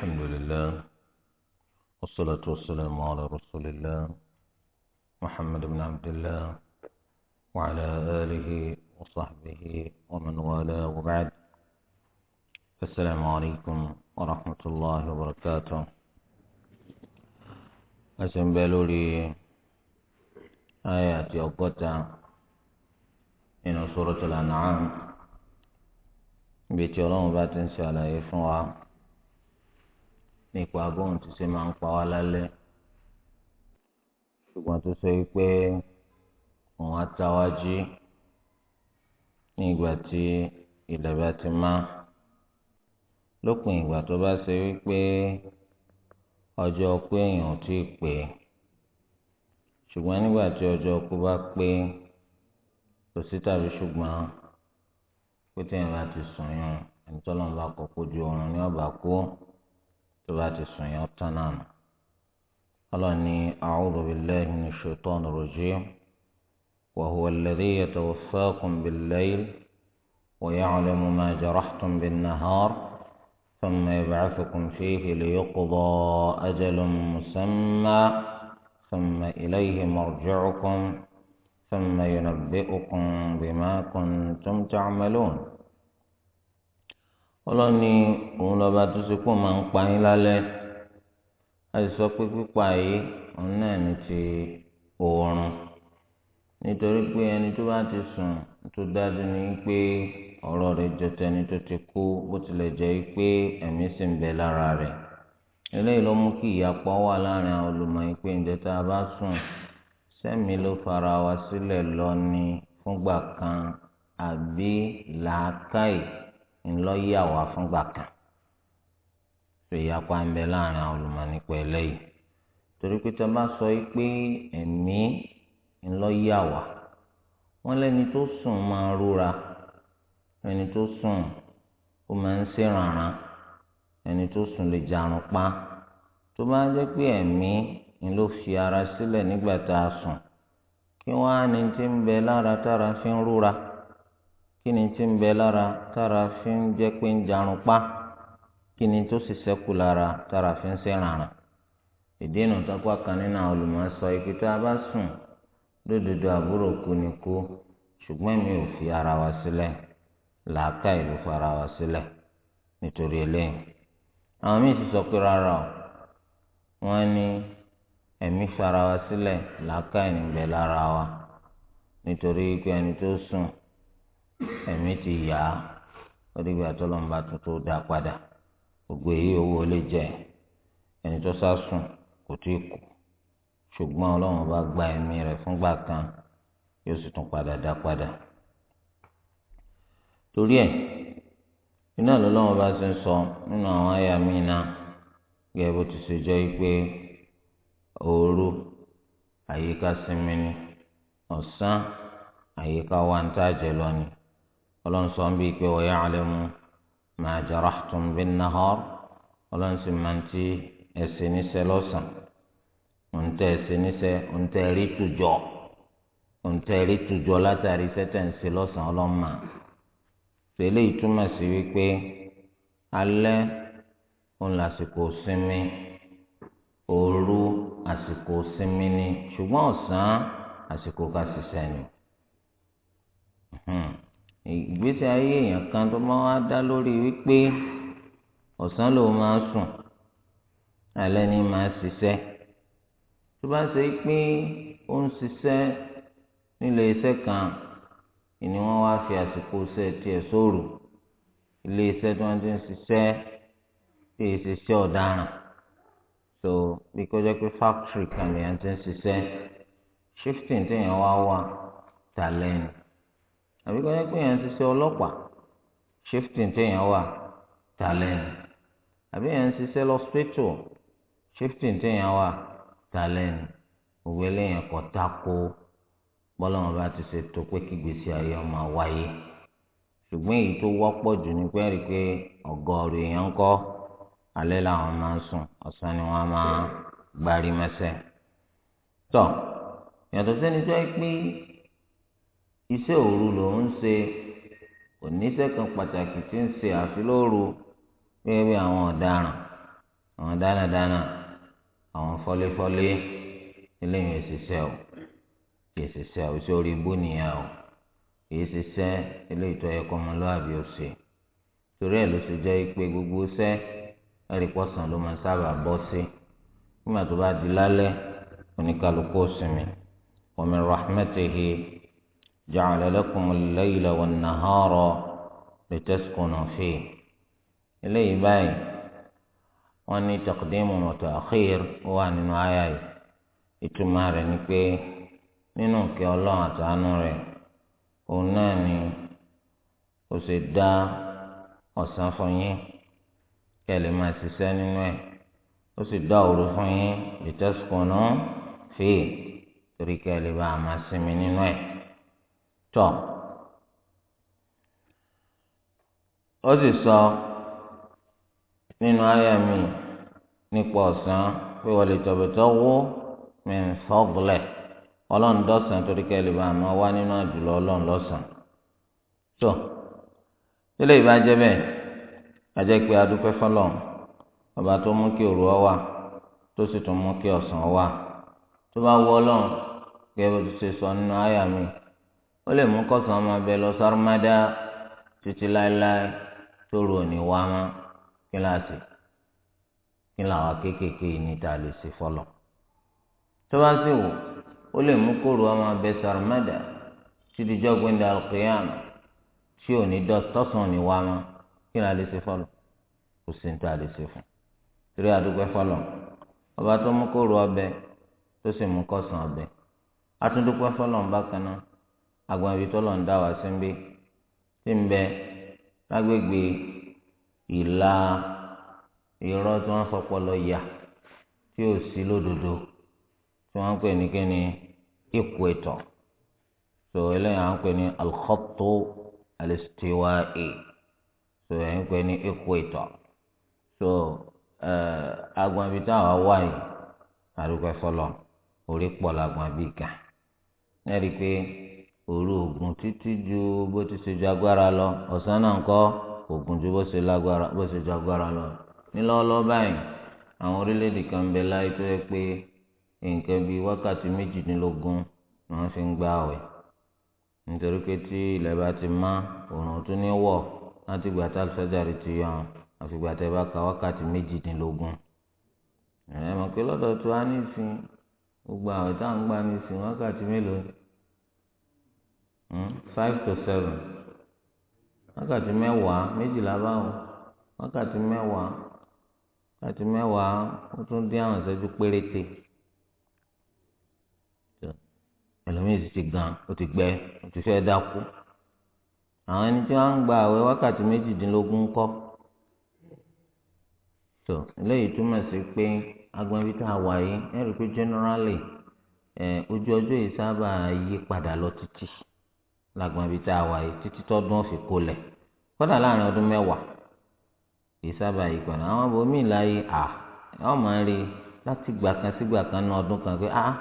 الحمد لله والصلاة والسلام على رسول الله محمد بن عبد الله وعلى آله وصحبه ومن والاه وبعد السلام عليكم ورحمة الله وبركاته أسم لي آيات يوبتا إن سورة الأنعام بيتي الله باتن سألا يفنوا nípa bóun ti ṣe máa ń pa wá lálẹ́ ṣùgbọ́n tó sọ wípé òun á ta wá jí ní ìgbà tí ilẹ̀ bá ti má lópin ìgbà tó bá ṣe wípé ọjọ́ pé èèyàn ò tí ì pé ṣùgbọ́n nígbà tí ọjọ́ kú bá pé kò sí tàbí ṣùgbọ́n pé téèyàn bá ti sùn yàn ẹni tọ́lọ́mùbá kọ́ kójú oorun ní ọ̀bà kú. tó bá ti sùn yẹn tán náà nù. ọlọ́ni a'udhu billahi minash shaitani rajim wa huwa alladhi yatawaffakum bil-layl wa ya'lamu ma jarahtum bin-nahar thumma yab'athukum fihi liyuqda ajalun musamma thumma ilayhi marji'ukum ثم ينبئكم بما كنتم تعملون ọlọ́ni òun lọ́ba tó ṣe pọ̀ máa ń pa yín lálẹ́ a sì sọ pé pípa yìí òun náà ní ti oorun nítorí pé ẹni tó bá ti sùn tó dájú ni pé ọ̀rọ̀ rẹ̀ jọ tẹni tó ti kú bó tilẹ̀ jẹ́ pé ẹ̀mí sì ń bẹ lára rẹ̀ eléyìí ló mú kí ìyapọ̀ wà láàrin àwọn olùmọ̀ pé ǹjẹ́ tá a bá sùn sẹ́mi ló fara wa sílẹ̀ lọ ni fúngbà kan àbí làákàyè ńlọ yí àwa fúngbà kan tó ìyapa ń bẹ láàrin àwọn torí pé bá sọ pé ẹ̀mí ńlọ yí wọn lẹ́ni tó sùn máa rúra ẹni tó sùn ó máa ń ṣèrànràn ẹni tó sùn lè jarun pa tó bá jẹ́ pé ẹ̀mí ń fi ara sílẹ̀ nígbà tá a sùn kí wọ́n á ní ń fi ń kí ni tí ń bẹ lára fi ń jẹ́ pé ń jarun pa kí ni tó sì ṣẹ́kù lára tára fi ń ṣèrànràn ìdí ìnù tápá kan nínú àwọn olùmọ̀ọ́sọ ibi tá a bá sùn lódodo àbúrò kú ni kú ṣùgbọ́n mi ò fi ara wa sílẹ̀ làákà ìlú fara wa sílẹ̀ nítorí eléyìí àwọn míì sì sọ pé rárá o wọ́n ní ẹ̀mí wa sílẹ̀ làákà ìnìbẹ̀ lára wa nítorí pé ẹ̀mí ti yà á lórí ìgbà tó lọ́nba tuntun dá padà gbogbo èyí owó lè jẹ ẹni tó sá sùn kò tí ì kú ṣùgbọ́n ọlọ́run bá gba ẹ̀mí rẹ̀ fúngbà kan yóò sì tún padà dá padà torí ẹ̀ iná lọ́lọ́run bá ti ń sọ nínú àwọn àyà mi náà gẹ́gẹ́ bó ti ṣe jọ pé òru àyíká sinmi ni ọ̀sán àyíká wa ń tàjẹ́ lọ ọlọ́run sọ ń bí pé wa ya'lamu ma jarahtum bin nahar ọlọ́run sì máa ń ti ẹ̀sìn níṣẹ́ lọ́sàn òǹtẹ̀ ẹ̀sìn níṣẹ́ òǹtẹ̀ rí tùjọ́ òǹtẹ̀ rí tùjọ́ látàrí sẹ́tẹ̀ ń ṣe lọ́sàn ọlọ́mà tó eléyìí túmọ̀ sí wípé alẹ́ òun làsìkò sinmi òru àsìkò sinmi ni ṣùgbọ́n ọ̀sán àsìkò ká ṣiṣẹ́ ni. Hmm ìgbésí ayé èèyàn kan tó bá wá dá lórí wípé ọ̀sán lòun máa ń sùn alẹ́ ni máa ń ṣiṣẹ́ tó bá ṣe pé ó ń ṣiṣẹ́ nílé iṣẹ́ kan ni wọ́n wá fi àsìkò iṣẹ́ tiẹ̀ sóòrò ilé iṣẹ́ tí wọ́n ti ń ṣiṣẹ́ tí èyí ti ṣe ọ̀daràn so bí kò pé factory kan lèèyàn ti ń ṣiṣẹ́ shifting téèyàn wá wà tà lẹ́nu àbí kọ́ yẹ pé èèyàn ń ṣiṣẹ́ ọlọ́pàá shifting téèyàn wà tàlẹ́yìn àbí èèyàn ń ṣiṣẹ́ lọ́spítù shifting téèyàn wà tàlẹ́yìn òwe léèyàn kọ́ tako bọ́lọ́mọ bá ti ṣètò pé kí gbèsè ayé ọmọ wáyé ṣùgbọ́n èyí tó wọ́pọ̀ jù ni pé rí i pé ọ̀gọ́ọ̀rọ̀ èèyàn kọ́ alẹ́ làwọn máa ń sùn ọ̀sán ni wọ́n máa gbárí mẹ́sẹ̀. tọ́ yàtọ̀ sẹ́ni tó yẹ pé iṣẹ́ òru lòun ń ṣe oníṣẹ́ kan pàtàkì tí ń ṣe àfi lóru gẹ́gẹ́ bí àwọn ọ̀daràn àwọn dánadáná àwọn fọléfọlé eléyìí ìṣiṣẹ́ o kì í ṣiṣẹ́ o iṣẹ́ orí ibú nìyẹn o kì í ṣiṣẹ́ eléyìí tó yẹ kó ọmọlúwàbí ó ṣe torí ẹ̀ ló ṣe jẹ́ pé gbogbo iṣẹ́ ẹ̀rìpọ̀sán ló máa sábà bọ́ sí nígbà tó bá di lálẹ́ oníkálukú sinmi omi rahmatihi. جعل لكم الليل والنهار لتسكنوا فيه إليه باي وأني تقديم وتأخير وأن نعيي ìtumọ̀ rẹ̀ ni pé nínú ìkẹ́ ọlọ́run àtàánú rẹ̀ òun náà ni kò sì dá ọ̀sán fún yín kẹ́ lè máa ṣiṣẹ́ nínú ẹ̀ ó sì dá òru fún yín ìtẹ́sùkùnú fèè torí kẹ́ lè bá a máa sinmi nínú ẹ̀. tọ ó sì sọ nínú àyà mi nípa ọ̀sán pé wọ́n lè tọ̀bẹ̀tọ̀ wó min fadlih ọlọ́run dọ́sàn torí ká lè àmọ́ wá nínú àjùlọ ọlọ́run lọ́sàn tó tẹ́lẹ̀ bẹ́ẹ̀ ajẹ́ pé adúpẹ́ ọba tó mú kí òru ọ wà tó sì tún mú kí ọ̀sán wà tó bá sọ nínú mi. ó lè mú kọsàn án máa bẹ lọ sármádá títí láéláé tóru òní wá mọ kíláàsì kí làwọn kéékèèké níta lè ṣe fọlọ tó bá sì wò ó lè mú kóru á máa bẹ sármádá títí jọgbìndà alqiyama tí òní tọ̀sán òní wá mọ kí làwọn lè ṣe fọlọ kò sí níta lè ṣe fún torí àdúgbò fọlọ ọba tó mú kóru ọbẹ tó sì mú kọsàn ọbẹ atúndúpẹ́ fọlọ ń bá kan náà agbọn ibi tọ́lọ̀ ń dá wa sí ń bí tí ń bẹ lágbègbè ìlà irọ́ tí wọ́n fọpọlọ yà tí ò sí lódodo tí wọ́n ń pè ní kíni equator so eléyà ń pè ní alkhoto alistiwa'i so ẹ̀ ń pè ní equator so agbọn ibi táwa wà yìí àdúgbò ẹ̀fọ́ lọ orí pọ̀ làgbọn ibi kan ẹ̀ rí i pé òru oògùn títí ju bó ti ṣe ju agbára lọ ọ̀sán náà ń kọ́ oògùn ju bó ṣe lágbára bó ṣe ju agbára lọ nílọ́ọ́lọ́ báyìí àwọn orílẹ̀-èdè kan bẹ láyé tó yẹ pé nǹkan bíi wákàtí méjìdínlógún wọ́n fi ń gbà wẹ̀ nítorí pé tí ilẹ̀ bá ti mọ́ òòrùn tún ní wọ̀ láti gbà tá alùsọ́jàre ti yọ àfìgbà tẹ́ bá ka wákàtí méjìdínlógún ẹ̀ mọ̀ pé lọ́dọ̀ tó wá nísìn gbogbo àwọn táwọn gbà nísìn wákàtí mélòó Hmm? five to seven wákàtí mẹ́wàá méjìlá báwọn wákàtí mẹ́wàá wákàtí mẹ́wàá ó tún dín àwọn ìṣẹ́jú péréte ẹlòmíì ti ti gan ó ti gbẹ ó ti fẹ́ dákú àwọn ẹni tí wọ́n ń gba àwẹ̀ wákàtí méjìdínlógún kọ́ tó eléyìí túmọ̀ sí pé agbọ̀nbí tá a wà yìí ẹ̀rí pé generally ẹ̀ ojú ọjọ́ yìí sábà yí padà lọ títí lágbọn ibi tá a wà yìí títí tọdún òfin kó lẹ kódà láàrin ọdún mẹ́wàá kìí sábà yìí pẹ̀lú àwọn bòmíì láyé à wọ́n máa ń rí láti gbà kan sí gbà kan ní ọdún kan pé a ah,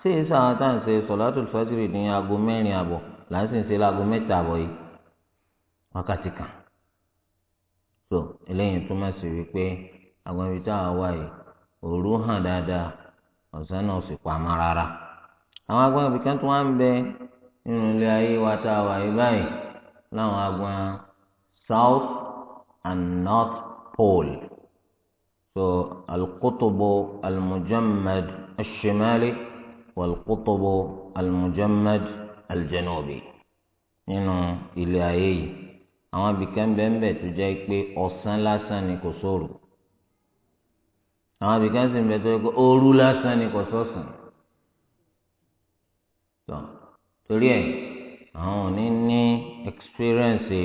ṣé èyí sáwọn tá à ń ṣe sọ̀látò fẹ́tìrì ní aago mẹ́rin àbọ̀ là ń sì ń ṣe láago mẹ́ta yìí wákàtí kan so eléyìí túmọ̀ sí wípé àwọn ibi tá a wà yìí òru hàn dáadáa ọ̀sán náà sì pa mọ́ rárá àwọn agbọ́n ibìkan tó wá ń bẹ nínú ilé ayé wa tá a wà yí báyìí láwọn agbọn south and north pole so alqutubu almujammad ashimali walqutubu almujammad aljanubi nínú ilé ayé yìí àwọn abìkan bẹ́ẹ̀ bẹ́ẹ̀ tó jẹ́ pé ọ̀sán lásán ni kò sóòrù àwọn abìkan sì ń bẹ tó yẹ kó ooru lásán ni kò sọ̀sán torí ẹ̀ àwọn ò ní ní experience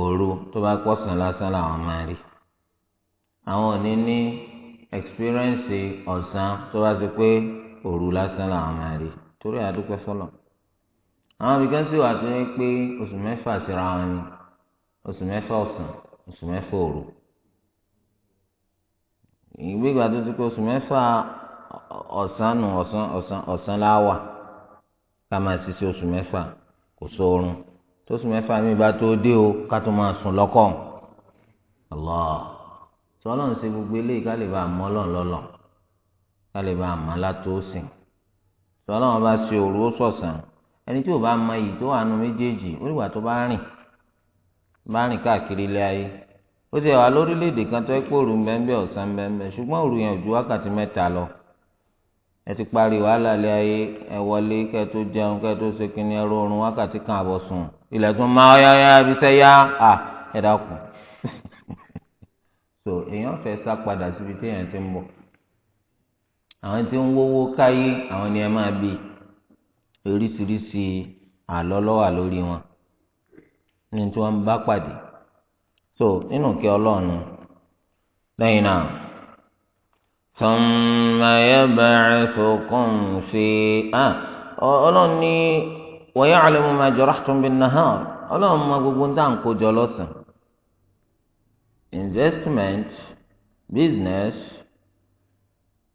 òru tó bá pọ̀sán lásán làwọn máa rí àwọn ò ní ní experience ọ̀sán tó bá ti pé òru lásán làwọn máa rí torí àdúpẹ́ sọ́lọ̀ àwọn abìkan sì wà tó yẹ pé oṣù mẹ́fà síra wọn ni oṣù mẹ́fà ọ̀sán oṣù mẹ́fà òru ìgbéga tó ti pé oṣù mẹ́fà ọ̀sán nù ọ̀sán ọ̀sán ọ̀sán láwà ká máa ṣiṣẹ́ oṣù mẹ́fà kò sóorun tóṣù mẹ́fà mi bá tó dé o ká tó máa sùn lọ́kàn Allah sọlọ ń ṣe gbogbo eléyìí ká lè bá a mọ Ọlọ́run lọ́lọ́run ká lè bá a mọ alátòósìn sọlọ wọn bá ṣe òru ó sọ̀sán ẹni tí ò bá mọ iyì tó wà nù méjèèjì ó ìwà tó bá rìn bá rìn káàkiri ilé ayé ó ti wà lórílẹ̀ kan tó ẹ́ pòrò ń ọ̀sán ń ṣùgbọ́n òru yẹn ò ju wákàtí mẹ́ta lọ ẹ ti parí wàhálà ilé ayé ẹ wọlé kẹ tó jẹun kẹ tó ṣe kínní ẹ wákàtí kan àbọ̀ sùn ilẹ̀ tún máa ya ya ibi sẹ́ ya à ẹ dákun so èèyàn fẹ́ sá padà síbi tí èèyàn ti ń bọ̀ àwọn tí ń wówó káyé àwọn ni ẹ máa bí oríṣiríṣi àlọ́ lọ́wà lórí wọn ní tí wọ́n bá pàdé so nínú kí ọlọ́run lẹ́yìn náà. ثم يبعثكم في ah ọlọ́run ní wa ya'lamu ma jarahtum bin-nahar ọlọ́run mọ investment business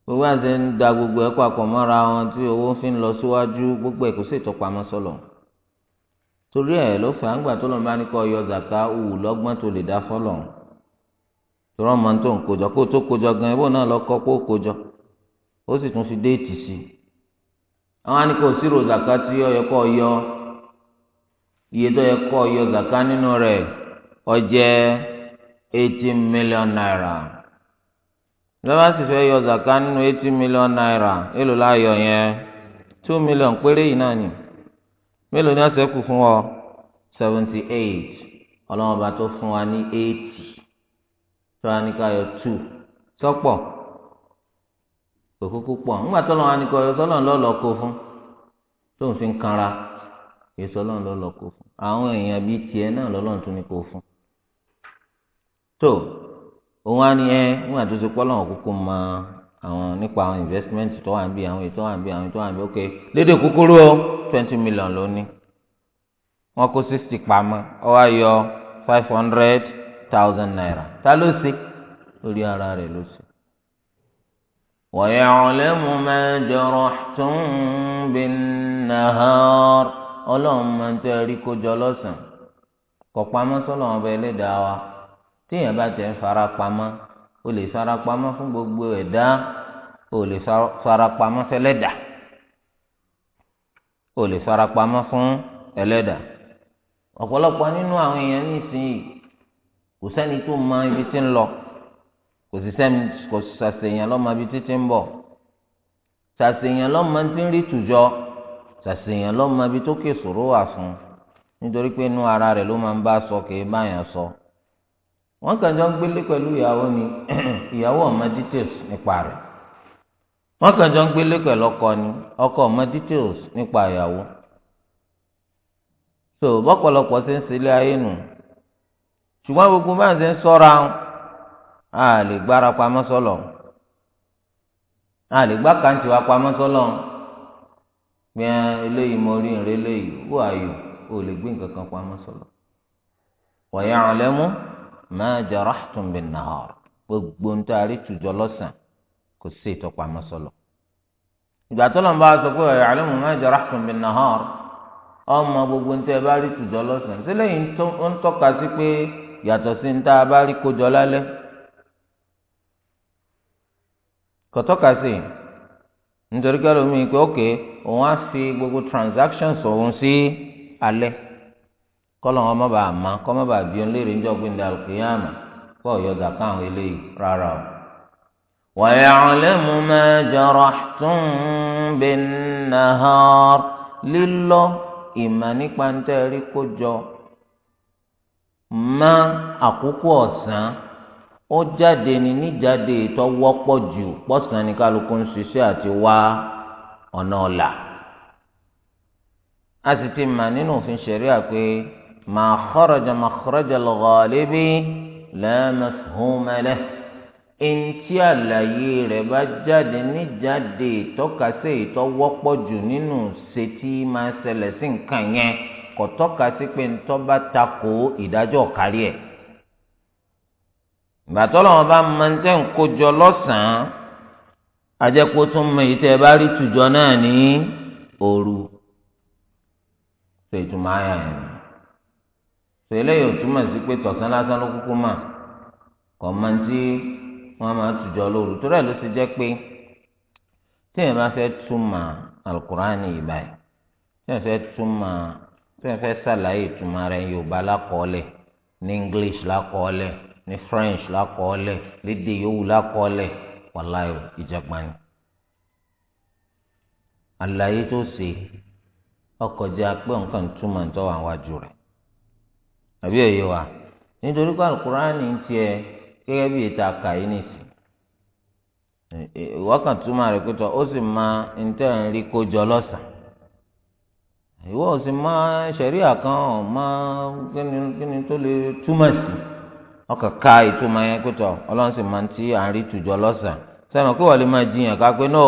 gbogbo àti ń da gbogbo ẹ̀ papọ̀ mọ́ra wọn tí owó fi ń lọ síwájú gbogbo ẹ̀ kò sì tọpamọ́ sọlọ torí ẹ̀ ló fà á tó lọ́nà bá ní kó yọ zaka òwú lọ́gbọ́n tó lè dá fọlọ́run tọrọ ọmọ tó ń kójọ kó tó kójọ gan ẹ náà lọ kọ kó kójọ ó sì tún fi déètì sí i àwọn zaka tí yọ iye tó yọ zaka nínú re ó eighteen million naira lọ́wọ́ sì fẹ́ yọ zaka nínú eighteen million naira èlò láàyò yẹn two million péré yìí náà ni mélòó ni ọ̀sẹ̀ kù fún ọ seventy eight ọlọ́mọba fún wa ní eighty. tó wá ní ká yọ two sọ́pọ̀ kò kúkú pọ̀ ńgbà tó lọ́wọ́ ní ká yọ sọ́lọ́ lọ́lọ́ kó fún tó ń fi kanra yọ sọ́lọ́ lọ́lọ́ kó fún àwọn èèyàn bíi tiẹ̀ náà lọ́lọ́ tún ní kó fún tó òun á ní ẹ ńgbà tó ti pọ́ kúkú mọ àwọn nípa àwọn investment tó wà ń bí àwọn ètò wà ń bí àwọn ètò wà ń bí ok lédè kúkúrú o twenty million ló ní wọn kó sixty pamọ́ ọ wá yọ five hundred thousand naira ta ló ṣe lórí ara rẹ̀ ló ṣe. ويعلم ما جرحتم بالنهار ọlọ́run máa ń tẹ́ rí kójọ lọ́sàn-án kọ̀ pamọ́ sọ́lọ́ ọba ẹlẹ́dàá wa téèyàn bá tẹ̀ ń fara pamọ́ o lè fara pamọ́ fún gbogbo ẹ̀dá o lè fara pamọ́ fẹ́lẹ́dà o lè fara pamọ́ fún ẹlẹ́dà ọ̀pọ̀lọpọ̀ nínú àwọn èèyàn nísìnyí kò sẹ́ni tó mọ ibi tí ń lọ kò sì sẹ́ni kò sàṣèyàn lọ́mọ ibi tí ti ń bọ̀ sàṣèyàn lọ́mọ tí ń rí tùjọ sàṣèyàn lọ́mọ ibi tó kè sòrò wà fún nítorí pé inú ara rẹ̀ ló máa ń bá sọ kì í báyàn sọ wọ́n kàn jọ ń gbélé pẹ̀lú ìyàwó ni ìyàwó ọmọ details nípa rẹ̀ wọ́n kàn jọ ń gbélé pẹ̀lú ọkọ ni ọkọ ọmọ details nípa ìyàwó so bọ́pọ̀lọpọ̀ ṣe ń ṣe ilé ayé nù. ṣùgbọ́n gbogbo máa ń ṣe ń sọ́ra a lè gbára pamọ́ sọ́lọ̀ a lè gbá kàǹtì wa pamọ́ sọ́lọ̀ pé eléyìí mo rí ìrẹ́ eléyìí ó ayò ó lè gbé nǹkan kan pamọ́ sọ́lọ̀ wa ya'lamu ma jarahtum bin-nahar gbogbo ń tó àrí tùjọ lọ́sàn kò sí sọ́lọ̀ ìgbà tó sọ pé ọmọ gbogbo ń tẹ́ bá rí tùjọ lọ́sàn sílẹ̀ yàtọ̀ sí ní tá a bá rí kójọ lálẹ́ kọtọ́ka sí nítorí gbogbo transactions òun sí alẹ́ kọ́lọ̀ wọn má bàa má kọ́ má bàa bí òun léèrè níjọ́ gbé ndàlù kìyàmà kó ọ̀yọ́ zaka àwọn eléyìí rárá o. ويعلم ما جرحتم بالنهار lílọ nípa ń má àkókò ọ̀sán ó jáde ní níjáde tó wọ́pọ̀ jù pọ̀sán ní kálukú ń ṣiṣẹ́ àti wá ọ̀nà ọ̀la a sì ti mà nínú òfin ṣẹ̀ríà pé ma kharaja makhraja al-ghalibi la mafhuma lahu eŋti àlàyé rẹ̀ bá jáde níjáde ìtọ́kasẹ́ ìtọ́wọ́pọ̀ jù nínú ṣètì máa ṣẹlẹ̀ sí nǹkan yẹn kò tọ́ka sí pé ntọ́ bá takò ìdájọ́ kárí ẹ̀ gbàtọ́ lọ́wọ́n bá máa ń tẹ́ ń kójọ lọ́sàn-án ajẹ́pó tún mọ èyí tẹ́ ẹ bá rí tùjọ náà ní òru tó ìtumọ̀ ayà yẹn tó eléyìí ò túmọ̀ sí pé tọ̀sán lásán ló kúkú mà kọ́ máa tí wọ́n máa tùjọ lóru tó rẹ̀ ló ti jẹ́ pé tí èèyàn bá fẹ́ túmọ̀ alukur'ani yìí báyìí tí èèyàn fẹ́ túmọ̀ tẹ́yìn fẹ́ ṣàlàyé ìtumọ̀ rẹ̀ yorùbá lákọọ́lẹ̀ ní english lákọọ́lẹ̀ ní french lákọọ́lẹ̀ lédè yòówù lákọọ́lẹ̀ wàláyò ìjàgbani. àlàyé tó ṣe ọkọjá pé nǹkan túmọ̀ ń tọ́wọ́ àwájú rẹ̀ àbí òye wa nítorí pé ń tiẹ̀ gẹ́gẹ́ bí ètò túmọ̀ rẹ̀ pé tọ́ ó sì máa ń tẹ̀ ń rí ìwọ ò sì mọ ṣẹ̀ríà kan ọ̀ mọ kíni kíni tó lè túmọ̀ sí ọkàn ka ìtumọ̀ yẹn pẹ̀tọ̀ ọlọ́run sì máa ń tí à ń rí tùjọ lọ́sàn sẹ́nu kí wọ́n lè máa jiyàn ká pé no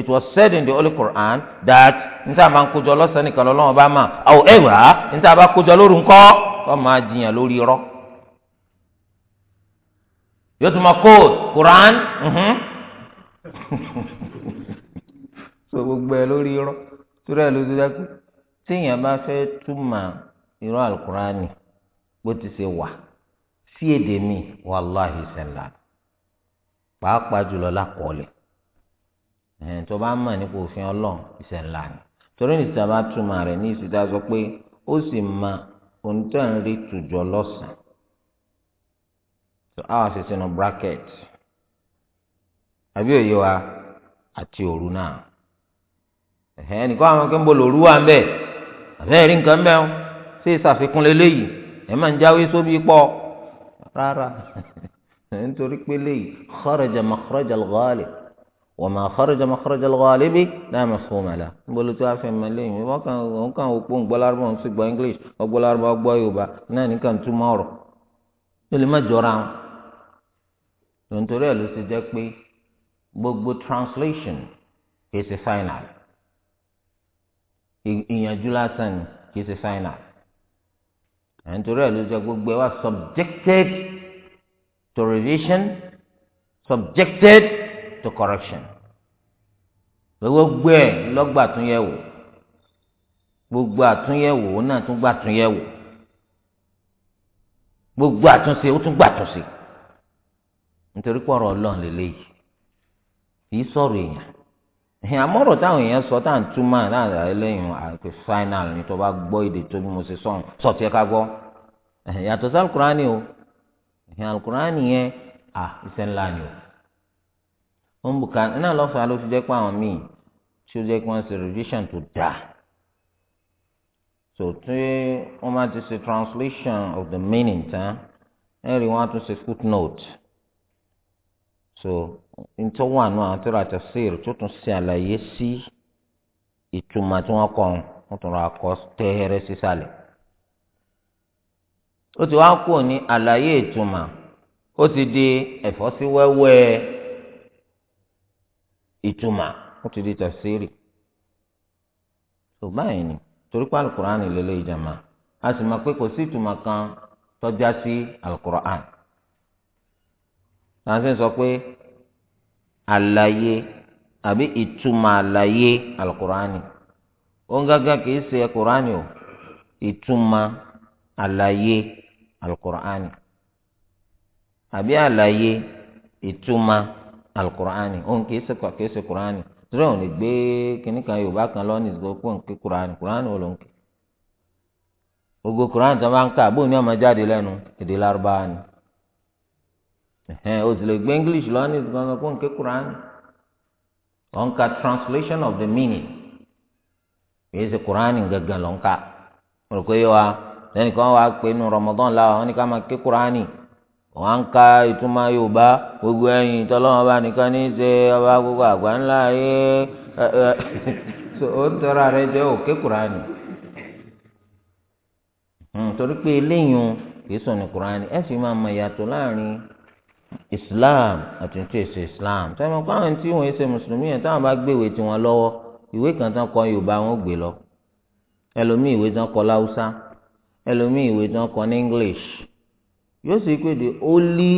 it was said in the holy Quran that níta máa ń kójọ lọ́sàn nìkan lọ́wọ́ bá mà àwọ̀ ẹ̀wà níta bá kójọ lóru ńkọ́ wọ́n máa jiyàn lórí irọ́ yóò tún máa kóòt Quran mhm. so gbogbo ẹ lórí irọ́ torí ẹ̀ ló ti dá pé téèyàn bá fẹ́ túmọ̀ irú alukurani bó ti ṣe wà sí èdè mi wàláhi sẹ́la pàápàá jùlọ lákọọ́lẹ̀ ẹ̀ tó bá mọ̀ nípa òfin ọlọ́run ìṣẹ̀lá ni torí nìta bá túmọ̀ rẹ̀ ní ìsìta sọ pé ó sì ma ohun tó ń rí tùjọ lọ́sàn so a wà sí sínú bracket àbí òye wa àti òru náà ẹ̀hẹ́n nìkan àwọn akẹ́ ń bọ̀ lòrú wa ń bẹ̀ àbẹ́ẹ̀ rí nǹkan mẹ́wọ́ ṣé ìsàfikún lélẹ́yìí ẹ̀ máa ń jáwé sóbi pọ̀ rárá nítorí pé léyìí kharaja makhraja al-ghalib wa ma kharaja makhraja al-ghalibi la mafhuma la níbolu tí wàá fẹ́ mọ léyìí wọ́n kàn wọ́n kàn ó pọ́n gbọ́lárúbọ̀ ń sì gbọ́ english ọgbọ́lárúbọ̀ gbọ́ yorùbá náà nìkan túmọ̀ ọ̀rọ̀ ló má jọra wọn lóńtorí ẹ̀ ló ti jẹ́ pé gbogbo translation kì í final ìyànjú lásán ni kì í ṣe final ẹ̀ ń torí ẹ̀ ló jẹ́ gbogbo ẹ wá subjected to revision subjected to correction gbogbo ẹ̀ lọ́gbà àtúnyẹ̀wò gbogbo àtúnyẹ̀wò ó náà tún gbà àtúnyẹ̀wò gbogbo àtúnṣe ó tún gbà àtúnṣe nítorí pọ̀rọ̀ ọlọ́run lélẹ́yìí kì í sọ̀rọ̀ èèyàn ẹ̀hìn àmọ́rọ̀ táwọn èèyàn sọ táwọn túmọ̀ láàrin àìlẹ́yìn àti final ni tó bá gbọ́ èdè tó bí mo ṣe sọ̀n sọ tiẹ̀ ká gbọ́ ẹ̀hìn yàtọ̀ sí alukurani o ẹ̀hìn alukurani yẹn à iṣẹ́ ńlá ni o ń bùkà iná lọ́fà ló fi jẹ́ pé àwọn míì tí ó jẹ́ pé wọ́n ṣe revision tó dáa so tí wọ́n bá ti ṣe translation of the meaning tán ẹ̀rí wọ́n á tún ṣe footnote so ntọ́ wà nù àwọn tafsir tó tún ṣe si sí ìtumọ̀ tí wọ́n kọ́ ra kọ́ ti wá kú ní àlàyé ìtumọ̀ ti di ẹ̀fọ́ sí wẹ́wẹ́ ti di tafsiri tó báyìí ni torí pé alukur'an ìjàmà a sì ma pé kò sí kan àlàyé àbí ìtumọ̀ àlàyé alukur'ani òun gángan kìí ṣe alukur'ani o ìtumọ̀ àlàyé alukur'ani àbí àlàyé ìtumọ̀ alukur'ani òun kìí ṣe kìí ṣe kur'ani tí ò ní gbé kíní kan yorùbá kan lọ́nà ìṣòro pé òun kur'ani kur'ani ò ló ń kí kur'ani tó máa ń kà bóun ní ọmọ jáde lẹ́nu èdè lárúbáwá ni. o sì lè gbé english lọ ní ìgbà sọ nke nké translation of the meaning èyí sì quran gẹ́gẹ́ lọ́nka mo rò pé yẹ wa lẹ́nu kan wàá pé inú ramadan la wọn ni ká máa ké quran wọn ka yorùbá gbogbo bá nìkan ní ọba gbogbo àgbà ńlá ń rẹ quran hmm, torí pé eléyìí sọ ní quran ẹ sì máa islam àti tí èso islam sẹ́mi báwọn tí wọ́n ṣe mùsùlùmí yẹn táwọn bá gbéwèé tiwọn lọ́wọ́ ìwé kan tán kọ yorùbá wọn gbé lọ ẹlòmíì ìwé tán kọ láwùsá ẹlòmíì ìwé tán kọ ní english yóò sì pé the holy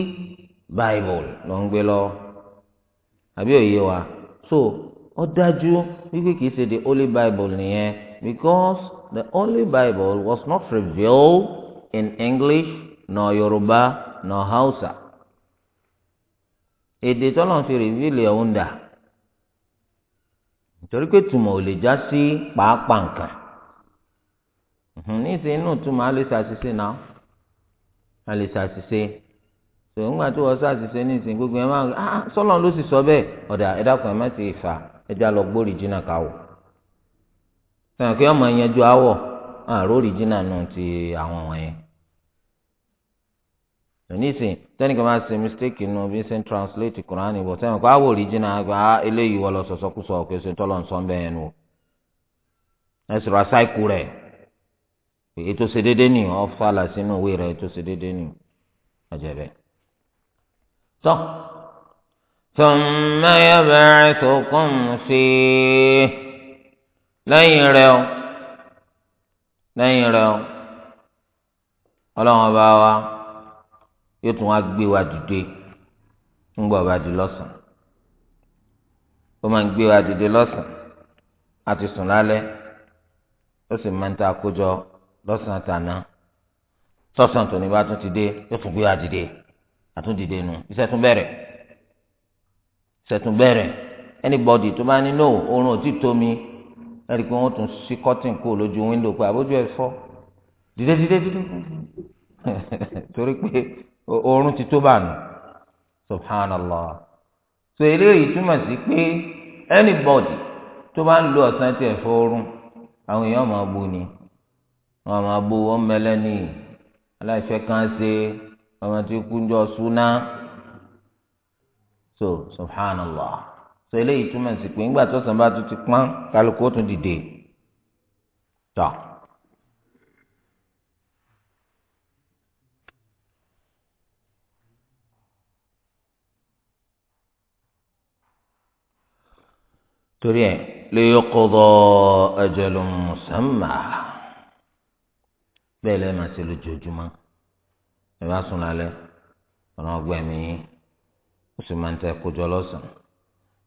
bible ló ń gbé lọ àbí òye wa so ó dájú wípé kìí ṣe the holy bible nìyẹn because the holy bible was not revealed in english nor yorùbá nor hausa. èdè tọ́lọ̀ ń fi rìvílì ọ̀hún dà nítorí pé tùmọ̀ ò lè já sí pàápàá nǹkan níṣẹ́ inú tùmọ̀ á lè ṣàṣìṣe náà á lè ṣàṣìṣe tòun gbà tó wọ́n ṣàṣìṣe gbogbo ẹ̀ máa ń ah, ah sọ́lọ̀ ló sì sọ bẹ́ẹ̀ ọ̀dà ẹ̀ má ti fà ẹja lọ gbórí jìnnà awọ sọ̀rọ̀ kí wọ́n máa yanjú àwọ̀ ti àwọn wọ̀nyẹn. nísìn tẹ́nìkan máa ṣe mistake nù bí ṣe ń translate Quran bọ̀ sẹ́yìn kó àwọ̀ original gba ah, eléyìí wọ́n lọ sọ̀sọ́kúsọ ọ̀kẹ́ ṣe tọ́lọ̀ nsọ́ bẹ́ẹ̀ nù. ẹ sọ̀rọ̀ àṣàìkú rẹ̀ ètò ṣe déédéé nì ọ́ fàlà sínú òwe rẹ̀ ètò ṣe déédéé nì ọ̀jẹ̀bẹ̀. tọ́ thumma yab'athukum fihi lẹ́yìn rẹ̀ lẹ́yìn rẹ̀ ọlọ́run ọba wa yóò tún wá gbé wa dìde ńgbọ̀ bá di lọ́sàn ó máa ń gbé wa dìde lọ́sàn á ti sùn lálẹ́ ó sì máa ń ta àkójọ lọ́sàn tàná tọ́sàn tòní bá tún ti dé yóò tún gbé wa dìde àtúndìde nu iṣẹ́ tún bẹ̀rẹ̀ iṣẹ́ tún bẹ̀rẹ̀ anybody tó bá ní no oorun ò tí tó mi ẹ̀rí pé wọ́n tún sí cotton kó lójú window pé àbójú ẹ̀ fọ́ dìde dìde dìde torí pé oorun ti tó bànú subhanallah so eléyìí túmọ̀ sí pé anybody tó bá ń lo ọ̀sán tiẹ̀ fọ́ọ̀rùn àwọn èèyàn máa bu ni wọn máa bu wọn mẹlẹ́ni aláìfẹ́ kan ṣe ọmọ tí kú jọ súná so subhanallah so eléyìí túmọ̀ sí pé ńgbà tó sàn bá tún ti pọ́n kálukú tún dìde tọ́. So. torí ẹ liyuqda ajalun musamma bẹ́ẹ̀ lẹ́ẹ̀ máa ṣe lójoojúmọ́ ẹ bá sùn lálẹ́ ọ̀nà ọgbẹ́mí ó sì máa ń tẹ kójọ lọ́sàn-án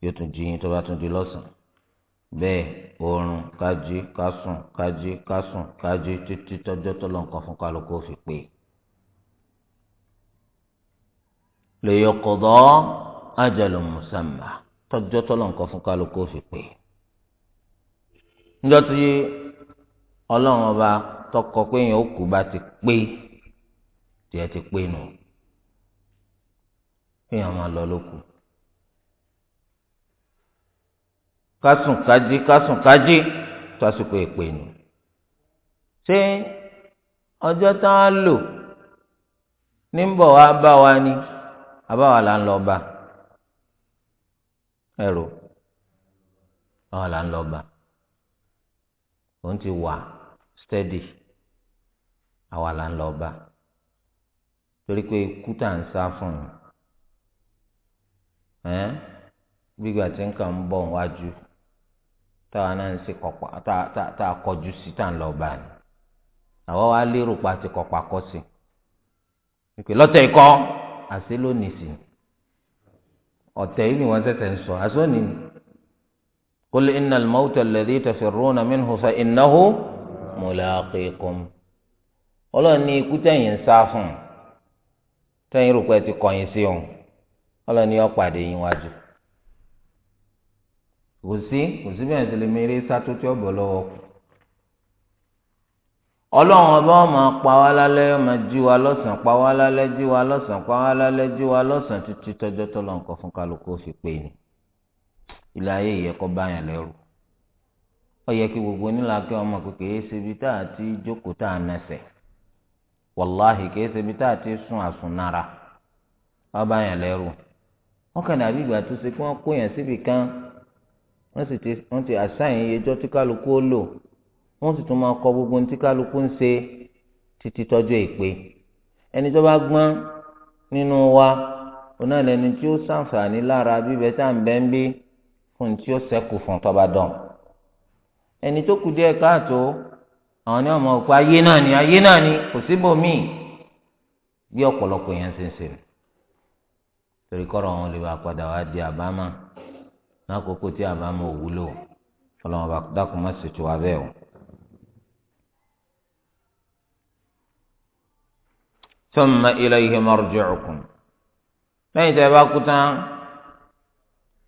yóò tún jí yín tó bá tún di lọ́sàn-án oorun kájí kásùn kájí kásùn kájí títí tọ́jọ́ tó nǹkan fún kálukú fi pé liyuqda ajalun musamma tọ́jọ́ tọ́lọ̀ nǹkan fún kálukú fi pè é níjọ́ tí ọlọ́run ọba tọkọ pé èèyàn ó kú bá ti pé tiẹ̀ ti pé nù kéèyàn máa lọ lóko kásùn kájí kásùn kájí tásìkò èpè nù ṣé ọjọ́ tá a lò ní wá bá wa ni àbáwa là ń lọ bá a. Ero àwọn là ń lọ bá òun ti wà steady àwa là ń lọ bá torí pé ikú tà ń sá fún un ẹ́ gbígbà tí nǹkan ń bọ̀ wájú táwa náà ń ṣe kọ̀pà tá a kọjú sí tà ń lọ bá ni àwa wá lérò pa ti kọ̀pà kọ́ sí i ìpè lọ́tẹ̀ lónìí sí i. ọ̀tẹ̀ yìí ni wọ́n ṣẹ̀ṣẹ̀ ń sọ aṣọ ni qul innal mawta alladhi tafirruna minhu fa innahu mulaqikum ọlọ́run ní ikú tẹ̀yìn sá fún tẹ̀yìn rò ti kọ̀yìn sí òun kò sí kò sí ọlọ́run ọba ọmọ pa ọmọ jí lọ́sàn pa wá lọ́sàn pa wá lọ́sàn títí tọ́jọ́ tọ́lọ́ nǹkan fún kálukú fi pè ní ilé ayé yẹ kó bá yàn lẹ́rù Ọ yẹ kí gbogbo onílàákẹ́ ọmọ kékeré ṣebi tá a ti jókòó tá a nẹsẹ̀ wàláhì kéé ṣebi tá a ti sùn àsùnnára wọ́n bá yàn lẹ́rù wọ́n kàn dàbí ìgbà tó ṣe pé wọ́n kó yàn síbì kan wọ́n sì ti àṣàyàn iyejọ́ tí wọ́n sì tún máa kọ gbogbo ní tí kálukú ń ṣe títí tọ́jú èpè ẹni tó bá gbọ́n nínú wa oná lẹni tí ó ṣàǹfààní lára bíbẹ tá à ń bẹ ń bí fún tí ó ṣẹ́kù fún tọ́ba dán ẹni tó kù díẹ̀ káàtó àwọn ní ọmọ òkú ayé náà ni ayé náà ni kò síbòmíì bí ọ̀pọ̀lọpọ̀ yẹn ṣe ń ṣe torí kọ́rọ̀ wọn lè padà wá di àbámọ̀ lákòókò tí àbámọ̀ òwúlò ọlọ́mọba dákun má ṣètò wa o. thumma ilayhi marji'ukum lẹ́yìn tẹ́ bá kú tán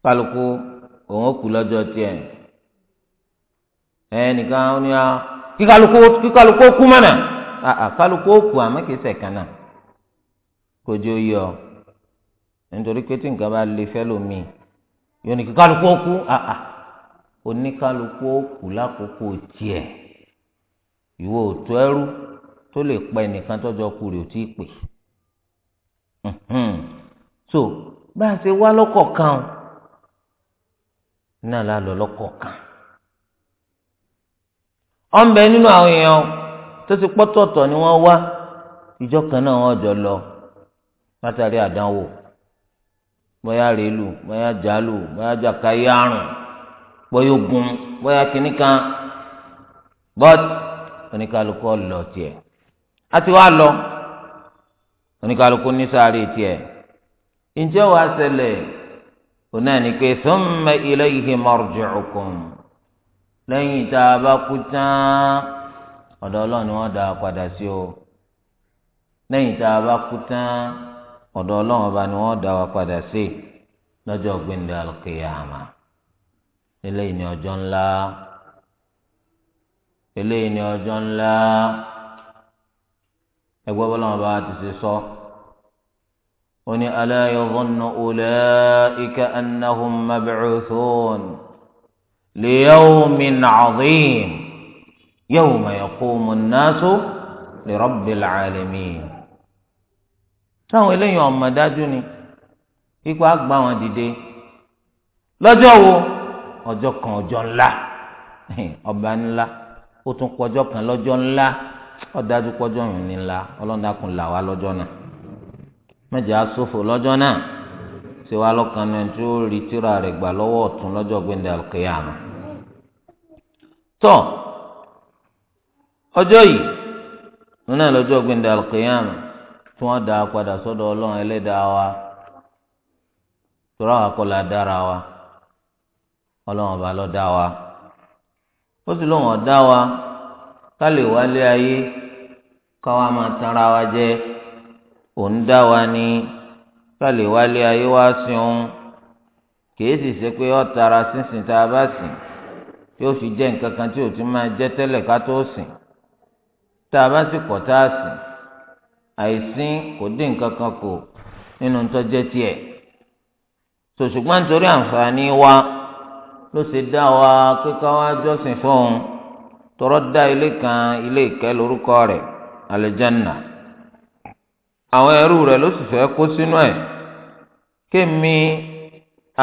kálukú òun ó kú lọ́jọ́ tiẹ̀ ẹnìkan ó ní a kíkálukú kíkálukú ó kú mọ́nà àà kálukú ó kú àmọ́ kìí sẹ̀kan náà kojú yọ nítorí pé tí nǹkan bá lè fẹ́ lómi yóò ní kíkálukú ó kú àà oníkálukú kú lákòókò tiẹ̀ ìwọ tó ẹrú tó lè pa ẹnìkan tọ́jọ́ kú rè ó tí pè so bá a ṣe wá lọ́kọ̀ọ̀kan náà la lọ lọ́kọ̀ọ̀kan ọ̀nbẹ nínú àwọn èèyàn tó ti pọ́tọ̀ọ̀tọ̀ ni wọ́n wá ìjọ kan náà wọ́n jọ lọ látàrí àdánwò bóyá rèélu bóyá jàálù bóyá jàkáyé àrùn bóyá ogun bóyá kìnnìkan but oníkálukú ọ̀lọ́ tiẹ̀ àti wá lọ oníkàlùkù ní sáré tiẹ̀ ǹjẹ́ wàá ṣẹlẹ̀ òun náà ni pé thumma ilayhi marji'ukum lẹ́yìn tá a bá kú tán ọ̀dọ̀ ọlọ́run ni wọ́n dá a padà sí o lẹ́yìn tá a bá kú tán ọ̀dọ̀ ọlọ́run ọba ni wọ́n dá wa padà sí lọ́jọ́ gbẹ̀ndẹ̀ alùkìyàmà eléyìí ni ọjọ́ ńlá eléyìí ni ọjọ́ ńlá ẹgbẹ́ bọ́lá wọn bá ti ṣe sọ. ó ní ala yadhunnu ulaika annahum mab'uthun li yawmin 'azim yawma yaqumu an-nasu li rabbil 'alamin. táwọn eléyìí ọmọ dájú ni ipò àgbà wọn dìde lọ́jọ́ wo ọjọ́ kan ọjọ́ ńlá ọba ńlá ó tún kọjọ́ kan lọ́jọ́ ńlá ọ̀dájú pọ́jọ́ yìí ní ńlá ọlọ́dàkùn là wá lọ́jọ́ náà mẹ́jọ asòfò lọ́jọ́ náà ṣe wá lọ́kàn náà tí ó rí tíra rẹ̀ gbà lọ́wọ́ ọ̀tún lọ́jọ́ gbẹ̀ndẹ̀ àlùkìyàmù. tọ́ ọjọ́ yìí wọn náà lọ́jọ́ gbẹ̀ndẹ̀ àlùkìyàmù tí wọ́n dá a padà sọ́dọ̀ ọlọ́run ẹlẹ́dàá wa tura akọlà dára wa ọlọ́run ọba ló dá wa ó sì lóun ọ̀dá wa. ká lè wálé ayé káwa máa tanra wa jẹ òun dá wa ní ká lè wálé ayé wá sí kìí sì ṣe pé ọ tara sínsìn tá a bá sìn fi je nǹkan kan tí ò tún máa jẹ́ tẹ́lẹ̀ ká tó sìn tá a bá sì kọ̀ tá a sìn àìsín kò dín nǹkan kan nínú nítorí àǹfààní wa ló ṣe dá wa pé ká wá jọ́sìn fún tọrọ dá ilé kan ilé ìkẹ́ lórúkọ rẹ̀ alẹ́jánà àwọn ẹrú rẹ̀ ló sì fẹ́ kó sínú ẹ̀ kémi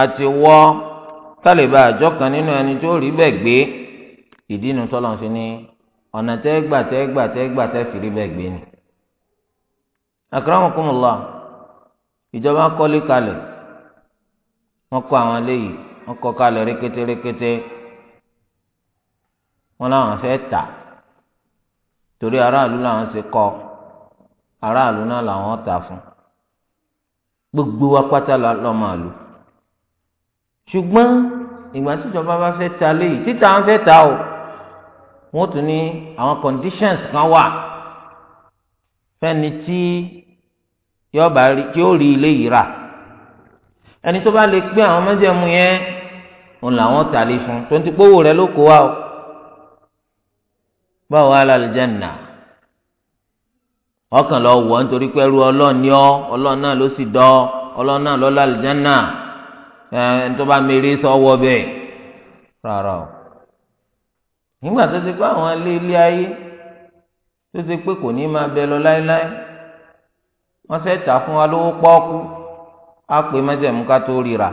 àti wọ́ kálíbà àjọ kan nínú ẹni tó rí bẹ́ẹ̀ gbé ìdí inú tọ́lọ́ fi ní ọ̀nà tẹ́gbà tẹ́gbà tẹ́gbà tẹ́ fi rí bẹ́ẹ̀ gbé ni. akramakumullah ìjọba kọ́lé kalẹ̀ wọ́n kọ́ àwọn léyìí wọ́n kọ́ kalẹ̀ rékété rékété wọn làwọn fẹ́ tà torí aráàlú làwọn ṣe kọ aráàlú náà làwọn tà fún gbogbo wa pátá lọ́mọ àlù ṣùgbọ́n ìgbà tíjọba bá fẹ́ ta léyìí títà wọn fẹ́ ta o wọ́n tún ní àwọn conditions kan wà fẹ́ni tí yọba tí ó rí ilé yìí rà ẹni tó bá lè pé àwọn mẹ́jẹ̀mú yẹn òun làwọn tà lé fún tó ń ti pówó rẹ̀ ló kó wa o. báwo á lálẹ́ jẹ́nà ọkàn lọ wọ̀ nítorí pé ẹrú náà ló sì dọ́ ọlọ́run náà lọ́ọ́ lálẹ́ jẹ́nà ẹ̀ tó bá mèrè sọ́wọ́ bẹ́ẹ̀ rárá o nígbà tó ti pé àwọn ilé ayé tó ti pé kò ní máa bẹ lọ láéláé wọ́n fẹ́ tà fún wa lówó pọ́ọ́kú á pè ká tó ríra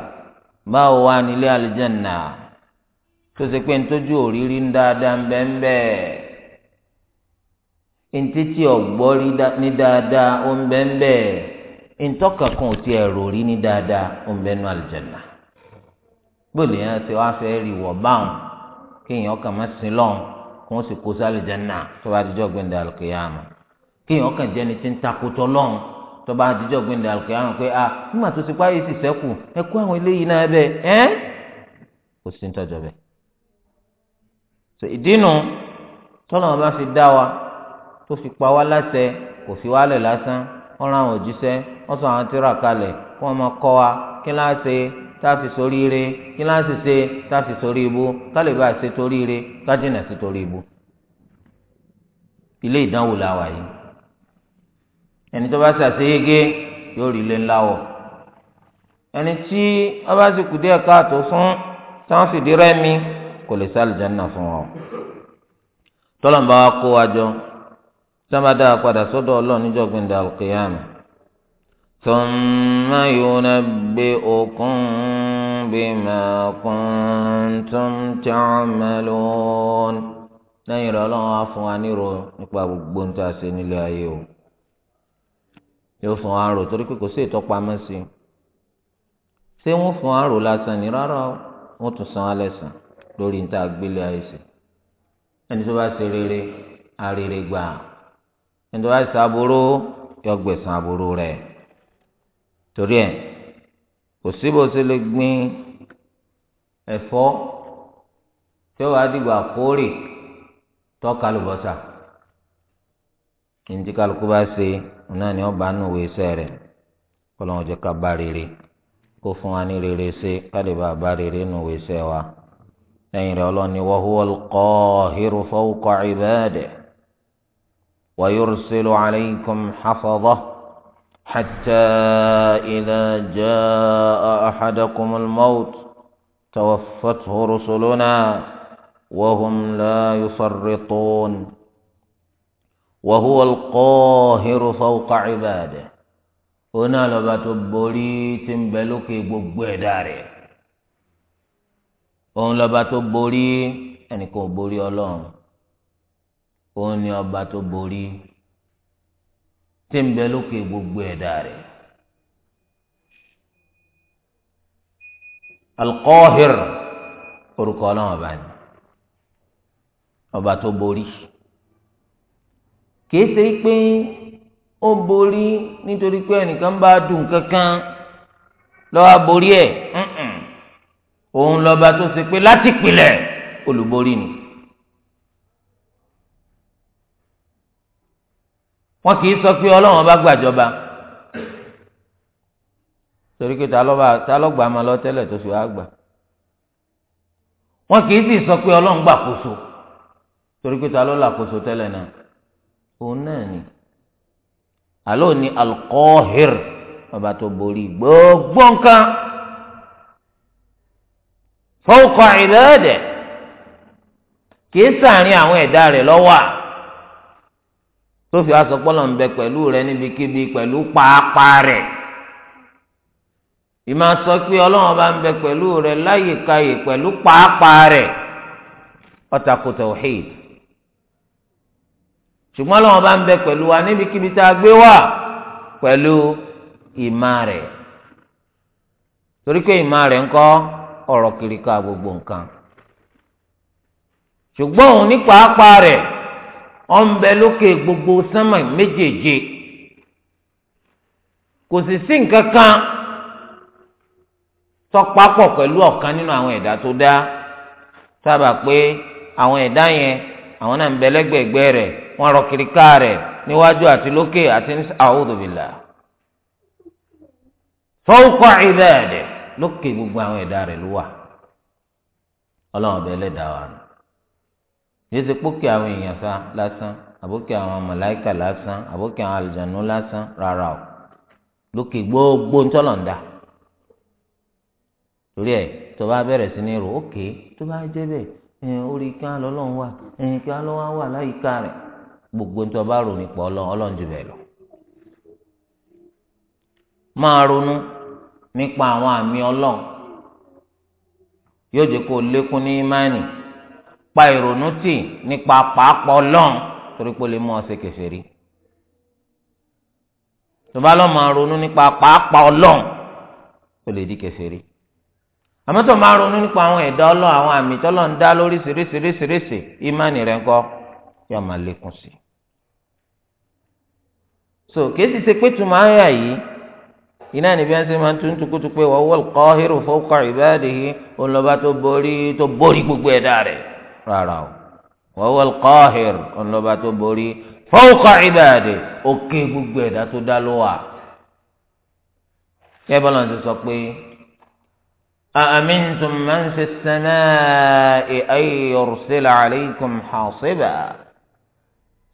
báwo ntítí ọ̀gbọ́ ní dáadáa ó ń bẹ́ẹ̀ bẹ́ẹ̀ ntọ́ka kan ò ti ẹ̀rọ rí ní dáadáa ó ń bẹ́ẹ̀ nú àlùjànnà gbọ́dọ̀ yẹn ti wá fẹ́ rí wọ̀ báwọn kéèyàn kàn má sin lọ́n kó wọ́n sì kó sálẹ̀ jẹ́nà tó bá dijọ́ gbẹ̀ndẹ̀ àlùkìyàmù kéèyàn kàn jẹ́ni tí ń takotọ́ lọ́n tó bá dijọ́ gbẹ̀ndẹ̀ àlùkìyàmù pé a nígbà tó ti páyé sì sẹ́kù ẹ kó àwọn eléyìí náà bẹ́ẹ̀ ẹ́ kò sí ń tọ́jọ́ tọ́lọ́mọba fi dá wa tó fi pa wá láṣẹ kò fi wá lẹ̀ lásán wọ́n ra àwọn òjíṣẹ́ wọ́n sọ àwọn tírà kalẹ̀ kó wọ́n máa kọ́ wa kí láá ṣe tá a fi sórí ire kí láá sì ṣe tá a fi sórí ibu ká lè bá a ṣe torí ire ká jìnà sí torí ibu. ilé ìdánwò la wà yìí ẹni tó bá ṣàṣeyége yóò rí ilé ńlá wọ̀ ẹni tí wọ́n bá sì kù díẹ̀ káàtó fún tí wọ́n fìdí rẹ́mi kò lè sálì jẹ́ nà fún wọn. tọ́lọ́mùbá wa kó wa jọ sábàdà padà sọ́dọ̀ Ọlọ́run níjọ́ gbẹndà alqiyama thumma yunabbi'ukum bima kuntum ta'malun lẹ́yìn rẹ̀ Ọlọ́run á fún wa nírò nípa gbogbo ń tà sí nílé ayé o yóò fún wa rò torí pé kò sí ìtọ́pamọ́ sí ṣé wọ́n fún wa rò lásán ni rárá wọ́n tún san alẹ́ sàn lórí níta gbélé ayé sí ẹni tó bá ṣe rere arére gbà ẹnití wàá ṣe aburú yọ gbẹ̀san aburú rẹ̀ torí ẹ̀ kò sí bó ṣe lè gbin ẹ̀fọ́ tí ó wàá dìgbà kórè tó kálùbọ́sà kí n tí kálukú bá ṣe náà ni ọba nù wọ iṣẹ́ rẹ̀ kọlọ́n jẹ́ ká bá rere kó fún wa ní rere ṣe ká bá bá rere nù wọ iṣẹ́ wa lẹ́yìn rẹ̀ ọlọ́ni wa huwal qahiru fawqa ويرسل عليكم حفظه حتى إذا جاء أحدكم الموت توفته رسلنا وهم لا يفرطون وهو القاهر فوق عباده هنا لبات بولي تنبلوكي بوبوه داري هنا لبات بولي يعني بولي الله òun ni ọba tó borí tí ń bẹ lókè gbogbo ẹ̀dá rẹ̀. alqahir orúkọ ọlọ́run ọba ni ọba tó borí kìí ṣe pé ó borí nítorí pé ẹnìkan bá dùn kankan lọ́wọ́ borí ẹ̀ òun lọ́ba tó ṣe pé láti pilẹ̀ olùborí ni. wọn kì í sọ pé ọlọ́run ọba gbàjọba torí pé ta ló gbà máa lọ tẹ́lẹ̀ tó fi wá gbà wọn kì í sì sọ pé ọlọ́run gbàkóso torí pé ta ló làkóso tẹ́lẹ̀ náà òun náà ni àlọ́ ni alqahir ọba tó borí gbogbo nǹkan fawqa ibade kì í sàárín àwọn ẹ̀dá rẹ̀ lọ́wọ́ à tó fi aṣọ pọ́lọ̀ ń bẹ pẹ̀lú rẹ níbikíbi pẹ̀lú pàápàá rẹ̀ ìmọ̀ sọ pé ọlọ́run bá ń bẹ pẹ̀lú rẹ láyìíkáyè pẹ̀lú pàápàá rẹ̀ ọ̀tàkù tauhid ṣùgbọ́n ọlọ́run bá ń bẹ pẹ̀lú wa níbikíbi tá a gbé wà pẹ̀lú ìmọ̀ rẹ̀ torí pé ìmọ̀ rẹ̀ ń kọ́ kiri ká gbogbo nǹkan ṣùgbọ́n òun ní pàápàá rẹ̀ ọ̀nbẹ lókè gbogbo sánmà mejeje kò sì sí nǹkan kan tọpapọ̀ pẹ̀lú ọkan nínú àwọn ẹ̀dá tó dá sábà pé àwọn ẹ̀dá yẹn àwọn náà ń bẹ lẹ́gbẹ̀ẹ́gbẹ́ rẹ̀ wọn rọ kiriká rẹ̀ níwájú àti lókè àti àwòdòbìlà fọ́ọ̀kọ́ ìbẹ́ẹ̀dẹ̀ lókè gbogbo àwọn ẹ̀dá rẹ̀ ló wà ọlọ́run ọbẹ̀ ẹlẹ́dàá wa nù. yìí ti àwọn èèyàn fa lásán àbókè àwọn màláìkà lásán àbókè àwọn àlùjànnú lásán o lókè gbogbo ń tọ́lọ̀ ń dà torí tó bá bẹ̀rẹ̀ sí ní rò ókè tó bá jẹ́ bẹ́ẹ̀ ẹ̀ orí ká lọ́lọ́run wà gbogbo ń tọ́ bá rò nípa ọlọ́run jù bẹ́ẹ̀ lọ máa ronú nípa àwọn àmì pa ìrònú tì nípa pàápàá ọlọ́run torí pé ó lè mú ọ ṣe kèfèrí tó bá lọ́ máa ronú nípa pàápàá ọlọ́run ó lè di kèfèrí àmọ́ tó máa ronú nípa àwọn ẹ̀dá ọlọ́run àwọn àmì tọ́lọ̀ ń dá lórí ṣeréṣeréṣeréṣe ìmánì rẹ̀ ńkọ́ yóò máa lékún sí i so kèsì ṣe pé tùmọ̀ ayà yìí iná níbi ẹ̀ ń ṣe máa ń tún tukutu pé wa huwal qahiru fawqa ibadihi olùlọ́ba tó borí tó borí gbogbo ẹ̀dá rẹ̀ rárá o wa huwa al-qahir ọlọ́ba tó borí fawqa ibadihi òkè gbogbo ẹ̀dá tó dá ló wà. kẹ́ bọ́lá ti sọ pé أأمنتم من في السماء أن يرسل عليكم حاصبا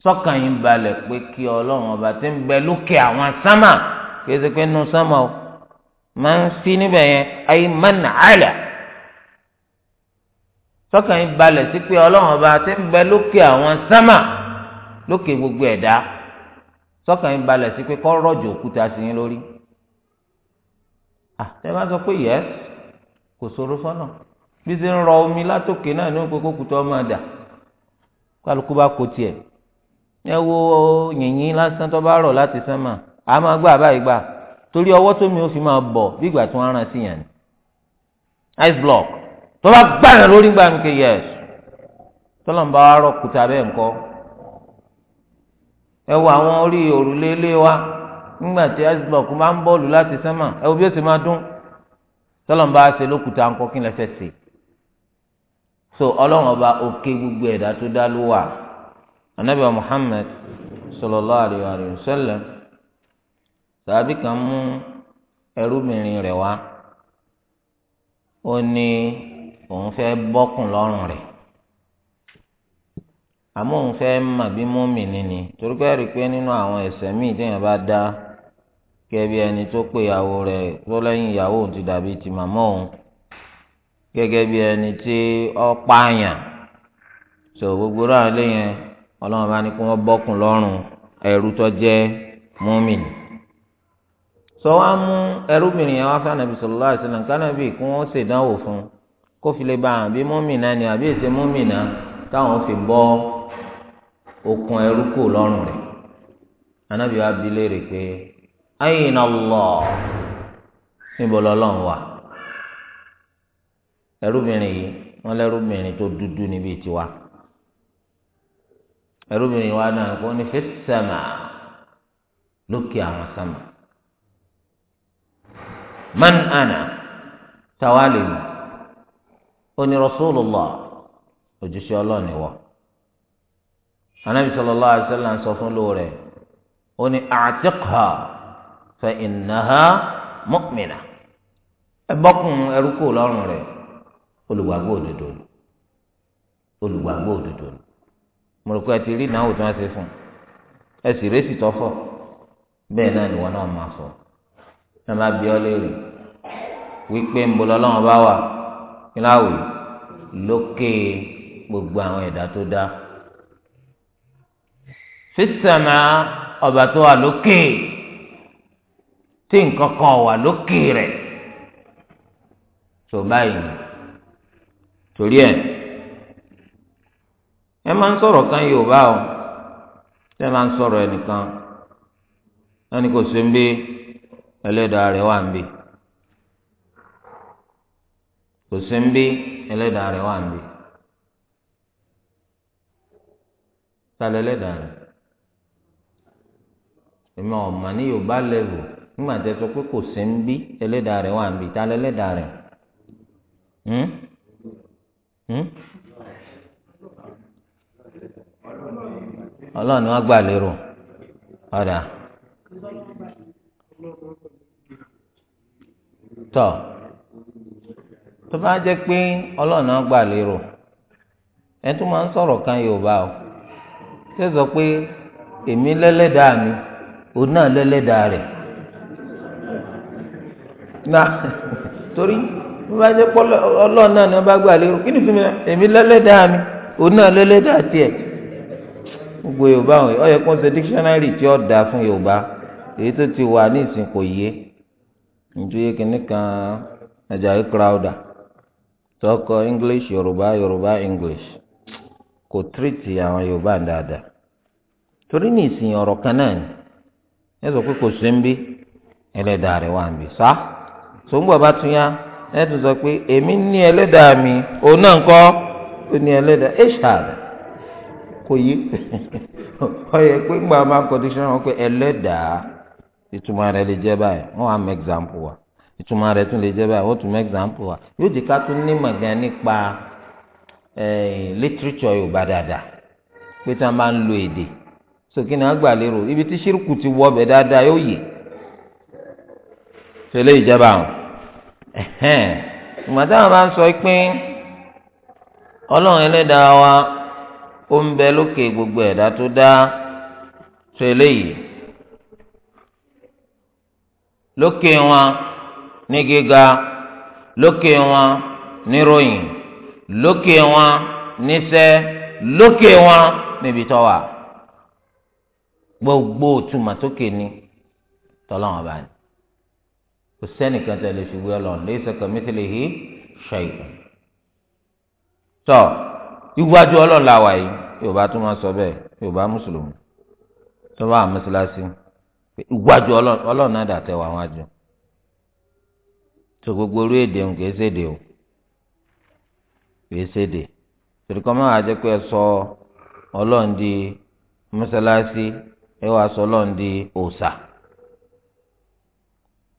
sọ́kàn yín balẹ̀ pé kí ọlọ́run ọba tí ń bẹ lókè àwọn sámà kí ẹ ti pé nu sámà o máa níbẹ̀ yẹn ayé máa ń tọkàn yín balẹ̀ sí pé ọlọ́run ọba ti ń bẹ lókè àwọn sámà lókè gbogbo ẹ̀dá tọkàn yín balẹ̀ sí pé kọ́ rọ̀jò òkúta sí yín lórí àtẹ bá sọ pé yẹs kò sóró sọ́nà bí ti ń rọ omi látòkè náà ní òpè kókùtà ọmọ àdà kálukú bá kó tiẹ̀ ẹ wo yìnyín lásán tó bá rọ̀ láti sánmà àá máa gbà báyìí gbà torí ọwọ́ tómi ó fi máa bọ̀ bí ìgbà tí wọ́n rán sí yàn ice block tó bá gbàyàn lórí gbà mí ké yẹs tọ́lọ̀ ń bá wa rọ̀ kúta bẹ́ẹ̀ ńkọ́ ẹ wo àwọn orí òrùlé ilé wa nígbà tí asbọ̀k máa ń bọ́ọ̀lù láti sẹ́mà ẹ wo bí ó sì máa dún tọ́lọ̀ ń bá wa ṣe lókùtà ńkọ́ kí n lẹ́sẹ̀ sí i so ọlọ́run ọba òkè gbogbo ẹ̀dá tó dá ló wà anabi muhammed sallallahu alayhi wa sallam sàbí kan mú ẹrúbìnrin rẹ̀ wá ó ní. òun fẹ́ bọ́kùn lọ́rùn rẹ̀ àmọ́ òun fẹ́ mà bí mọ́mìnì ni torí pé rí i pé nínú àwọn ẹ̀ṣẹ̀ míì téèyàn bá dá kẹ́bí ẹni tó ìyàwó rẹ̀ tó lẹ́yìn ìyàwó òun ti dàbí ti màmá òun gẹ́gẹ́ bí ẹni tí ọ́ pààyàn tó gbogbo rà ọlọ́run bá ní wọ́n bọ́kùn sọ wá mú ẹrúbìnrin yẹn wá fún ànàbì kí wọ́n ṣèdánwò kó fi lè ba àbí múmìnà ni àbí èsè múmìnà táwọn fi bọ́ okùn ẹrú kù lọ́rùn rẹ̀ anabi wa bi léèrè pé ayna Allah níbo lọ́lọ́run wà ẹrúbìnrin yìí wọ́n lẹ́rúbìnrin tó dúdú níbi tiwa ẹrúbìnrin wa náà kò ní fis lókè àwọn sama man ana tawalemi. oni rasulullah ojúṣe ọlọ́run ni anabi sallallahu alaihi wasallam sọ fún lóore oni a'tiqha fa innaha mu'mina ẹ bọ́kùn lọ́rùn rẹ̀ olùgbàgbọ́ òdodo olùgbàgbọ́ òdodo mo ẹ ti rí ìnáwó tí wọ́n ṣe fún ẹ sì rẹ́sì tọ́fọ̀ bẹ́ẹ̀ náà ni wọn náà máa sọ ẹ má bí ọ wípé ń bá kíláwì lókè gbogbo àwọn ẹ̀dá tó dá sísèmà ọba tó wà lókè tí nǹkan kan wà lókè rẹ̀ tó báyìí torí ẹ̀ ẹ máa ń sọ̀rọ̀ kan yorùbá o ṣé máa ń sọ̀rọ̀ ẹnìkan ẹnì kò sí ń bí ẹlẹ́dàá rẹ̀ wà ń bí. kò sí ń bí ẹlẹ́dàá rẹ̀ wà ń bí sálẹ̀ ẹlẹ́dàá rẹ̀ èmi ọ̀mà ní yorùbá lẹ́vù nígbà tẹ́ sọ pé kò sí ń bí ẹlẹ́dàá rẹ̀ wà ń bí sálẹ̀ ẹlẹ́dàá rẹ̀ hmm? hmm? ọlọ́ọ̀ni wọ́n gbà lérò ọ̀dà tọ́. tó bá jẹ́ pé ọlọ́nà gbà lérò ma máa ń sọ̀rọ̀ kan yorùbá o ṣé sọ pé èmi mi òun náà lẹ́lẹ́dàá rẹ̀ torí náà bá gbà lérò kí ni fún mi mi òun náà lẹ́lẹ́dàá tiẹ̀ gbogbo yorùbá tọkọ english yoruba yoruba english kò tírìtì àwọn yorùbá dáadáa torí ní ọ̀rọ̀ kan náà ni ẹ sọ pé kò sí ń bí ẹlẹ́dàá rẹ̀ ń bí sá tó ń bọ̀ bá tún yá ẹ tún sọ pé èmi ní ẹlẹ́dàá mi òun náà ń kọ́ ó ní ẹlẹ́dàá ẹ ṣàlẹ̀ kò yí ọyẹ pé wọn pé ẹlẹ́dàá example ìtumọ̀ rẹ̀ tún lè jẹ́ báyìí wọ́n tún mú example wa yóò di ká tún ní mọ̀gán nípa literature yorùbá dáadáa pé tí wọ́n bá ń lo èdè sókè náà gbà lérò ibi tí ṣírùkù ti wọ ọbẹ̀ dáadáa yóò yè tẹ́lẹ̀ àwọn ìgbà táwọn bá ń sọ yìí lókè ní gíga lókè wọn níròyìn lókè wọn níṣẹ́ lókè wọn níbi tó wà gbogbo òtúmọ̀ tókè ní tọ́lọ́wọ́n bá ní kò sẹ́nìkan tẹ̀ lè fi wé ọlọ́run laysa kamithlihi shay'un tọ́ iwájú ọlọ́run la wà yìí yorùbá tún máa sọ bẹ́ẹ̀ yorùbá mùsùlùmí tó bá àmúṣe iwájú ọlọ́run náà dàtẹ̀ wà wájú tó gbogbo orí èdè òun kìí ṣèdè o kìí ṣèdè torí kọ́ máa jẹ́ pé ẹ sọ ọlọ́run di mọ́sálásí ẹ wàá sọ ọlọ́run di òòṣà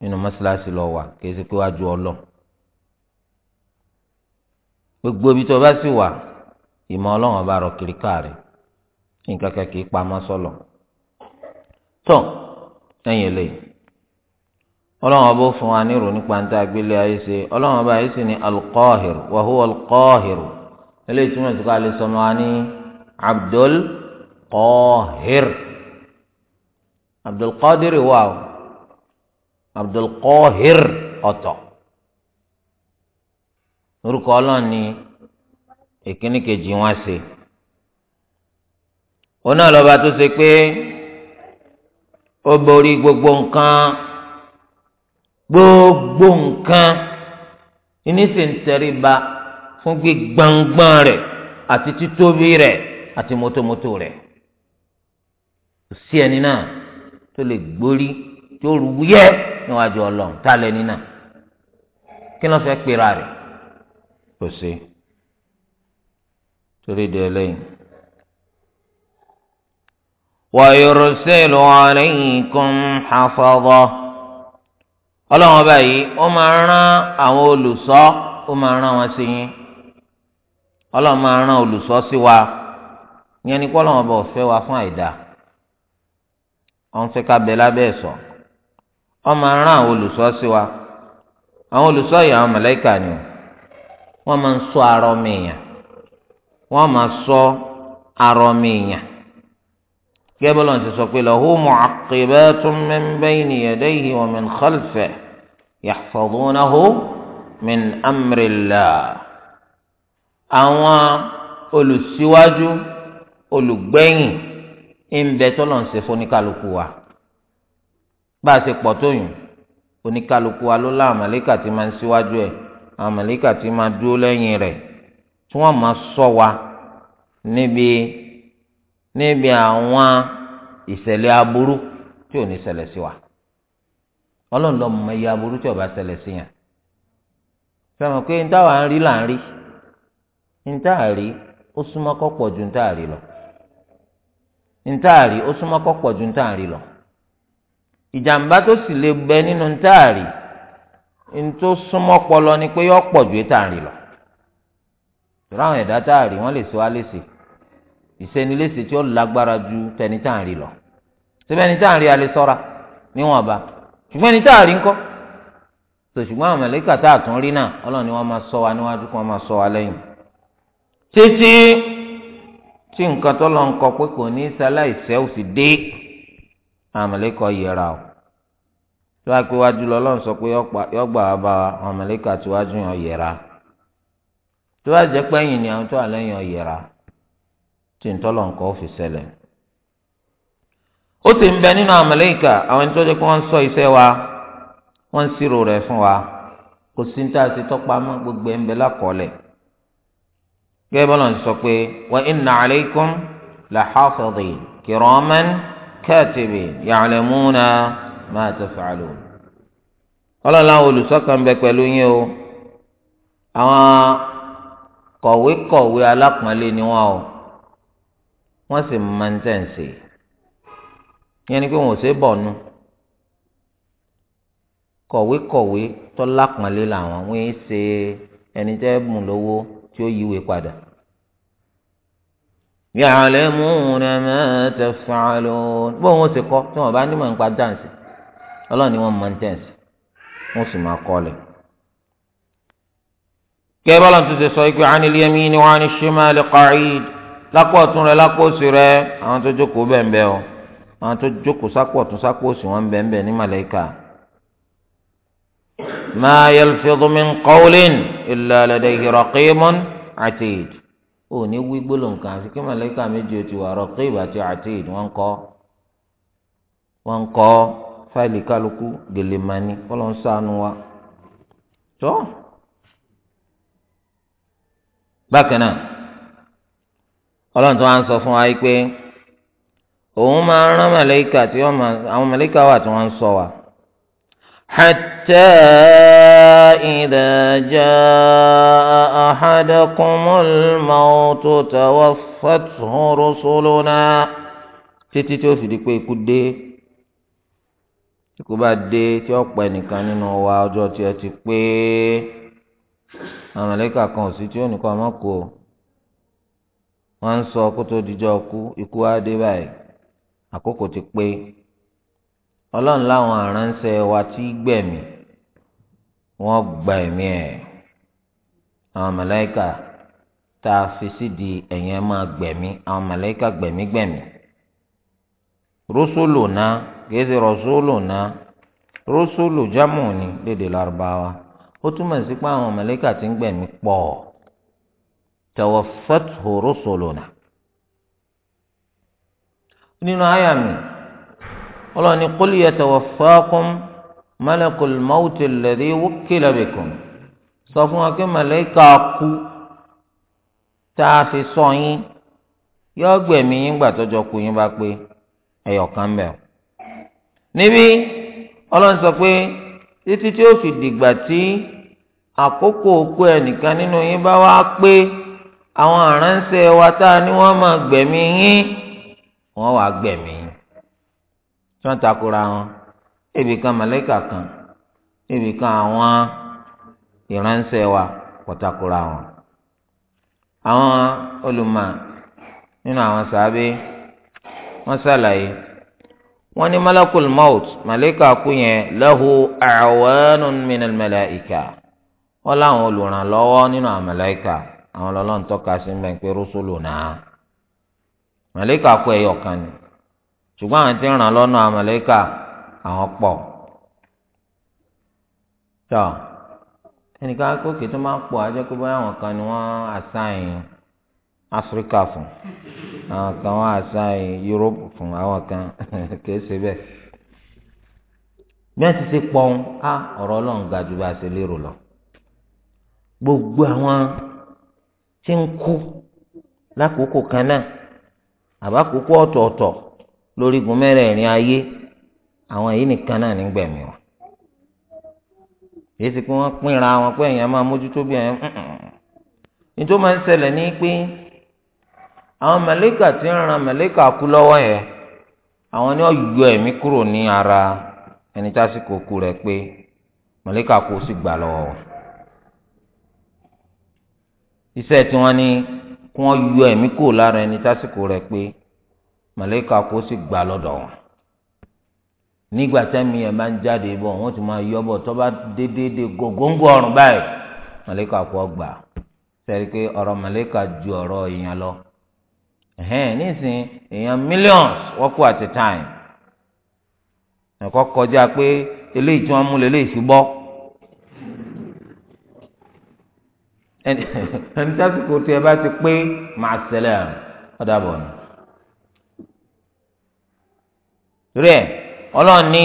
nínú mọ́sálásí lọ wà kìí ṣe pé wàá ju ọlọ́run gbogbo ibi tó bá sì wà ìmọ̀ ọlọ́run ọba rọ kiri káàrin nǹkan kan kìí pamọ́ sọ́lọ̀ tán ẹ̀yìn lẹ́yìn ọlọ́run ọba ó fún wa ní ìròyìn pàǹtà àgbélé ayé ṣe ọlọ́run ọba yìí sì ní alukọ́hìr wàhúwà alukọ́hìr eléyìí túmọ̀ sí ká lè sọmọ wa ní abdul kọ́hìr abdul kọ́dìrì wà o abdul kọ́hìr ọ̀tọ̀ orúkọ ọlọ́run ní ìkíní kejì wọn ṣe onáà lọ́ba tó ṣe pé ó borí gbogbo nǹkan gbogbo nǹkan iní sì ń tẹríba fún gbígbàngbàn rẹ̀ àti títóbi rẹ̀ àti mótómótó rẹ̀ kò sí ẹni náà tó lè gbórí tó rú yẹ níwájú Ọlọ́run tá lẹni náà kí ló fẹ́ pera rẹ̀ kò sí torí di ẹlẹ́yìn. ويرسل عليكم حفظه ọlọ́run ọba yìí ó máa rán àwọn olùṣọ́ ó máa rán wọn sí yín ọlọ́run máa rán olùṣọ́ sí wa ìyẹn ni kọ́lọ́run ọba wa fún àìdá ọ̀n fẹ́ lábẹ́ ẹ̀sọ́ ó máa rán àwọn olùṣọ́ sí wa àwọn arọ gẹ́bọ́lọ́n ti sọ pé lahu mu'aqqibatun min bayni yadayhi wa min khalfihi yahfazunahu min amrillah àwọn olùsíwájú olùgbẹ̀yìn ìbẹ̀ tọ́lọ̀ ń ṣe fóníkálukú wa bá a ṣe pọ̀ tóyún oníkálukú wa ló lá àmàlíkà tí máa ń síwájú ẹ̀ àmàlíkà tí máa dúró lẹ́yìn rẹ̀ tí wọ́n máa ṣọ́ wa níbi níbi àwọn ìṣẹ̀lẹ̀ aburú tí ò ní ṣẹlẹ̀ sí wa ọlọ́run mọ iye aburú tí ó bá ṣẹlẹ̀ sí yàn fẹ́ràn pé là ń rí rí ó súnmọ́ ju lọ rí ó súnmọ́ lọ ìjàmbá tó sì lè gbẹ nínú níta rí ntó súnmọ́ pọlọ ni pé lọ tòrọ àwọn ẹ̀dá tá a rí wọ́n lè ìsẹ́nilése tí ó lágbára ju tẹni tá à ń rí lọ síbẹ̀ ẹni tá à ń rí alẹ́ sọ́ra níwọ̀n ba ṣùgbọ́n ẹni tá à rí ńkọ́ tó ṣùgbọ́n àwọn mẹ̀lẹ́kà tá à tún rí náà ọlọ́run ni wọ́n máa sọ wa níwájú kí wọ́n máa sọ wa lẹ́yìn títí tí nǹkan tó lọ ń kọ pé kò ní sáláìsẹ́ ò sì dé àwọn mẹ̀lẹ́kà yẹra o tó wá pé wájú lọ ọlọ́run sọ pé yọ gbà wá bá àwọn mẹ̀lẹ́kà tí tí ń tọ́lọ̀ nǹkan ó fi ó sì ń bẹ nínú àmàlẹ́kà àwọn ẹni tó jẹ́ pé wọ́n ń sọ iṣẹ́ wa wọ́n ń ṣírò rẹ̀ fún wa kò sí ní tá tọ́pa mọ́ gbogbo ẹ̀ ń bẹ gẹ́gẹ́ bọ́lá ń sọ pé ma taf'alun. ọlọ́lá olùsọ́kàn bẹ pẹ̀lú yín o àwọn kọ̀wé alápọ̀nlé ni wọ́n o. wọ́n sì máa ń tẹ̀sí yẹn ni pé wọn ò ṣe é bọ̀ nu kọ̀wékọ̀wé tọ́lápọ̀nlé làwọn wọ́n ń ṣe ẹni tẹ́ mú lówó tí ó yíwèé padà. ya'lamuna ma taf'alun bó wọn ṣe kọ́ tí wọn bá nímọ̀ nípa dáǹsì ọlọ́ọ̀ni wọn máa ń tẹ̀sí wọ́n sì máa kọ́ lẹ̀. kẹ́ bọ́lá ṣe sọ ikú anil yamini wa anil shimali qa'id lápò ọ̀tún rẹ lápò òsì rẹ àwọn tó jókòó bẹ́ẹ̀ bẹ́ẹ̀ o àwọn tó jókòó sápò ọ̀tún sápò òsì wọn bẹ́ẹ̀ bẹ́ẹ̀ ní màlẹ́kà. ma yalfidhu min qawlin illa ladayhi raqibun atid ó ní wí gbólóǹkan àfi kí màlẹ́kà méjì ó ti wà raqib àti atid wọ́n kọ́ wọ́n kọ́ fáìlì kálukú gèlè mani kọ́lọ́n sànù wa tó bákan náà. ọlọ́run tó wá ń sọ fún wa yìí pé òun máa rán màlẹ́kà tí àwọn màlẹ́kà wà tí wọ́n ń sọ wa. حتى إذا جاء أحدكم الموت توفته títí tí ó fi di pé ikú dé tí ó pa ẹnìkan tí ti nìkan wọ́n ń sọ kó tó dijọ́ ku ikú wá báyìí àkókò ti pé ọlọ́run láwọn aránṣẹ́ wa ti gbẹ̀mí wọ́n gba ẹ̀mí ẹ̀ àwọn màláíkà tá a fi ẹ̀yẹn máa gbẹ̀mí àwọn gbẹ̀mí gbẹ̀mí rosolo na lédè ó túmọ̀ sí pé tawaffathu rusuluna nínú àyà mi ọlọ́ni qul yatawaffakum malakul mawti alladhi wukkila bikum sọ fún wa pé màlẹ́kà kú tá a fi sọ yín yọ gbẹ̀mí yín gbà tọ́jọ kú yín bá pé ẹ̀yọ̀kan bẹ̀ ọ́ níbí ọlọ́run sọ pé títí tí ó fi dìgbà tí àkókò òkú ẹnìkan nínú yín bá wá pé àwọn aránṣẹ́ wa tá a ní wọ́n máa gbẹ̀mí yín wọ́n wàá gbẹ̀mí yín tí wọ́n takora wọn ibì kan màlẹ́kà kan ibì kan àwọn ìránṣẹ́ wa kò takora wọn àwọn olùmọ̀ nínú àwọn sàábé wọ́n ṣàlàyé wọ́n ní malakul maut màlẹ́kà kú yẹn lahu a'wanun minal malaika wọ́n láwọn olùrànlọ́wọ́ nínú àwọn màlẹ́kà àwọn ọlọ́run tọ́ka sí mbẹ́ pé rúṣùlù náà màlẹ́kà kú ẹyọ kan ni ṣùgbọ́n àwọn tí ń ràn lọ́nà àwọn màlẹ́kà àwọn pọ̀ tọ́ ẹnìkan akókè tó máa ń pọ̀ ajẹ́ pé báyà kan ni wọ́n àṣàyàn áfíríkà fún àwọn kan wọ́n àṣàyàn yúróòpù fún àwọn kan kìí ṣe bẹ́ẹ̀ bí wọ́n ti ṣe pọ̀ ń a ọ̀rọ̀ ọlọ́run ga ju bá a ṣe lérò lọ gbogbo àwọn. tí ń kú lákòókò kan náà àbákòókò ọ̀tọ̀ọ̀tọ̀ lórígun mẹ́rẹ̀ẹ̀rin ayé àwọn èyí nìkan náà ní wọn èyí sì wọ́n pínra wọn pé èèyàn máa mójútó bí ní tó máa ń ṣẹlẹ̀ ní pé àwọn mẹ̀lẹ́kà ń ran mẹ̀lẹ́kà kú lọ́wọ́ yẹn àwọn ni wọ́n yọ ẹ̀mí kúrò ní ara ẹni tásìkò kú rẹ̀ pé mẹ̀lẹ́kà kú sì gbà lọ́wọ́ wọn. iṣẹ́ tí wọ́n ní kí wọ́n yọ ẹ̀mí kò lára ẹni tásìkò rẹ̀ pé màlẹ́kà kó sì gbà lọ́dọ̀ wọn nígbà tẹ́mi ẹ̀ máa ń jáde bọ̀ wọ́n ti máa yọ bọ̀ tó bá dédédé gògóńgò ọ̀rùn báyìí màlẹ́kà kó gbà sẹ́rí pé ọ̀rọ̀ màlẹ́kà ju ọ̀rọ̀ èèyàn lọ ẹ̀hẹ́n nísìn èèyàn millions wọ́n kú at time ẹ̀kọ́ kọjá pé eléyìí tí wọ́n mú lélẹ́yìí fi ẹni tásìkò tí ẹ bá ti pé màá sẹlẹ̀ ọ̀dà bọ̀ ni. torí ẹ ọlọ́run ní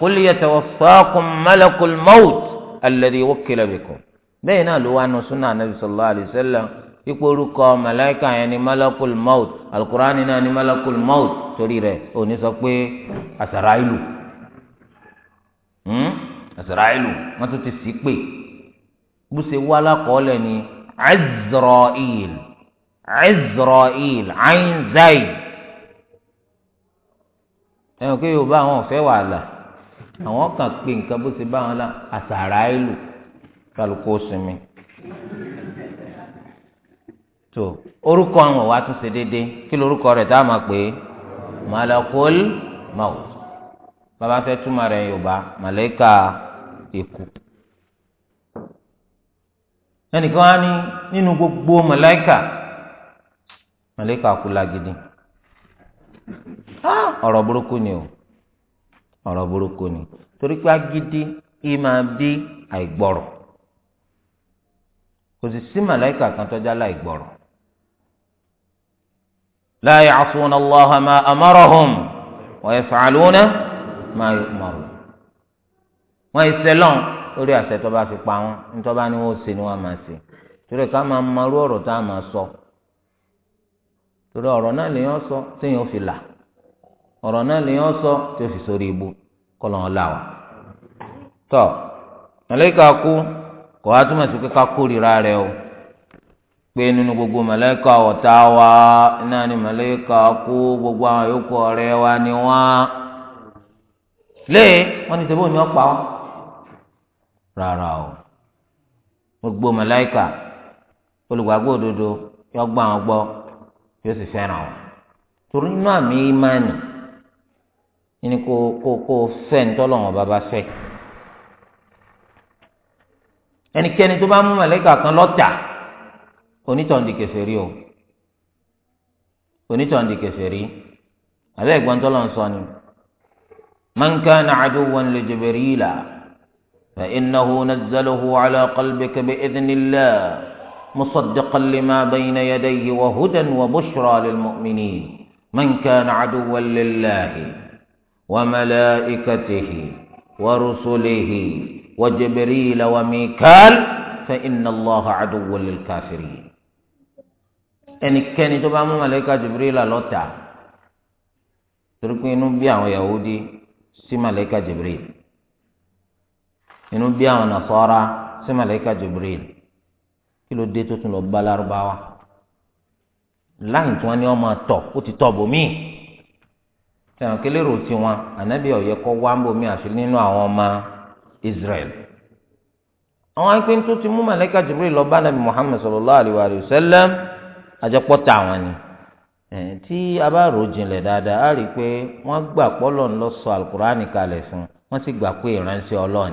kólé yẹtọ̀ fọ́ọ̀kùn mọ́lẹ́kùn mọ́ọ̀t alẹ́dẹ̀ ìwọ́ kílẹ̀ bìkọ́ bẹ́ẹ̀ náà ló wà nù súnà anabi sallallahu alayhi wa sallam ipò orúkọ màláíkà yẹn ni mọ́lẹ́kùn mọ́ọ̀t alukur'ani náà ni mọ́lẹ́kùn mọ́ọ̀t torí rẹ òní sọ pé àsàrà ìlú àsàrà ìlú wọ́n tún ti sì pé bó ṣe wá lákọọ́lẹ̀ ni Azrail Azrail ainzai ẹnu pé yorùbá àwọn ọ̀fẹ́ wàhálà àwọn kan pé nǹkan bó ṣe bá wọn lá àsàràìlù kálukú sinmi tó orúkọ àwọn wa tún ṣe déédéé kí lorúkọ rẹ̀ tá a máa pè é malakul maut bàbá fẹ́ túmọ̀ rẹ̀ yorùbá màlẹ́kà ikú ẹnìkan á ní nínú gbogbo mọ̀láìkà mọ̀láìkà kú lágídí ah, ọ̀rọ̀ burúkú ni o ọ̀rọ̀ burúkú ni torí pé agídí yìí máa bí àìgbọ̀rọ̀ kò sì sí mọ̀láìkà kan tọ́jà láìgbọ̀rọ̀ la ya'suna Allaha ma amarahum wa yaf'aluna ma yu'marun wọ́n ẹsẹ̀ lọ́n lórí àṣẹ tó bá fi pa wọn nítorí bá ní wọn ó ṣe ni wọn máa ṣe torí ká máa marú ọrọ tá a máa sọ torí ọ̀rọ̀ náà sọ téèyàn fi là ọrọ náà lèèyàn sọ tí ó fi sórí Tọ, kú kò wá túmọ̀ sí pé o pé nínú gbogbo màláíkà ọ̀tá wa náà ni gbogbo àwọn yòókù ọ̀rẹ́ wa ni wọ́n lé ti bóun rárá o gbogbo màláíkà olùgbàgbọ́ òdodo yóò gbà wọn gbọ́ yóò sì fẹ́ràn o torí inú àmì ìmánì ní fẹ́ ntọ́lọ́wọ́n bàbá fẹ́ ẹnikẹ́ni tó bá mú kan lọ́tà onítọ̀ǹdì o onítọ̀ǹdì abẹ́ sọ ni فانه نزله على قلبك باذن الله مصدقا لما بين يديه وهدى وبشرى للمؤمنين من كان عدوا لله وملائكته ورسله وجبريل وميكال فان الله عدو للكافرين ẹnikẹ́ni tó bá mú malayika jibril lọ́tà torí pé inú bí àwọn yahudi sí malayika inú bí àwọn nasọ́ra sí màláíkà Jibril kí ló dé tó tún lọ bá lárúbáwá láì tí wọ́n ní ọmọ tọ̀ ó ti tọ̀ bòmíì tẹ̀wọ̀n kí lérò tiwọn ànábì ọ̀yẹ́ kọ́ wá bòmíì àfi nínú àwọn ọmọ Israel àwọn akpé tó ti mú màláíkà Jibril lọ bá nàbì Muhammad sallallahu alayhi wa sallam àjẹpọ̀ tà wọn ni tí a bá rò jinlẹ̀ dáadáa a rí i pé wọ́n gbà pé Ọlọ́run ló sọ alukur'ani kalẹ̀ fún wọ́n sì gbà pé ìránṣẹ́ Ọlọ́run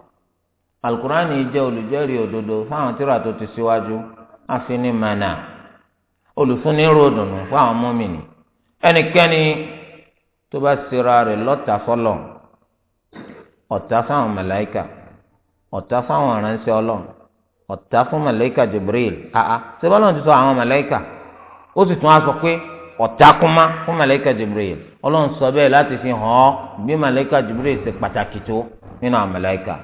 alukurani jẹ́ olùjẹ́rìí òdodo fún àwọn tírà tó ti síwájú afinimana olùfúnni ròdùnú fún àwọn mọ́mìnì ẹnikẹ́ni tó bá sira rẹ̀ lọ́tà fọlọ́ ọ̀tá fáwọn mẹ̀láìkà ọ̀tá fáwọn aránṣẹ́ ọlọ́run ọ̀tá fún mẹ̀láìkà jibril àá sẹ́bọ́lọ́n ti sọ àwọn mẹ̀láìkà ó sì tún á pé ọ̀tá kúmá fún mẹ̀láìkà jibril ọlọ́run sọ bẹ́ẹ̀ láti fi hàn án bí mẹ̀láìkà jibril ṣe pàtàkì tó nínú àwọn mẹ̀láìkà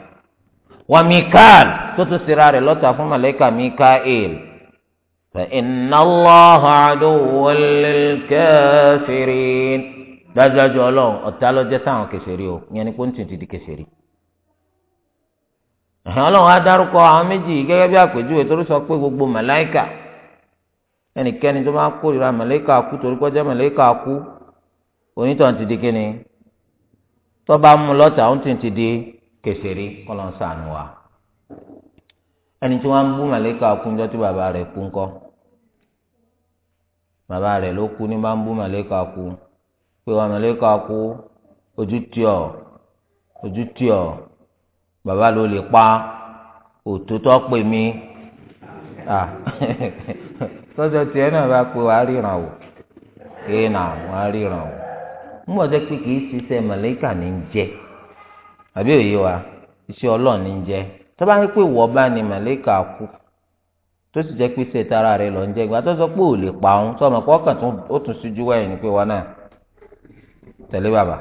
wa mikael tó tún sera rẹ̀ lọ́tà fún malayika mikael fa inna allaha aduwwal lil kafirin dájúdájú ọlọ́run ọ̀tá ló jẹ́ sáwọn kèsèrí o ìyẹn ni pọ́ńtì ti di kèsèrí. ẹ̀hìn ọlọ́run á dárúkọ àwọn méjì gẹ́gẹ́ bí àpèjúwe torí sọ pé gbogbo malayika ẹnikẹ́ni tó máa kórìíra malayika kú torí kọjá malayika kú onítọ̀ ti di kíni tó mú lọ́tà ó ti di kèfèrí kọ́lọ́n sànù wa ẹni tí wọ́n ń bú màlẹ́kà kúnjọ́ tí bàbá rẹ̀ kú bàbá rẹ̀ ló kú ní bá ń bú màlẹ́kà kú pé wọn màlẹ́kà kú ojú ojú bàbá ló lè pa òtútọ́ pè mí náà bá pe wàá ríran o kéèna wàá ríran o ń àbí òye wa iṣẹ́ Ọlọ́run ní jẹ́ tó bá ń pè wọ́ bá ní màlẹ́kà kú tó sì jẹ́ pé ṣe tara rẹ̀ lọ ń jẹ́ ìgbà tó sọ pé ò lè pa òun tó ọmọ kọ́kàn ó tún ṣojú wáyé ni pé wọn náà tẹ̀lé bàbá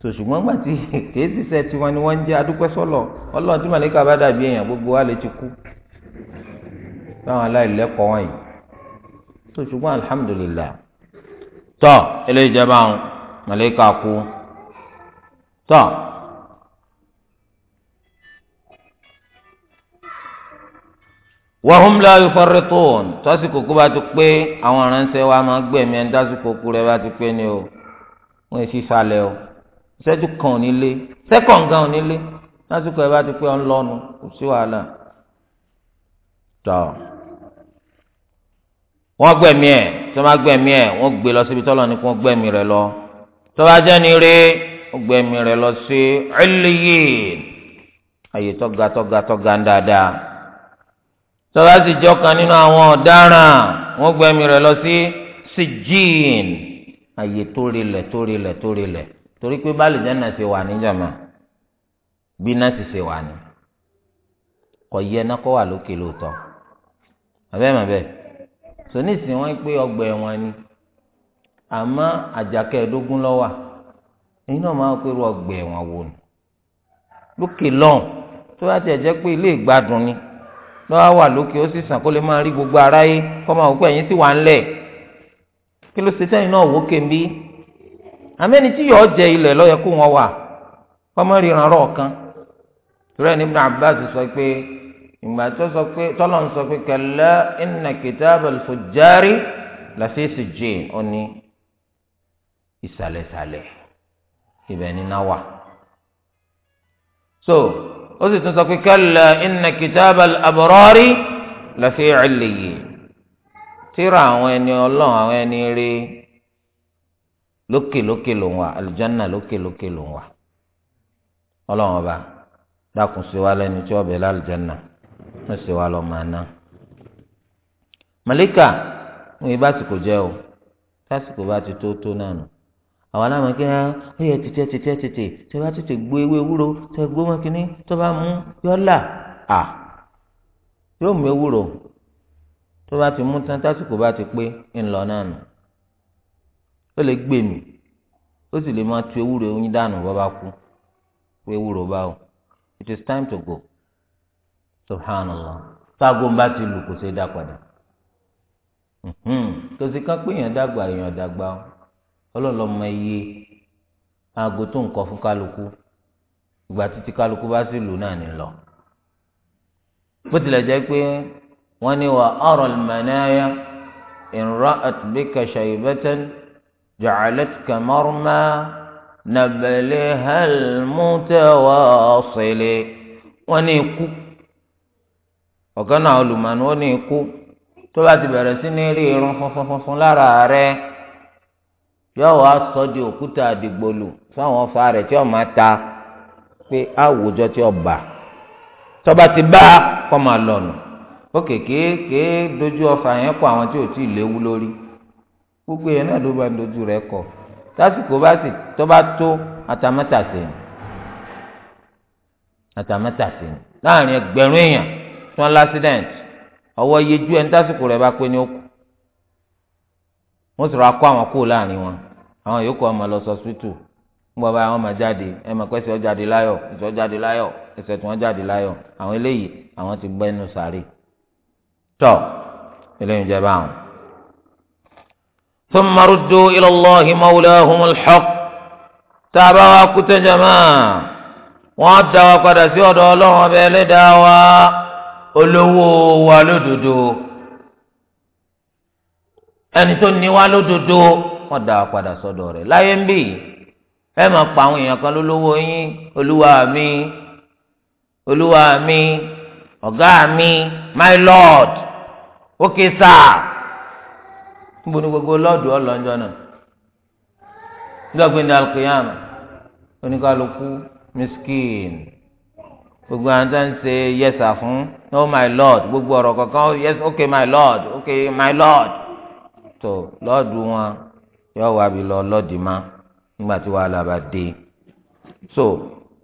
tó ṣùgbọ́n gbà tí kìí ṣiṣẹ́ tiwọn ni wọ́n ń jẹ́ adúpẹ́ sọ́lọ̀ tí màlẹ́kà bá dàbí èèyàn gbogbo wa lè ti kú báwọn aláìlẹ́kọ̀ọ́ wọn yìí tó ṣùgbọ́n alihamudulilayi tọ́ ilé ìjọba àwọn màlẹ́kà kú tọ́ wàhùn la ìfọ̀rẹ́ tó wọn tásìkò kú bá ti pé àwọn aránṣẹ́ wa máa gbẹ̀mí ẹni tásìkò kú rẹ bá ti pé ni o wọ́n fi falẹ̀ o ìṣẹ́jú kan ò ní lé gan ò ní lé bá ti pé ọ lọ́nu kò sí wàhálà wọ́n gbẹ̀mí ẹ̀ tí wọ́n bá gbẹ̀mí ẹ̀ wọ́n gbé lọ síbi tọ́lọ́ ni kí wọ́n gbẹ̀mí rẹ lọ tọ́ba ni rèé ó gbẹ̀mí rẹ̀ lọ sí ẹlẹ́yìn ayé tọ́ga tọ́ga tọ́ga ń dáadáa tọ́lá sì jọ kan nínú àwọn ọ̀daràn wọ́n gbẹ̀mí rẹ̀ lọ sí sijin ayé tó rilẹ̀ tó rilẹ̀ tó rilẹ̀ torí pé bá àlùjánnà ṣe wà níjàmá bí náà sì ṣe wà ní kò yẹ náà kó wà lókè lóòótọ́ àbẹ́ẹ̀ màbẹ́ẹ̀ sọ nísìnyí wọ́n pé ọgbà ẹ̀wọ̀n ni àmọ́ àjàkẹ́ ẹ̀dógún ló ẹ̀yin náà máa ń pẹ́rù ọgbà ẹ̀wọ̀n wò ni lókè lọ́hùn tó bá tiẹ̀ jẹ́ pé ilé ìgbádùn ni lọ́wọ́ wà lókè ó sì sàn kó lè máa rí gbogbo aráyé kọ́ máa wò pé ẹ̀yin sì wà ńlẹ̀ kí ló ṣe tẹ́yìn náà wò ó kébi àmẹ́ni tí yọ̀ọ́ jẹ ilẹ̀ lọ́yẹ kó wọn wà kọ́ máa ríran rọ̀ kan torí ẹni Abbas sọ pé ìgbà tó sọ pé tọ́lọ̀ ń sọ pé kalla inna kitab al-fujjari la fi sijjin ó ní ìsàlẹ̀sàlẹ̀ ibẹ̀ níná wà. so ó sì tún sọ pé kalla inna kitabal abrari lafi illiyin tíra àwọn ẹni ọlọ́run àwọn ẹni rí lókè lókè ló ń wà aljanna lókè lókè ló ń wà ọlọ́run ọba dákun sí wa lẹ́ni tí ọbẹ̀ lálùjáná wọ́n sì wá lọ́ọ́ máa ná. màlíkà ń yí básìkò jẹ́ o tásìkò bá ti tó tó náà nù àwọn aláàmọ kí ẹ ó yẹ tètè tètè tètè tẹ bá tètè gbó ewé ewúro tẹ gbó wọn kínní tó bá mú yọ là à yóò mú ewúro tó bá ti mú tán tásìkò bá ti pé ńlọ náà nù ó lè gbé mi ó sì lè máa tu ewúro oyin dànù bọ́ bá kú pé ewúro bá o it is time to go subhanallah táago ń bá ti lù kò ṣe dá padà tó sì pé èèyàn dàgbà èèyàn dàgbà o ọlọ́run ló mọ iye aago tó nǹkan fún kálukú ìgbà títí kálukú bá sì lù náà ní lọ. bó tilẹ̀ jẹ́ pé wọ́n ní wa aral manaya in ra'at bika shaybatan ja'alatka marma nabalihal mutawasili wọ́n ní ikú ọ̀gá náà olùmọ̀ọ́nù wọ́n ní ikú tó bá ti bẹ̀rẹ̀ sí ní rí irun funfun lára rẹ̀ yóò wá sọ di òkúta àdìgbòlù fáwọn ọfà rẹ̀ tí ó máa ta pé àwùjọ tí ó bà tọba ti bá kọ́ máa lọ̀nà ó kéékèèké dojú ọfà yẹn kọ àwọn tí ò tí ì léwu lórí gbogbo yẹn náà ló bá dojú rẹ̀ kọ tásìkò bá sì tọba tó àtàmátàsé àtàmátàsé láàrin ẹgbẹ̀rún èèyàn tí wọ́n lásìdẹ̀ǹtì ọwọ́ yejú ẹni tásìkò rẹ̀ bá pé ní ó kù wọ́n sì rọ akọ àwọn kúrò láàrin wọn àwọn yòókù ọmọ lọ sọ sítù ńgbọ́ báyìí wọ́n máa jáde ẹ máa pẹ́sẹ̀ ọ́ jáde láyọ̀ ẹ̀sẹ̀ ọ́ jáde láyọ̀ ẹ̀sẹ̀ tí wọ́n jáde láyọ̀ àwọn eléyìí àwọn ti gbẹ́ inú sàárè tọ́ eléyìí jẹ́ báwọn. ثم ردوا إلى الله مولاهم الحق tábà wa kú tẹ́jà máa wọ́n dá wa padà sí ọ̀dọ̀ ọlọ́run ọbẹ̀ ẹni tó ní wá lódodo wọn dá a padà sọ́dọ̀ rẹ̀ láyé ń bì ẹ máa pa àwọn èèyàn kan lólówó yín olúwa mi olúwa mi ọ̀gá mi my lord ókè sáà níbo ni gbogbo lọ́ọ̀dù ọlọ́njọ́ náà nígbàgbé ní alukiyama oníkàlùkù miskin gbogbo àwọn tó ń ṣe yẹsà fún no my lord gbogbo ọ̀rọ̀ kankan yes okay my lord okay my lord tó lọ́ọ̀dún wọn yọ wá bi lọ lọ́dìmá nígbà tí wàhálà bá dé so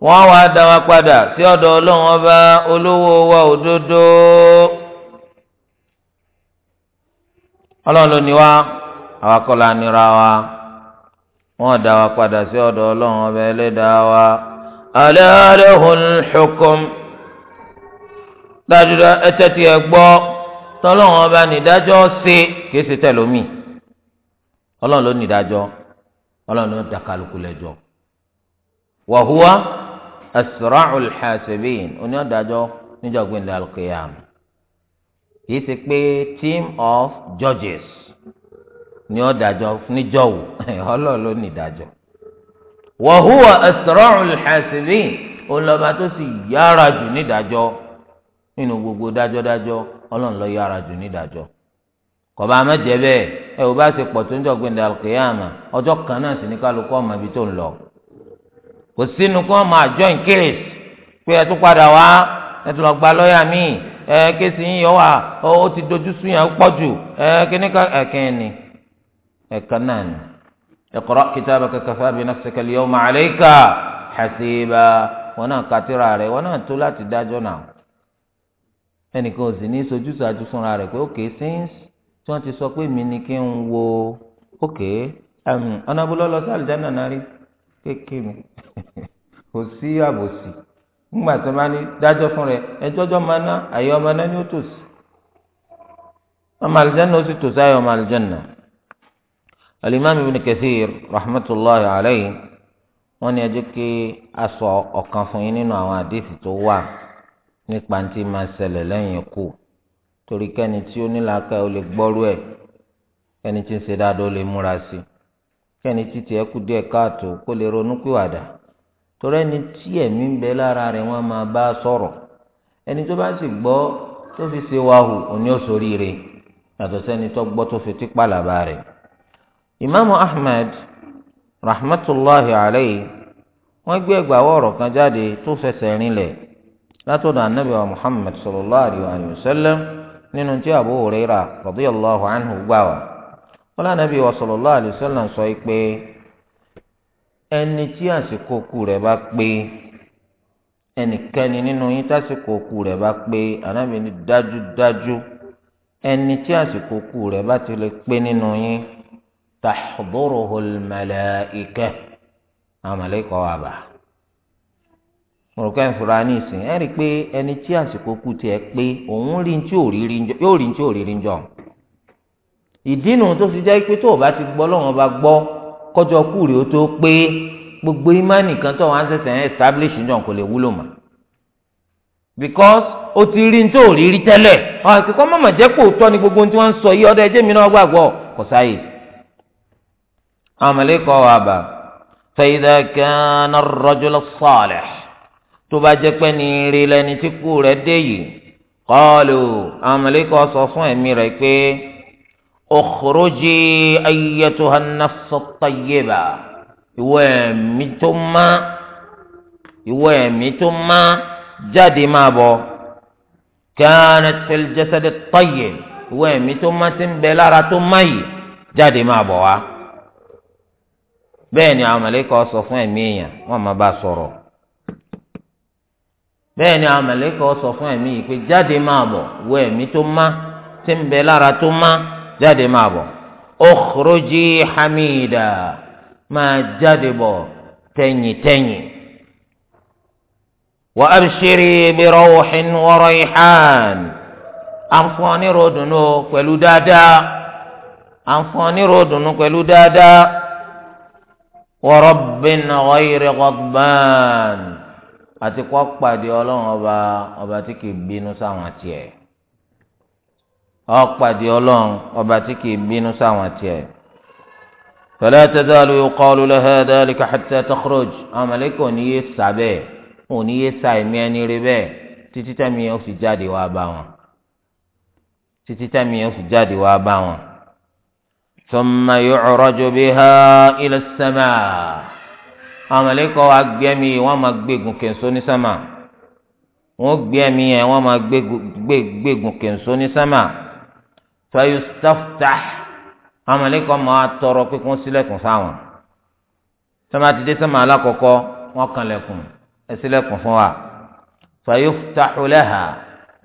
wọ́n wá dá wa padà sí ọ̀dọ̀ ọlọ́run ọba olówó wa òdodo ọlọ́run ló ní wa àwa nira wa wọ́n dá wa padà sí ọ̀dọ̀ ọlọ́run ọba ẹlẹ́dàá wa alẹ́ àlehùn ṣokùn dájúdá ẹ tẹ́tí ẹ tọ́lọ́run ọba nìdájọ́ sí kìí ṣe tẹlómi ọlọ́run ló ní ìdájọ́ ọlọ́run ló ń da kálukú lẹ́jọ́ asra'ul hasibin onídàájọ́ níjọ́gbìn ní kìí ṣe pé team of judges ní ọ̀dàjọ́ níjọ́wò ọlọ́run ló ní ìdájọ́ wa asra'ul hasibin olọba tó sì yára jù nínú gbogbo dájọ́dájọ́ ọlọ́run ló yára jù kọba amẹjẹ bẹ́ẹ̀ ẹ ò bá ṣe pọ̀ tó ń jọ gbẹndẹ alùkìyàmà kanan kan náà sì ní kálukú ọmọ ibi tó ń lọ kò sínú kí wọn máa join case pé ẹ tún padà wá ẹ tún lọ gba lọ́ọ̀yà míì ẹ kéésì yín yọ wà ó ti dojú sún yàn pọ̀ jù ẹ kíní ká ẹ̀kẹ́ ni ẹ̀kan náà ni iqra kitabaka kafa bi nafsika al-yawma alayka wọn náà katira rẹ wọn náà tó láti dájọ́ náà ẹnìkan ò sì ní sojú fúnra rẹ pé ó kéésì ń tí wọ́n ti sọ pé mi ni kí n wo òkè um, ọ̀nà abúlé lọ sí àlùjáná náà rí kékeré mi kò sí àbòsí ńgbà tó bá ní dájọ́ fún rẹ ẹjọ́jọ́ máa ná àyè ọmọ náà ní ó tòsí ọmọ àlùjáná ó sì tòsí àyè ọmọ àlùjáná alimami ibn kathir rahmatulahi alayhi wọ́n ní ẹjọ́ kí a sọ ọ̀kan fún yín nínú àwọn àdéhìí tó wà nípa ntí máa ṣẹlẹ̀ lẹ́yìn ikú. torí kẹ́ni tí ó ní làákàyè ó lè gbọ́rú ẹ̀ kẹ́ni tí ń ṣe dáadáa ó lè múra sí i kẹ́ni tí tiẹ̀ kù díẹ̀ káàtó kó lè ronú torí ẹni tí ẹ̀mí ń bẹ lára rẹ̀ wọ́n máa bá a sọ̀rọ̀ ẹni tó bá sì gbọ́ tó fi ṣe wàhù òní òṣòríire yàtọ̀ sẹ́ni tó gbọ́ tó fi rẹ̀ ìmáàmù ahmed rahmatulahi alayhi wọ́n gbé ẹgbàáwọ̀ ọ̀rọ̀ kan jáde tó fẹsẹ̀ anabi Muhammad sallallahu alayhi wa ninu ti Abu Hurairah radiyallahu anhu gbà wá wọn lánàbí wa sallallahu alaihi wasallam sọ pé ẹni tí àsìkò kú rẹ̀ bá pé ẹnikẹ́ni nínú yín tásìkò kú rẹ̀ bá pé dájúdájú ẹni tí àsìkò bá ti lè pé nínú yín tahduruhul malaa'ikah àwọn ike. wà bá mọ̀rọ̀kọ́ ẹ̀ ń fura ní ìsìn ẹ̀ rí i pé ẹni tí àsìkò kù tiẹ̀ pé òun rí ní tí yóò rí ní tí yóò rí jọ ìdínú tó fi jẹ́ pé tó o bá ti gbọ́ lọ́wọ́n bá gbọ́ kọjọ kù rí o tó pé gbogbo ìmánì kan tó wọn á sẹ̀sẹ̀ ẹ̀ establish ní jọ kò lè wúlò mọ́ because o ti rí ní tí yóò tẹ́lẹ̀ àkíkọ́ mọ̀mọ̀ jẹ́ pò tọ́ ni gbogbo tí wọ́n ń sọ yí ọdọ ẹjẹ́ mi náà gbàgbọ́ kò tó bá jẹ́ pé ní rí lẹni tí kú rẹ̀ dé yìí kọ́ọ̀lù àwọn mọ̀lẹ́kọ̀ sọ fún ẹ̀mí rẹ̀ pé ukhruji ayyatuha an-nafs at-tayyiba ìwọ ẹ̀mí tó má ìwọ ẹ̀mí tó má jáde máa bọ̀ kanat fil jasad ìwọ ẹ̀mí tó má ti ń bẹ lára tó má yìí jáde máa bọ̀ wá bẹ́ẹ̀ ni sọ fún ẹ̀mí èèyàn wọ́n máa bá sọ̀rọ̀ bẹ́ẹ̀ ni àwọn mẹ̀lẹ́kọ̀ sọ fún ẹ̀mí yìí pé jáde máa bọ̀ wọ ẹ̀mí tó má tí ń bẹ lára tó má jáde máa bọ̀ ukhruji hamida máa jáde bọ̀ tẹ̀yìntẹ̀yìn. wa abshiri bi rawhin wa rayhan àǹfọ̀ọ́nì ròdùnú pẹ̀lú dáadáa àǹfọ̀ọ́nì ròdùnú pẹ̀lú dáadáa wa rabbin ghayri ghadban àti kọ́ pàdé ọlọ́run ọba ọba tí kìí bínú sáwọn tiẹ̀ ọ pàdé ọlọ́run ọba tí kìí bínú sáwọn tiẹ̀. فلا تزال يقال لها ذلك حتى تخرج أملك ونية سابع ونية سايمياني ربع تتتمي في جادي واباوا تتتمي في جادي واباوا ثم يعرج بها إلى السماء àwọn mọ̀lẹ́kọ̀ wa gbé ẹ̀mí yìí wọ́n máa gbégun kẹ̀ǹsó ní sámà wọ́n gbé ẹ̀mí yẹn wọ́n máa gbégun kẹ̀ǹsó ní sámà fayustaftah àwọn mọ̀lẹ́kọ̀ máa tọrọ pé kó sílẹ̀kùn fáwọn sámà ti dé sámà alákọ̀ọ́kọ́ wọ́n kanlẹ̀kùn ẹ sílẹ̀kùn fún wa fayuftahu laha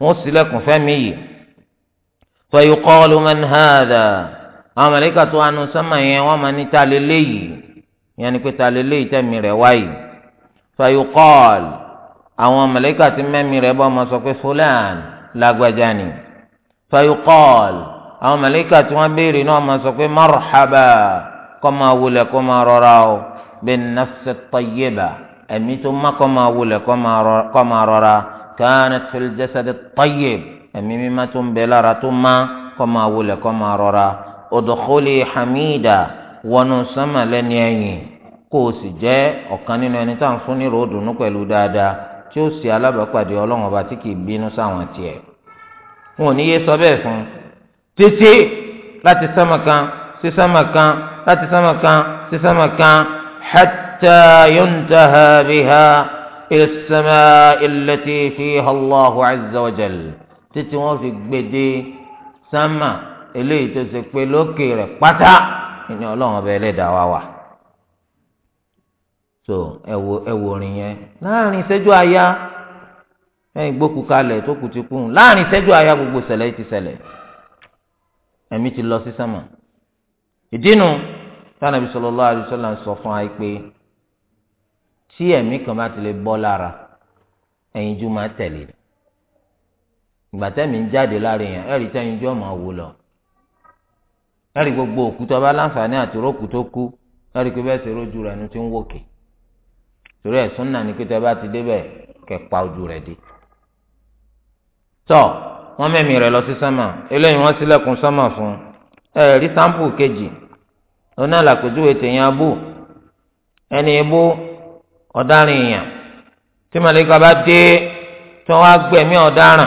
wọ́n sílẹ̀kùn fẹ́mi yìí fayuqalu man ìyẹn ni pé ta lè lé ìtẹ̀mí rẹ̀ wáyé fayuqal àwọn màláíkà tí mẹ́mí rẹ̀ bọ́ ọmọ sọ pé fúlàn lágbájá ni fayuqal àwọn màláíkà tí wọ́n béèrè náà ọmọ sọ pé marhaba kọ́ máa wulẹ̀ kọ́ máa rọra o bin nafsi tayyiba ẹ̀mí tó má kọ́ máa wulẹ̀ kọ́ máa rọra kanat fil jasadi tayyib ẹ̀mí mímá tó ń bẹ lára tó má kọ́ máa wulẹ̀ kọ́ máa rọra udkhuli hamida wọnú sánmà lẹ́ni ẹ̀yìn kó o sì jẹ́ ọ̀kan nínú ẹni tá à ń fún ní ròódùnú pẹ̀lú dáadáa tí ó sì alábàápàdé ọlọ́run ọba tí kìí bínú sáwọn tiẹ̀. wọn ò ní yé sọ bẹ́ẹ̀ fún un títí láti sámà kan sí sámà kan láti sámà kan sí sámà kan hatta yuntaha biha ila as-sama'i allati Allahu azza títí wọ́n fi gbèdé sámà eléyìí tó ṣe pé lókè rẹ̀ pátá ìní ọlọ́run ọba ẹlẹ́dàá wa wà so ẹ wo ẹ wo orin yẹn láàrin ìṣẹ́jú àyá ẹ̀yìn gbókù kalẹ̀ tó kù ti kù láàrin ìṣẹ́jú àyá gbogbo ṣẹlẹ̀ ti ṣẹlẹ̀ ẹ̀mí ti lọ sí sánmà ìdínú tánàbí sallallahu alaihi wasallam sọ fún wa pé tí ẹ̀mí kan bá ti lè bọ́ lára ẹ̀yinjú máa tẹ̀lé ìgbà tẹ́mi ń jáde lára èèyàn ẹ̀rí tẹ́yinjú ọmọ wò lọ ẹ̀rí gbogbo òkú tó bá láǹfààní àti rókù tó kú ẹ̀rí pé bẹ́ẹ̀ ṣe rójú rẹ̀ ẹnu ti ń wòkè torí ẹ̀ súnà ní pété bá ti débẹ̀ kẹ́ pa ojú rẹ̀ dé. tọ́ wọ́n mẹ́mí rẹ̀ lọ sí sánmà eléyìí wọ́n sílẹ̀kùn sánmà fún ẹ rí sáǹpù kejì oná làpèjúwe tèèyàn abú ẹni ibú ọ̀daràn èèyàn tí màlẹ́kà bá dé tí wọ́n á gbẹ̀mí ọ̀daràn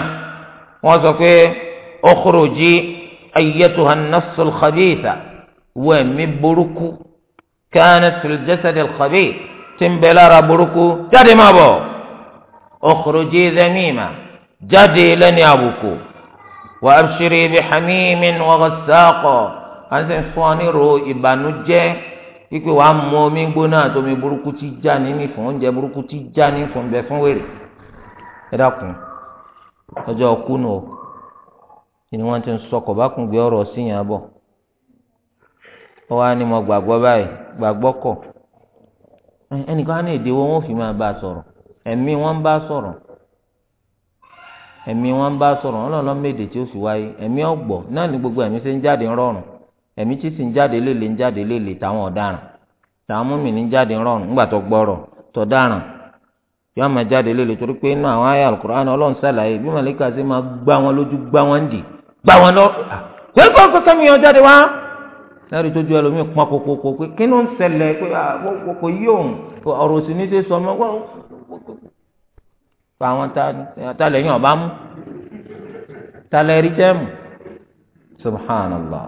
wọ́n sọ pé ukhruji ayyatuha an-nafsul khabitha wọ ẹ̀mí burúkú kanat fil jasad tí ń bẹ lára burúkú jáde máa bọ̀ ukhruji dhamima jáde lẹ́ni àbùkù wa abshiri bi hamimin wa ghassaqa à ń sẹ́ fún ọ nírò ìbànújẹ́ wípé wàá mú omi gbóná àtomi burúkú tí já níní fún oúnjẹ burúkú tí já ní fún bẹ fún wèrè ẹ dákun ọjọ́ kùnú o ni wọ́n ti ń sọkọ̀ bá kún gbé ọ̀rọ̀ síyàn bọ̀ ọ wá ní mo gbàgbọ́ báyìí gbàgbọ́ kọ̀ Eh, ẹnìkan á ní èdè wo wọn fi máa bá a sọ̀rọ̀ ẹ̀mí wọn ń bá a sọ̀rọ̀ ẹ̀mí wọn ń bá a tí ó fi wáyé ẹ̀mí náà gbogbo ẹ̀mí ṣe ń jáde rọrùn ẹ̀mí tí sì ń jáde lélẹ̀ ń jáde táwọn ọ̀daràn táwọn múmi ní jáde rọrùn tó tó yóò máa jáde lẹ́rìí tó ju ẹlòmíì pọ́n kókókó pé kí ló ń ṣẹlẹ̀ pé kókó yí òun ọ̀rọ̀ sì ní í ṣe sọ ọmọ wọ́n pa àwọn talẹ̀yìn ọ̀bá mú talẹ̀rí jẹ́mu subhanallah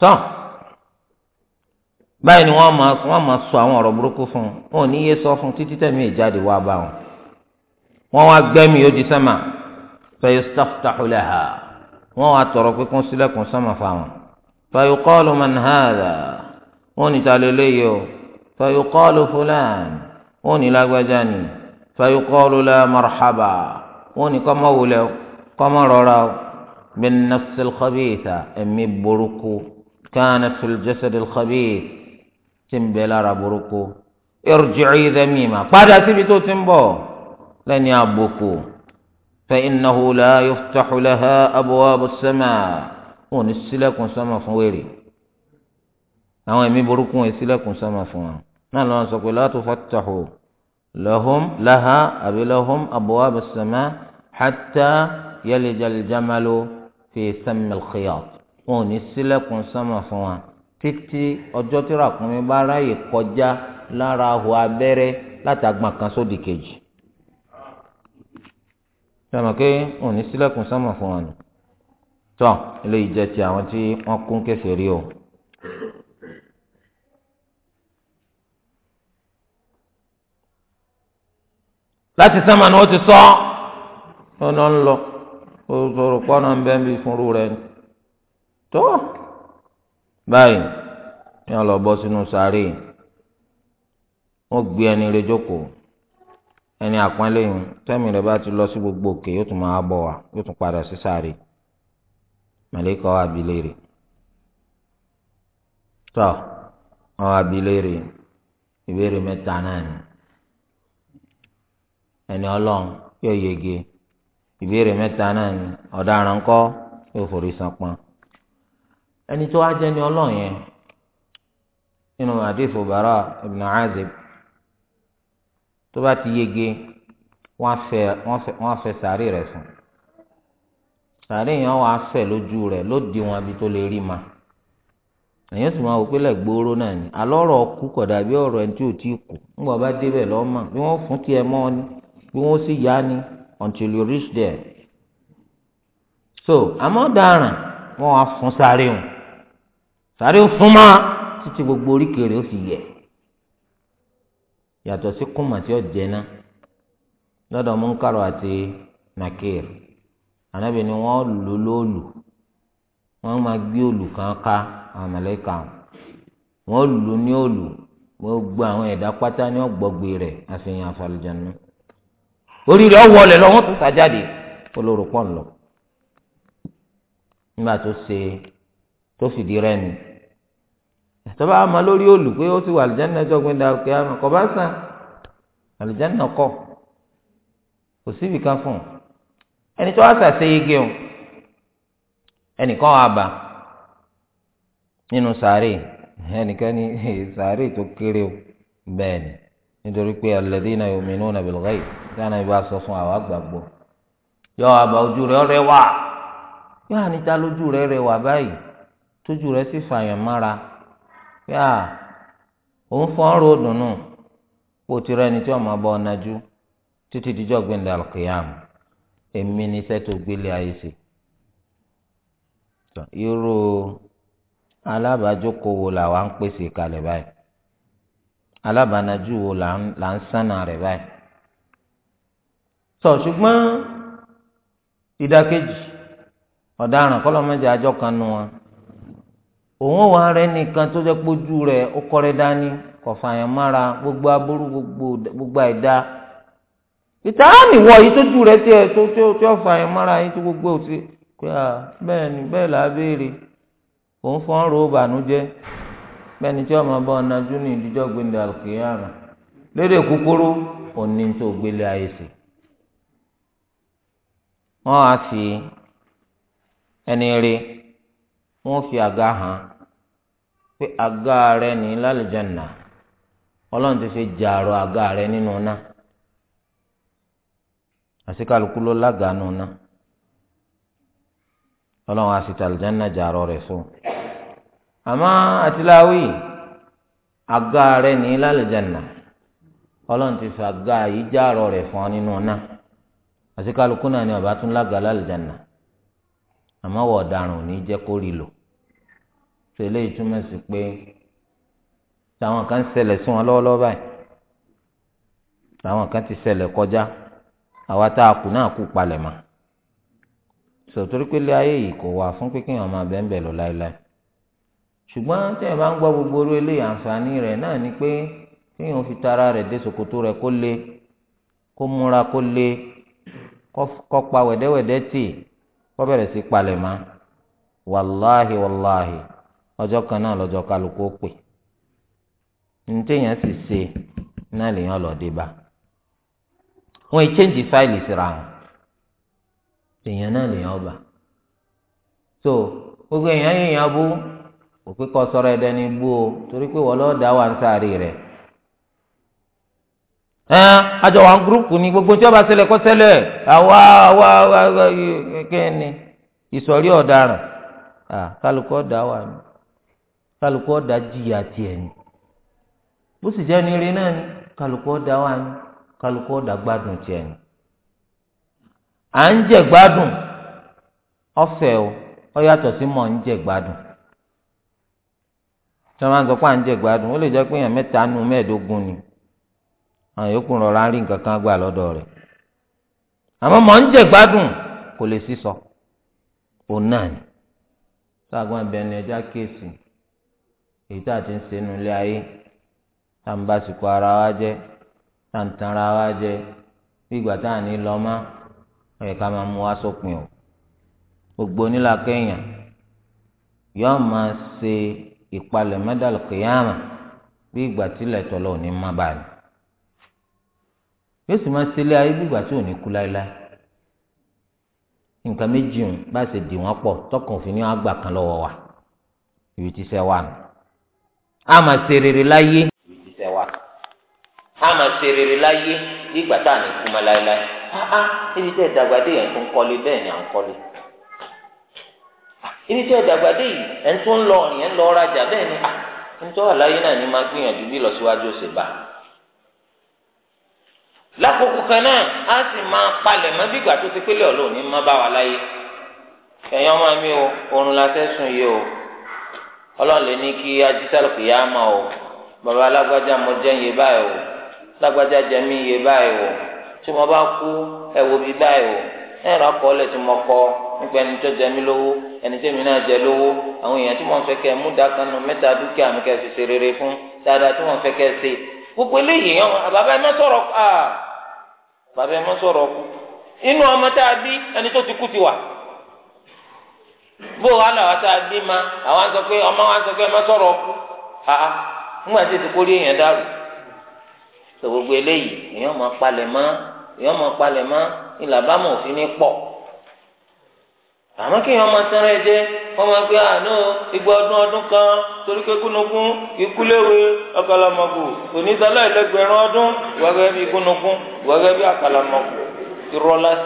tán báyìí ni wọ́n máa wọ́n máa sọ àwọn ọ̀rọ̀ burúkú fún wọn ò ní yé sọ fún títí tẹ̀mí ìjáde wá bá wọn wọ́n wá gbẹ́mí ó sẹ́mà fẹ́yìí staftahu laha wọ́n wá tọrọ pé kún sílẹ̀kùn sánmà fáwọn. fayuqalu man hadha wọ́n ní ta lélẹ́yìí o fayuqalu fulan wọ́n ní lágbájá ni fayuqalu la marhaba wọ́n ní kọ́ mọ́ wulẹ̀ kọ́ mọ́ rọra o bin nafsil khabitha ẹ̀mí burúkú kanat fil jasadil khabith tí ń bẹ lára burúkú irji'i dhamima padà síbi tó ti ń bọ̀ lẹ́ni àbùkù. فإنه لا يفتح لها أبواب السماء wọn ní ṣílẹ̀kùn sánmà fún wèrè àwọn ẹ̀mí burúkú wọn ṣílẹ̀kùn sánmà fún wọn náà lọ́wọ́ sọ pé látò fatahu lahum laha àbí lahum abwaab as-samaa hatta yalija al-jamalu fi sammi al-khiyat wọn ní ṣílẹ̀kùn sánmà fún wọn títí ọjọ́ tí ràkúnmí bá ráyè kọjá lára ahò abẹ́rẹ́ látàgbọ̀n kan sódì kejì sọmọ pé òun ní sílẹ̀kùn sọmọ fún wọn nù tọ eléyìí jẹ́ ti àwọn tí wọ́n kún kẹfẹ rí o. láti sọmọ ni wọ́n ti sọ ọ̀nà ń lọ òṣòro pọ́nà ń bẹ́ ń bí fúnrú rẹ tó báyìí ni wọ́n lọ sínú sáré wọ́n gbé ẹni rẹ jókòó. ẹni àpọ́nlé yìí tẹ́mi rẹ̀ ti lọ sí gbogbo òkè yóò tún máa bọ̀ wá yóò tún padà sí sáré màlẹ́kà wà tọ́ wọ́n wà yege ìbéèrè mẹ́ta náà ni ọ̀daràn kọ́ yóò forí san pọ́n ẹni tó wá jẹ́ ni ọlọ́run yẹn nínú bàrà tó bá ti yege wọ́n fẹ́ wọ́n fẹ́ sàárè rẹ̀ sùn sàárè yẹn wọ́n á fẹ́ lójú rẹ̀ lóde wọn abi tó lè rí ma èyàn sì máa wò pé lẹ́gbòóró náà ni alọ́rọ̀ ọkú kọ̀dà bí ọ̀rọ̀ ẹni tí ò tí ì kú ńgbà bá débẹ̀ lọ́mọ bí wọ́n fún tiẹ̀ mọ́ ni bí wọ́n sì yá ni until you reach there so àmọ́ dáràn wọ́n fún sáré hùn sáré fún ma títí gbogbo oríkèrè ó fi yẹ̀ yàtọ̀ sí kùmà tí ó jẹ́ná lọ́dọ̀ múnkàrọ̀ àti nàkìr ànábì ni wọ́n lò lóòlù wọ́n máa gbé òòlù kan ká àwọn wọ́n ní òòlù gbogbo àwọn ẹ̀dá pátá ní ọ̀gbọ́gbe rẹ̀ àfihàn àfàlùjànnú orí rẹ̀ lọ́wọ́ tó sàjáde olórúkọ ńlọ nígbà tó tọ́ba àmọ́ lórí òòlù pé ó ti wà àlùjáná jọgbìn dàrúkẹ́ àmọ́ kọ́ bá sàn àlùjáná kọ́ kò síbi kan fún un ẹni tó wá sàṣe yege o ẹnìkan wà bá nínú sàárè ẹnìkan ní sàárè tó kéré o bẹ́ẹ̀ ni nítorí pé alladhina yu'minuna bil ghaib dáná ibà sọ fún àwa gbàgbọ́ yọ àbá ojú rẹ rẹwà yọ àníta lójú rẹ rẹwà báyìí tójú rẹ sì fààyàn mára. pé à òun fọrọ ro kó o ti rẹ tí ọmọ bọ ọ̀nàjú títí dijọ́ gbẹ̀ndẹ̀ alqiyam èmi ní iṣẹ́ tó gbélé ayé ṣe. irú alábàájókòó ń pèsè kalẹ̀ báyìí alábàánájú wo là ń sànà rẹ̀ báyìí. sọ ṣùgbọ́n ìdákejì ọ̀daràn kọ́lọ́mọdé àjọ kan òun wà rẹ nìkan tó jẹ́ pójú rẹ ó kọ́rẹ́ dání gbogbo aburú gbogbo àìda ìta wọ yìí tó tó tó fàyàn gbogbo òtí ni là á béèrè òun ni tí ọmọ bá àlùkìyàrá lédè kúkúrú òní tó gbélé fi ẹni rí pé àga rẹ ní lálùjáná ọlọ́run ti fi jàrọ̀ àga rẹ nínú ná àsìkàlùkù ló lága nù ná ọlọ́run á sì tàlùjáná jàrọ̀ rẹ̀ fún un àmọ́ àtìláwì àga rẹ ní lálùjáná ọlọ́run ti fi àga yìí jàrọ̀ rẹ̀ fún ọ nínú ná àsìkàlùkù náà ni ọba tún lága lálùjáná àmọ́ wọ̀ ọ̀daràn ò ní jẹ́ kó rí lò. tẹ́lẹ̀ ìtumọ̀ sí pé táwọn kan ṣẹlẹ̀ sí wọn lọ́wọ́lọ́wọ́ báyìí táwọn kan ti ṣẹlẹ̀ kọjá àwa tá a kù náà kù palẹ̀ mọ́ sọ̀tọ́rí pé ayé yìí kò wà fún pé kéèyàn máa bẹ́ẹ̀ bẹ́ẹ̀ láéláé ṣùgbọ́n tẹ́ ẹ bá ń gbọ́ gbogbo orú eléyìí àǹfààní rẹ̀ náà ni pé kéèyàn fi tara rẹ̀ dé sokoto rẹ̀ kó le kó múra kó le kó pa wẹ̀dẹ́wẹ̀dẹ́ tì kó bẹ̀rẹ̀ sí wàláhì wàláhì ọjọ́ kan náà lọ́jọ́ kálukú pè ntẹ̀yàn sì ṣe náà wọn ìchéǹjì fáìlì síra wọn ọba so gbogbo èèyàn yìnyín abú kò pé kọ sọ̀rọ̀ ní o torí pé wọn lọọ dá wà ń sáré rẹ ẹ àjọ wa gúrúùpù ni gbogbo tí wọn bá ṣẹlẹ̀ kọ àwa àwa àwa ìsọ̀rí ọ̀daràn kálukọ́ dá kálukú ọ̀dà jìyà tiẹ̀ ni bó sì jẹ́ ní eré náà ni kálukú ọ̀dà wà ní kálukú ọ̀dà gbádùn tiẹ̀ ni. à ń jẹ gbádùn ọ̀fẹ́ o gbadun yàtọ̀ sí mọ̀ ń jẹ gbádùn tí máa ń sọ pé à ń jẹ gbádùn ó lè ni àwọn yòókù rọra rí nǹkan kan gbà ń jẹ gbádùn kò lè èyí tá a ti ń ṣe nu ilé ayé tá n bá sìkò ara wa jẹ tá n tan ara wa jẹ bí ìgbà tá à ní lọ mọ ẹ ká máa mú wa sópin o gbogbo onílà kẹyìn yóò máa ṣe ìpalẹ̀ mẹ́dàlù kìyàmà bí ìgbà tí lẹ́tọ̀ lọ ní má báyìí yóò sì máa ṣe ilé ayé bí ìgbà tí ò ní kú láéláé nǹkan méjì ń bá ṣe dì wọ́n pọ̀ tọkàn òfin ní àgbà kan lọ́wọ́ wa ìrètí sẹ́ wà nù. a máa ṣe rere láyé wa ama máa ṣe ìgbà tá A ní kú mọ́ láéláé áá ibi tẹ́ ìdàgbà dé yẹn tó kọ́lé bẹ́ẹ̀ ni à ń kọ́lé ibi tẹ́ ìdàgbà dé yìí ẹ̀ ń tó lọ ọ̀rìn ń lọ rajà bẹ́ẹ̀ ni náà ni máa gbìyànjú bí wa láyé ẹ̀yin ọmọ mi o oorun la fẹ́ sùn o ọlọ́run lè ní kí ajísàlùkù yá máa o bàbá alágbájá mo jẹ́ iye báyìí o alágbájá jẹ́ mí iye báyìí o tí mo bá kú ẹ wo bí báyìí o ẹ̀rọ akọọ́lẹ̀ tí mo kọ nípa ẹni tó jẹ mí lówó ẹni tó mi náà jẹ lówó àwọn èèyàn tí wọ́n fẹ́ kẹ́ mú dákanu mẹ́ta dúkìá mi kẹ́ fi ṣe rere fún dáadáa tí wọ́n fẹ́ kẹ́ ṣe gbogbo eléyìí yẹn bàbá ẹ má sọ̀rọ̀ bàbá ẹ má sọ̀rọ̀ inú ọmọ tá a bí ẹni tó ti kú ti wà. bó wa làwọn a ma àwọn sọ pé ọmọ wa sọ pé ọmọ sọ̀rọ̀ ọkú àá múgbà tí ètò orí èèyàn dàrú sọ gbogbo eléyìí èèyàn máa palẹ̀ mọ́ èèyàn òfin ní pọ̀ àmọ́ kí èèyàn máa tẹ́rẹ̀ jẹ́ àánú ah, igba ọdún ọdún kan torí pé kúnukún ọdún kúnukún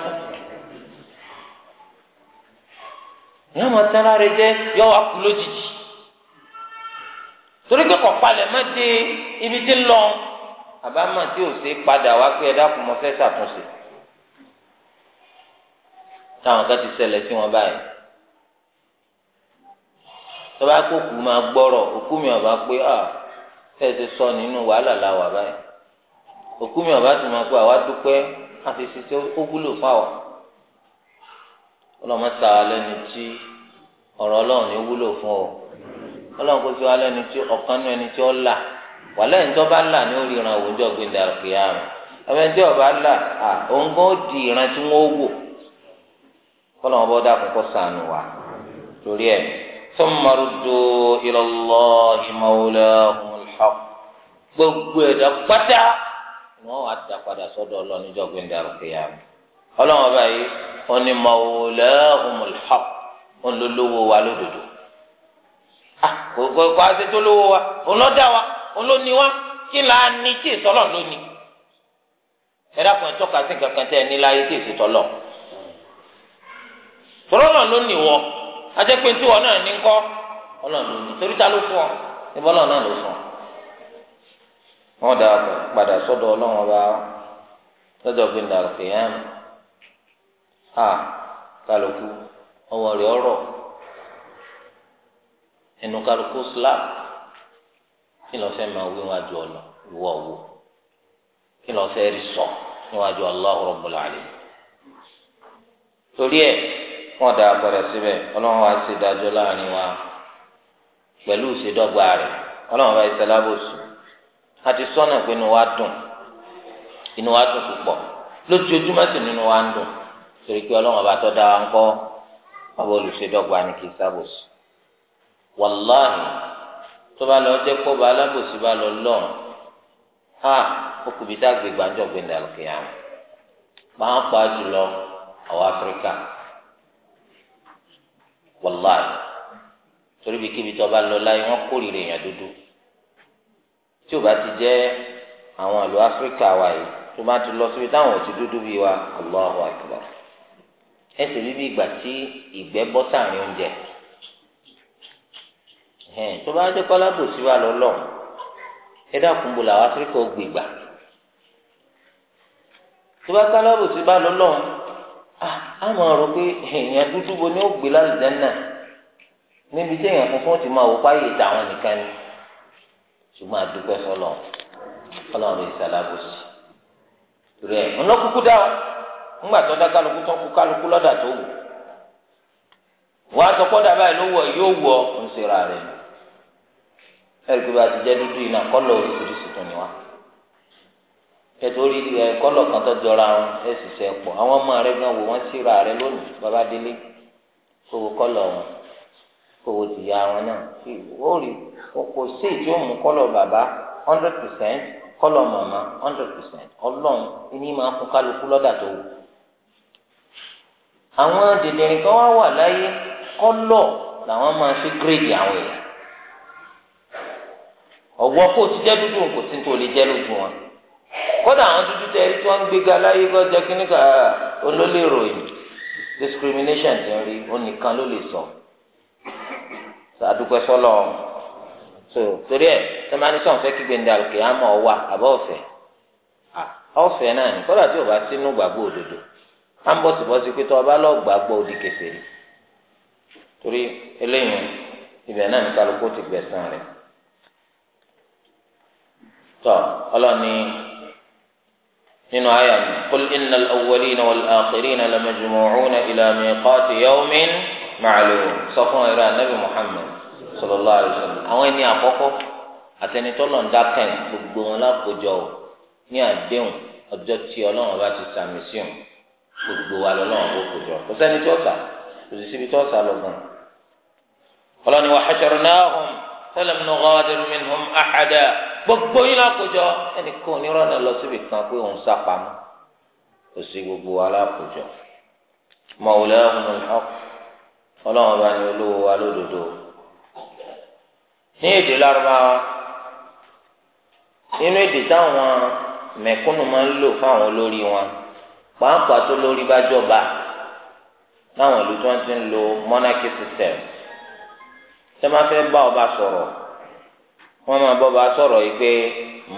ìyá máa tẹ́lá rẹ jẹ́ yọ wá kú lójijì torí pé kọ̀palẹ̀ má dé ibi tí ń lọ àbámọ̀ tí ò sí padà wá pé ẹ dákun mọ́ fẹ́ ṣàtúnṣe táwọn kan ti ṣẹlẹ̀ sí wọn báyìí tọ́ba kó máa gbọ́rọ̀ òkú mi ọba pé à fẹ́ ti sọ nínú wàhálà la wà báyìí òkú mi ọba ti máa pé àwa dúpẹ́ àti ṣiṣẹ́ ó wúlò fáwa. ọlọ́mọ sàá lẹ́ni tí ọrọ ọlọ́run ní wúlò fún ọ kò sí wa tí ọ̀kan nú ẹni tí ó là wà lẹ́yìn tó bá là ní orí ìran òwòjọ́ gbẹ̀dẹ̀ àpèyàmù ẹ̀mẹ́ tí ọba là à òun kò di ìran tí wọ́n wò sànù wa torí gbogbo pátá wọn ọlọ́run ọba yìí òní mawlahumul haqq òun ló lówó wa lódodo ah, kò kò kò àti tó lówó wa òun ló dá wa òun ló ní wa kí là á ní tí ìsọlọ ló ní ẹ dákun ẹ tọ́ka sí nǹkan kan tẹ́ ẹ ní láyé tí ìsìtọlọ tọlọlọ ló ní wọ ajẹpẹ tí wọn náà ní kọ Ọlọ́run ló torí ta ló fún ọ níbo Ọlọ́run náà ló fún ọ wọn dà padà sọ́dọ̀ Ọlọ́run ọba lọ́jọ́ gbẹndàlùkìyàmù. a kaloku ọwọ́ ɔrɔ ẹnu kálukú kí lọ fẹ́ máa wí níwájú ọ̀nà ɔlɔ wo kí lọ fẹ́ rí sọ níwájú Allahu Rabbul Alamin torí ẹ wọn da padà síbẹ̀ ọlọ́run wa ṣe dájọ́ láàrin wa pẹ̀lú ìṣèdọ́gba torí pé ọlọ́run ọba tó dá wa ń kọ́ ọba olùṣèdọ́gba ni kì í sábòsí wàláhì tó bá lọ jẹ́ kó ba alábòsí bá lọ lọ́run ha ó kù bí dágbé gbàjọ́ gbẹ̀ndà lókèyàn pàápàá jùlọ àwọn áfíríkà wàláhì torí bí kíbi tó bá lọ láyé wọn kórìíra èèyàn dúdú tí ò bá ti jẹ́ àwọn ìlú áfíríkà wa yìí tó bá ti lọ síbi táwọn ò ti dúdú bíi wa Allahu akbar ẹsẹ̀ bíbí ìgbà tí ìgbẹ́ bọ́ sàárín oúnjẹ tó bá dé kọ́lábò sí wa lọ́lọ́ ẹ dákun bò làwọn áfíríkà ó gbìgbà tó bá kọ́lábò sí wa lọ́lọ́ a máa rò pé èèyàn dúdú bo ni ó gbé lálùjáná níbi tí èèyàn funfun ti máa wò páyé tàwọn nìkan ni ṣùgbọ́n àdúgbò sọlọ ọlọ́run ìsàlábòsì rẹ̀ ńlọ́kúkú dáhùn ńgbà tó dá kálukú tó kú kálukú lọ́dà tó wù wọ́n á sọ kọ́dà báyìí ló wọ̀ yóò wọ̀ ń sera rẹ̀ ẹ̀rù bá ti jẹ́ dúdú iná kọ́lọ̀ oríṣiríṣi tó ni wá ẹ̀tọ́rí ẹ̀ kọ́lọ̀ kan tó jọra wọn ẹ̀ sì ṣe pọ̀ àwọn ọmọ rẹ̀ gan wò wọ́n sera rẹ̀ lónìí bàbá délé kówó kọ́lọ̀ wọn kówó ti ya wọn náà ó rí kò sí èyí ó mú bàbá hundred percent kọ́lọ̀ mama hundred percent ọlọ́run ní máa fún kálukú lọ́dà tó wù àwọn dèdèrìn kan wá wà láyé kọ́lọ̀ làwọn máa fi gírèdì àwọn èèyàn ọ̀wọ́ kò ti jẹ́ dúdú kò sí tó lè jẹ́ lójú wọn kódà àwọn dúdú tẹ ẹni tí wọ́n ń gbéga láyé kọ́ jẹ́ kí nígbà ah, olólè ròyìn discrimination ti ń rí onìkan ló lè sọ sàdúpẹ́ sọ́lọ́ so torí ẹ̀ sẹ́mání sọ̀n fẹ́ kí gbẹ̀ndẹ̀ àlùkè àmọ́ ọ̀wà àbọ̀ ọ̀fẹ́ ọ̀fẹ́ náà ní kódà tí ò bá sínú gbàgbọ́ òdodo á ń bọ̀tìbọ̀tì pé tó ọba lọ́ọ́ gbàgbọ́ òdì kèfèrí torí eléyìí ibẹ̀ náà ní kálukú ti gbẹ̀sán rẹ̀ tọ́ ọlọ́ni nínú àyà mi qul inna al-awwalina wal-akhirina lamajmu'una ila miqati yawmin ma'lum sọ fún ẹ̀rọ anabi Muhammad sallallahu alaihi wasallam àwọn ẹni àkọ́kọ́ àtẹnitọ́lọ̀ ń dákẹ́ gbogbo wọn lákòjọ ní àdéhùn ọjọ́ tí ọlọ́run bá ti sàmì sí gbogbo wa lọ lọ́wọ́ gbogbo jọ kò sẹ́ni tí ó sà kò sì síbi tí ó sà lọ gan. ọlọ́ni wa haṣọ̀rọ̀ náà hùm sẹ́lẹ̀m ní ọ̀gá ọ̀dẹ́rù mi hùm àhàdà gbogbo yín lákòjọ ẹnì kan onírọ̀ náà lọ síbi kan pé òun sá pamọ́ kò sí gbogbo wa lákòjọ. mọ̀wùlẹ́ ọ̀hún ọ̀hún ọlọ́run bá ní olówó wa lódodo. ní èdè lárúbáwá nínú èdè táwọn mẹ̀kúnnù máa ń lò fáwọn olórí wọn pàápàá tó lórí bá jọba láwọn ìlú tí wọ́n ti ń lo monarchy system tí wọ́n fẹ́ bá ọba sọ̀rọ̀ wọ́n máa bọ́ ọba sọ̀rọ̀ yìí pé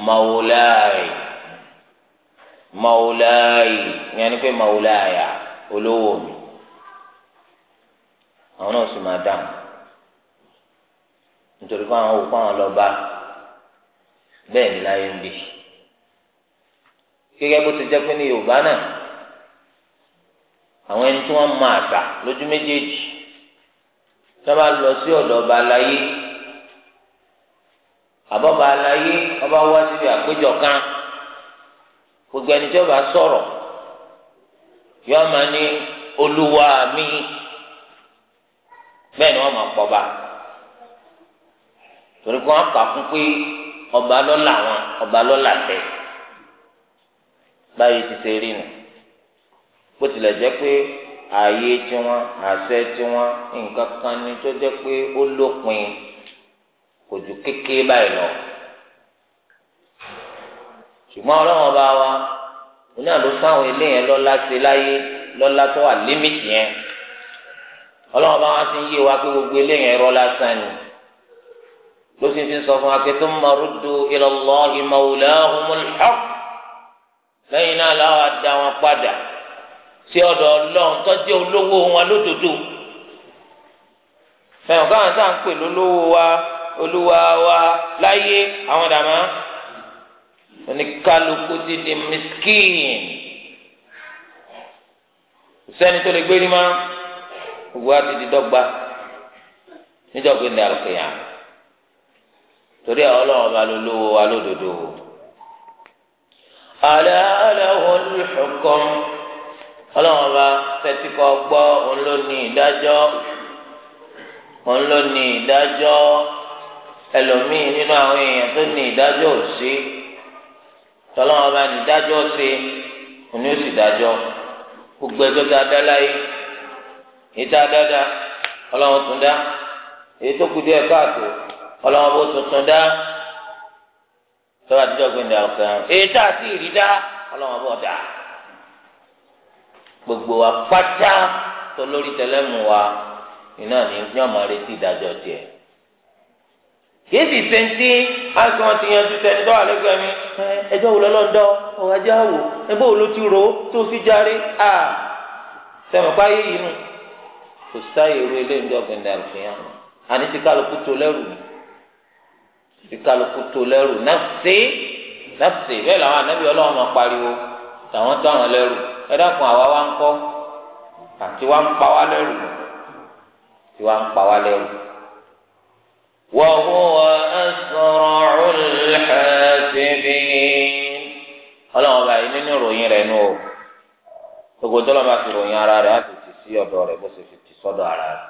mawulaayi mawulaayi ìyẹn ni pé mawulaaya olówó mi àwọn náà sì máa dáhùn nítorí pé àwọn òkú àwọn lọ́ba bẹ́ẹ̀ ni láyé ń bì gẹ́gẹ́ bó ti jẹ́ pé ní yorùbá náà. àwọn ẹni tí wọn mọ àṣà lójú méjèèjì tí bá lọ sí ọ̀dọ̀ ọba aláyé àbọ̀bà alayé ọba wá síbi àpéjọ kan gbogbo ọba sọ̀rọ̀ yọ ọmọ ní olúwa mi bẹ́ẹ̀ ni wọ́n máa pọ̀ bá torí kí kà fún pé ọba lọ́la wọn ọba bó tilẹ̀ jẹ́ pé ààyè tiwọn àṣẹ tiwọn nǹkan kan ní tó jẹ́ pé ó lópin kò ju kékeré báyìí lọ ṣùgbọ́n ọlọ́wọ́n wa oní àlọ́ sáwọn eléyẹn lọ́la ṣe láyé lọ́la tó wà límìtì yẹn ọlọ́wọ́n wa ti ń yé wa pé gbogbo eléyẹn ẹ̀rọ lásán ni ló sì fi sọ fún wa pé thumma ruddu ila Allahi mawlahumul haqq lẹ́yìn náà sí ọ̀dọ̀ Ọlọ́run tó jẹ́ olówó wọn lódodo fẹ̀hùn káwọn sáà ń pè lólówó wa olúwa wa láyé àwọn dàmá oníkálukú ti di miskin sẹ́ni tó lè gbé ní ma gbogbo wa ti di ní alùpùpù torí àwọn ọlọ́run bá ló wa lódodo. ala lahul hukm ọlọ́run ọba tẹ́tí kọ́ gbọ́ òun ló ní ìdájọ́ òun ló ní ìdájọ́ ẹlòmíì nínú àwọn èèyàn tó ní ìdájọ́ òsè tọ́lọ́run ọba ní ìdájọ́ òsè òun ni ó sì dájọ́ gbogbo ẹjọ́ tá a dá láyé ìta dáadáa ọlọ́run tún dá èyí tó kù díẹ̀ káàtó ọlọ́run bó tuntun dá tọ́wọ́ àtijọ́ gbẹ̀ndà ọ̀kan èyí tá a sì rí dá ọlọ́run bó dáa gbogbo wa pátá tó lórí tẹlẹmù wa iná ní ní ọmọ retí ìdájọ́ tiẹ̀ kì í sì ṣe ń tí àìsàn wọn ti yanjú tẹni tó wà lẹ́gbẹ̀ẹ́ mi ẹjọ́ wo lọ́lọ́dọ́ ọ̀hájá wò ẹgbẹ́ wo ló ti rò ó tó sì járe à sẹ̀mọ̀ páyé yìí nù kò sáyé irú eléyìí ọ̀gbìn dàrú fi hàn àní ti kálukú tó lẹ́rù ni ti kálukú tó lẹ́rù náà ṣe náà ṣe bẹ́ẹ̀ làwọn ànábì ọlọ́run máa pariwo tàwọn tó àwọn lẹ́rù. ẹ dákun àwa wa ń wa ń pa wá lẹ́rù wa ń pa wá lẹ́rù. wa huwa asra'ul hasibin ọlọ́run ọba yìí nínú ìròyìn rẹ̀ nù o gbogbo tó lọ́ba fi ara rẹ̀ á sì ti sí ọ̀dọ̀ rẹ̀ bó ṣe ti sọ́dọ̀ ara rẹ̀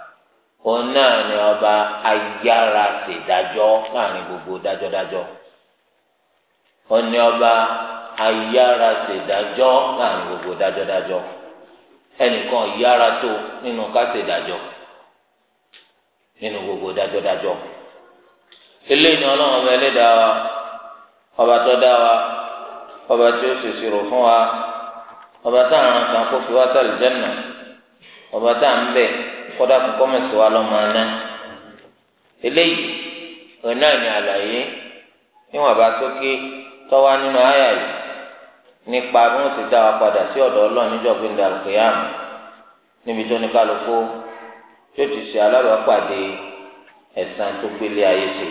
òun náà ni ọba ayára ṣèdájọ́ láàrin gbogbo dájọ́dájọ́ òun ayára ṣèdájọ́ láàrin gbogbo dájọ́dájọ́ ẹnìkan yára tó nínú ká nínú gbogbo dájọ́dájọ́ eléyìí ọlọ́run ọba ẹlẹ́dàá wa ọba tó dá wa ọba tí ó ṣèṣirò fún wa ọba tá à kan kó fi wá sálì jẹ́nà ọba tá à ń bẹ̀ kọ́dà kó kọ́mẹ̀sì wa lọ́mọ aná eléyìí àlàyé níwọ̀n bá sókè tọ́wá nínú àyà yìí. nípa bí wọ́n ti dá wa padà sí ọ̀dọ̀ Ọlọ́run níjọ́ gbẹndé alùpùpù níbi tó ní kálukú tó ti ṣe alábàápàdé ẹ̀san tó gbélé ayé ṣe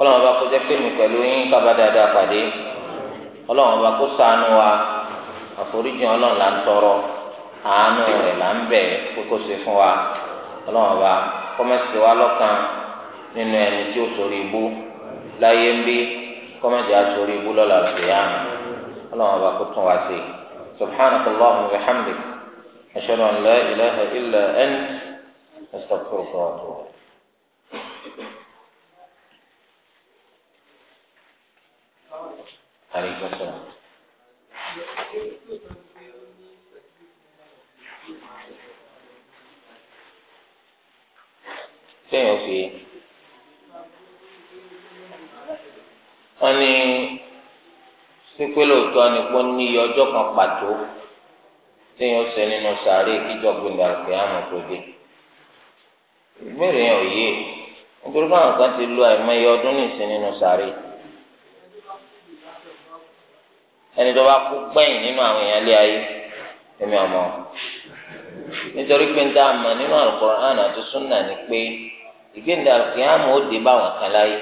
Ọlọ́run bá kó jẹ́ pé mi pẹ̀lú yín kábà dáadáa pàdé Ọlọ́run bá kó ṣàánú wa àforíjì là ń tọrọ àánú là ń wa bá wa nínú ẹni tí ó láyé ń bí á ọlọ́run ọba kó tún wá sí i subhanak allahumma wa bihamdik ashhadu an la ilaha illa ant astaghfiruka wa atubu عليكم السلام sẹ́yìn òfin wọ́n ní pípé lóòótọ́ ni kó ní iye ọjọ́ kan pàtó téèyàn ṣe nínú sàárè kíjọgbìn dàrúkẹ́ àmọ́ tó dé ìbéèrè yẹn ò yé nítorí báwọn kan ti lo àìmọye ọdún nìsín nínú sàárè ẹni tó bá kú gbẹ̀yìn nínú àwọn èèyàn lé ayé nítorí pé ń dá nínú àti súnà ni pé ìgbéǹda ó dé báwọn kan láyé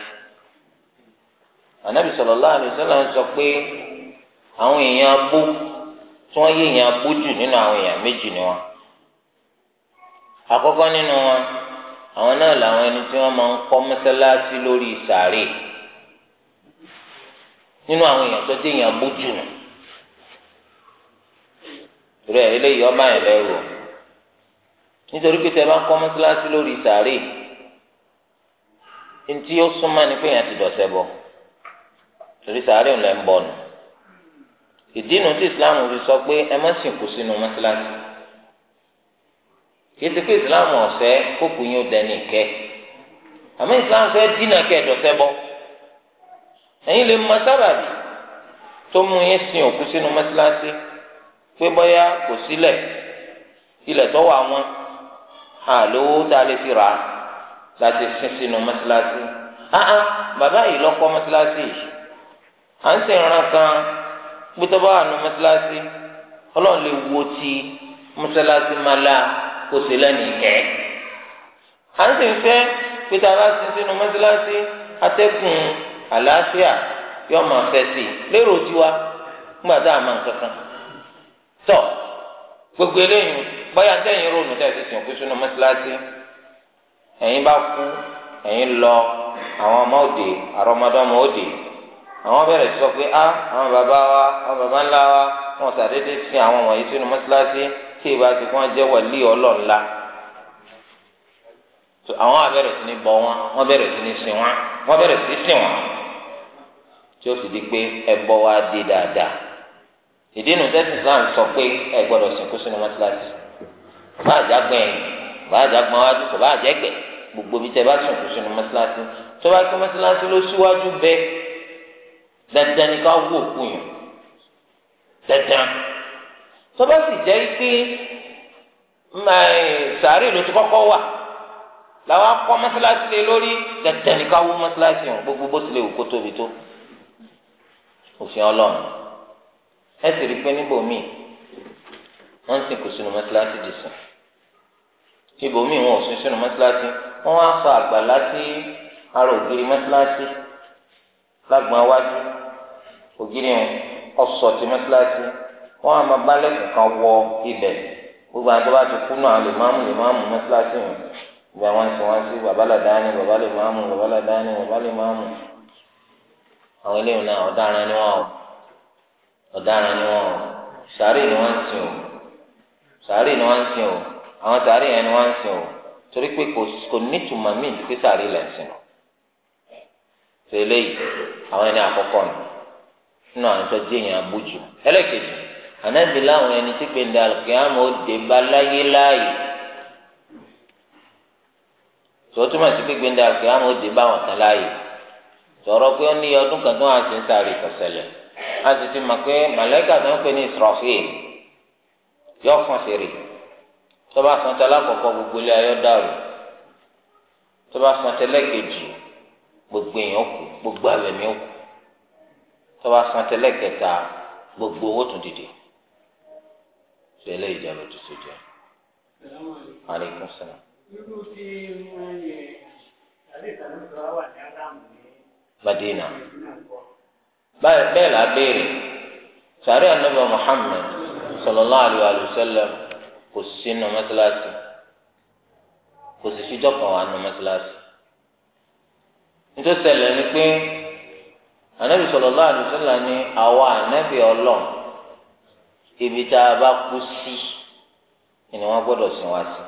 sọ pé. àwọn èèyàn abó tí wọ́n yé èèyàn abó jù nínú àwọn èèyàn méjì ni wọn. àkọ́kọ́ nínú wọn àwọn náà làwọn ẹni tí wọ́n máa ń kọ́ mọ́sálásí lórí sàárè nínú àwọn èèyàn tó dé èèyàn abó jù nù. rẹ̀ eléyìí ọba yẹn nítorí pé tẹ bá lórí sàárè ntí ó súnmọ́ ni pé èèyàn ti dọ̀sẹ̀ bọ̀ ìdínú tí islam fi sọ pé ẹ má sìnkú sínú mọ́sálásí kìí ṣe pé islam ọ̀sẹ̀ kókò yín ó dẹni ìkẹ́ àmọ́ islam fẹ́ dínà kẹ́ẹ̀dọ̀sẹ́ bọ́ ẹ̀yin lè mọ sábàbí tó mú yín sin òkú sínú mọ́sálásí pé bọ́yá kò sílẹ̀ ilẹ̀ tó wà wọn àlówó tá a lè fi rà á láti sin sínú mọ́sálásí. bàbá yìí lọ́kọ́ mọ́sálásí yìí à ń sìn ìran kan gbẹtọ́ bá wà nù mọ́sálásí ọlọ́run lè wo ti mọ́sálásí máa la kó sí lẹ́nu ìkẹ́. à ń sì ń fẹ́ pété aláṣẹ sínú mọ́sálásí atẹ́gùn àlàáfíà yóò máa fẹ́ sí i lérò tiwa nígbà tá a máa ń kankan. tọ́ gbogbo eléyìí bóyá tẹ́yìn ronú tẹ̀sí sìn kú sínú mọ́sálásí ẹ̀yin bá kú ẹ̀yin lọ àwọn ọmọ òde àrọ́mọdọ́mọ òde àwọn bẹ̀rẹ̀ sọ pé á ah, àwọn bàbá wa àwọn bàbá ńlá wa wọn sàdédé fi àwọn wọ̀nyí sínú mọ́sálásí kí ìbá ti fún wọn jẹ́ wàlíì ọlọ́ọ̀la àwọn abẹ́rẹ́ sí ni bọ wọn wọn bẹ̀rẹ̀ sí ni sìn wọn wọn bẹ̀rẹ̀ sí sìn wọn tí ó sì di pé ẹbọ wa dé dáadáa ìdí inú tẹ́sí Islam sọ pé ẹ gbọ́dọ̀ sìnkú sínú mọ́sálásí bá àjàgbọ́n ẹ̀yìn bá àjàgbọ́n wájú kò bá àjẹgbẹ́ dandan ni ká wú òkú yàn dandan tó bá sì jẹ́ pé mm, sàárè ló ti kọ́kọ́ wà làwọn akọ mọ́sálásí lé lórí dandan ni ká wú mọ́sálásí yàn gbogbo bó tilẹ̀ wù tóbi tó òfin ọlọ́run ẹ sì rí i pé níbòmíì wọ́n ń sìnkú sínú mọ́sálásí dì sùn ibòmíì wọn ò sún sínú mọ́sálásí wọ́n wá sọ àgbàlá sí ara ògiri mọ́sálásí lágbọ̀n wájú ògiri yẹn ọ̀sọ̀ ti mẹ́sàlásì wọ́n á máa gbálẹ̀ kankan wọ ibẹ̀ gbogbo àwọn tó bá ti kú náà lè máàmù lè máàmù mẹ́sàlásì wọn ìgbà wọn sì wọn sí bàbá làdáni bàbá lè máàmù bàbá làdáni bàbá lè máàmù àwọn eléyìí náà ọ̀daràn ni wọn ọ̀daràn ni wọn sàárè ni wọn ń sìn o sàárè ni wọn ń sìn o àwọn sàárè yẹn ni wọn ń sìn o torí pé kò nítumọ̀ míì ti sàárè lẹ́sìn o tẹ́lẹ̀ yìí àwọn ẹni àkọ́kọ́ nù. nínú àwọn tó èèyàn abójú ẹlẹ́kejì ànábì láwọn ẹni tí gbèndé alùkìyàmù ó dé bá láyé láàyè tòótúmọ̀ sí pé ó dé bá wọn láàyè sọ̀rọ̀ pé ó ní ọdún kan tó wà sí ń sáré a sì ti mọ̀ pé màlẹ́kà tó ń pè ní Israfil yọ fún fèrè tó bá fún tẹ́lẹ̀ àkọ́kọ́ gbogbo ilé ayọ́ dàrú tó tọ́ba san tẹ́lẹ̀ kẹta gbogbo owó tún dìde ṣe ilé ìjẹun tó ṣe jẹ. aleykum salaam. irú tí mo ń yẹ àlẹ́ ìtàlẹ́ tó wà ní ádámù ní. madina bẹ́ẹ̀ la béèrè sàárẹ̀ muhammed sallallahu alayhi wa sallam kò sí nù mẹ́tíláṣí kò sì fi jọ́kàn wà nù mẹ́tíláṣí. nítorí sẹ́lẹ̀ ni pé anabi sallallahu alaihi wasallam ní àwa anabi Ọlọ́run ibi tá a bá kú sí ni wọn gbọ́dọ̀ sin wá sí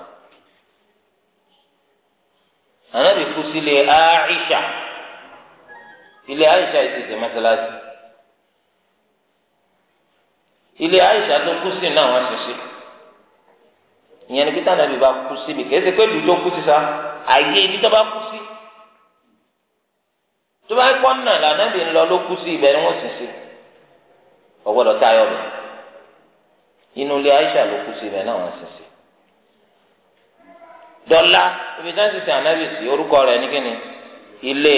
anabi kú sílé Aisha ilé Aisha ìtìtì mẹsàlásì ilé Aisha tó kú sí náà wọn ṣiṣẹ ìyẹn ní pété anabi bá kú síbi kẹsì pé lùdó kú sí sa àyè ibi tó bá kú sí tó bá kọ́ nà lànà bí ń lọ ló kú sí ibẹ̀ ni wọ́n sì sí ọ̀gbọ́dọ̀ táyọ̀ bẹ̀ inú ilé Aisha ló kú sí ibẹ̀ náà wọ́n sì sí dọ́là ibi tí wọ́n sì sin ànábì sí orúkọ rẹ̀ ní kíni ilé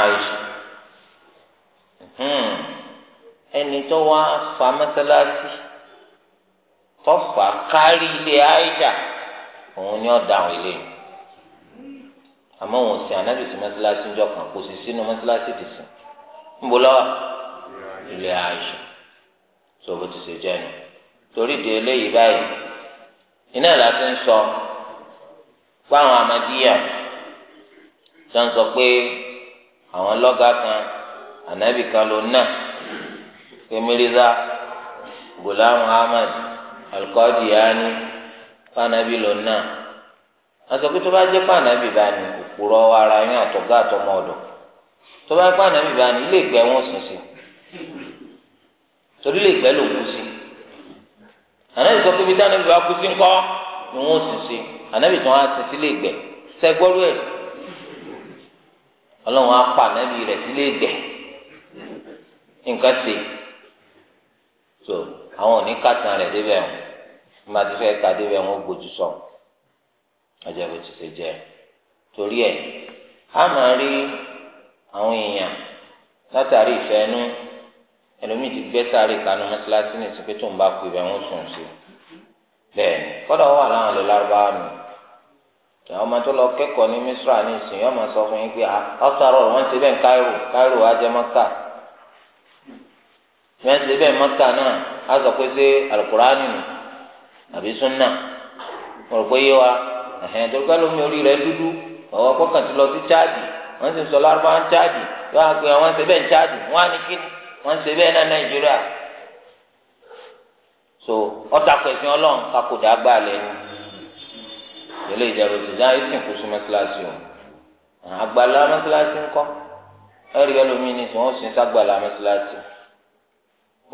Aisha hmm. ẹni tó wá fa mẹ́sálásí tó fà kárí ilé Aisha òun ni ó dáhùn ilé yìí àmọ́ òun sin anabi sí mọ́sálásí ńjọ kan kò sì sínú mọ́sálásí ti sìn níbo lọ́wọ́ ilé ayé tó bó ti ṣe jẹ́ nu torí di eléyìí báyìí iná ìlà ti ń sọ fáwọn amadíyà tó ń sọ pé àwọn lọ́gà kan anabi kan ló náà pé mírízà gulam alkọ́dìyà ni fanabi ló náà asọ̀kú tó bá jẹ́ fanabi bá ní òpùrọ̀ ara yín àtọ̀gá àtọmọ ọ̀dọ̀ tó bá pàdé mi bá ní ilé ìgbẹ́ wọn sùn sí torí ilé ìgbẹ́ ló kú sí ànábì sọ pé bí dáná bí kú sí ńkọ́ ni wọn sùn sí ànábì tó wọn sùn sí ilé pa ànábì rẹ̀ sílé ìgbẹ́ nǹkan so àwọn òní kàtàn ka wọn gbójú sọ torí ẹ̀ a máa rí àwọn èèyàn látàrí ìfẹ́ ẹnu ẹlòmíì ti gbé sáré kanú mọ́tíláṣí ní ìsìnkú tó ń bá kú ibẹ̀ wọ́n sùn sí bẹ́ẹ̀ kọ́dọ̀ wà láwọn ọ̀lẹ́ lárúbáwá nù àwọn ọmọ tó lọ kẹ́kọ̀ọ́ ní misra ní ìsìn yóò máa sọ fún yín pé after wọ́n ti bẹ́ẹ̀ káírò káírò wọ́n ti bẹ́ẹ̀ náà á sọ pé ṣé alukurani nù àbí mo rò pé yé wa ẹ̀hẹ́n ọwọ́ kọ́kàn ti lọ sí chaadi wọ́n sì ń sọ lárúbáwá ń chaadi wọ́n á pe àwọn ń ṣe bẹ́ẹ̀ ń chaadi á ní kíni wọ́n ṣe bẹ́ẹ̀ náà nàìjíríà so ọ̀tà pẹ̀sìn ọlọ́run kakòdà gbà lẹ́nu ìdílé ìjẹ̀rù ìdíjà ìsìn kò sún mẹ́tíláṣí o àgbàlá mẹ́tíláṣí ńkọ́ ẹ̀rí ẹlòmíín ní sùn ó sì ń sàgbàlá mẹ́tíláṣí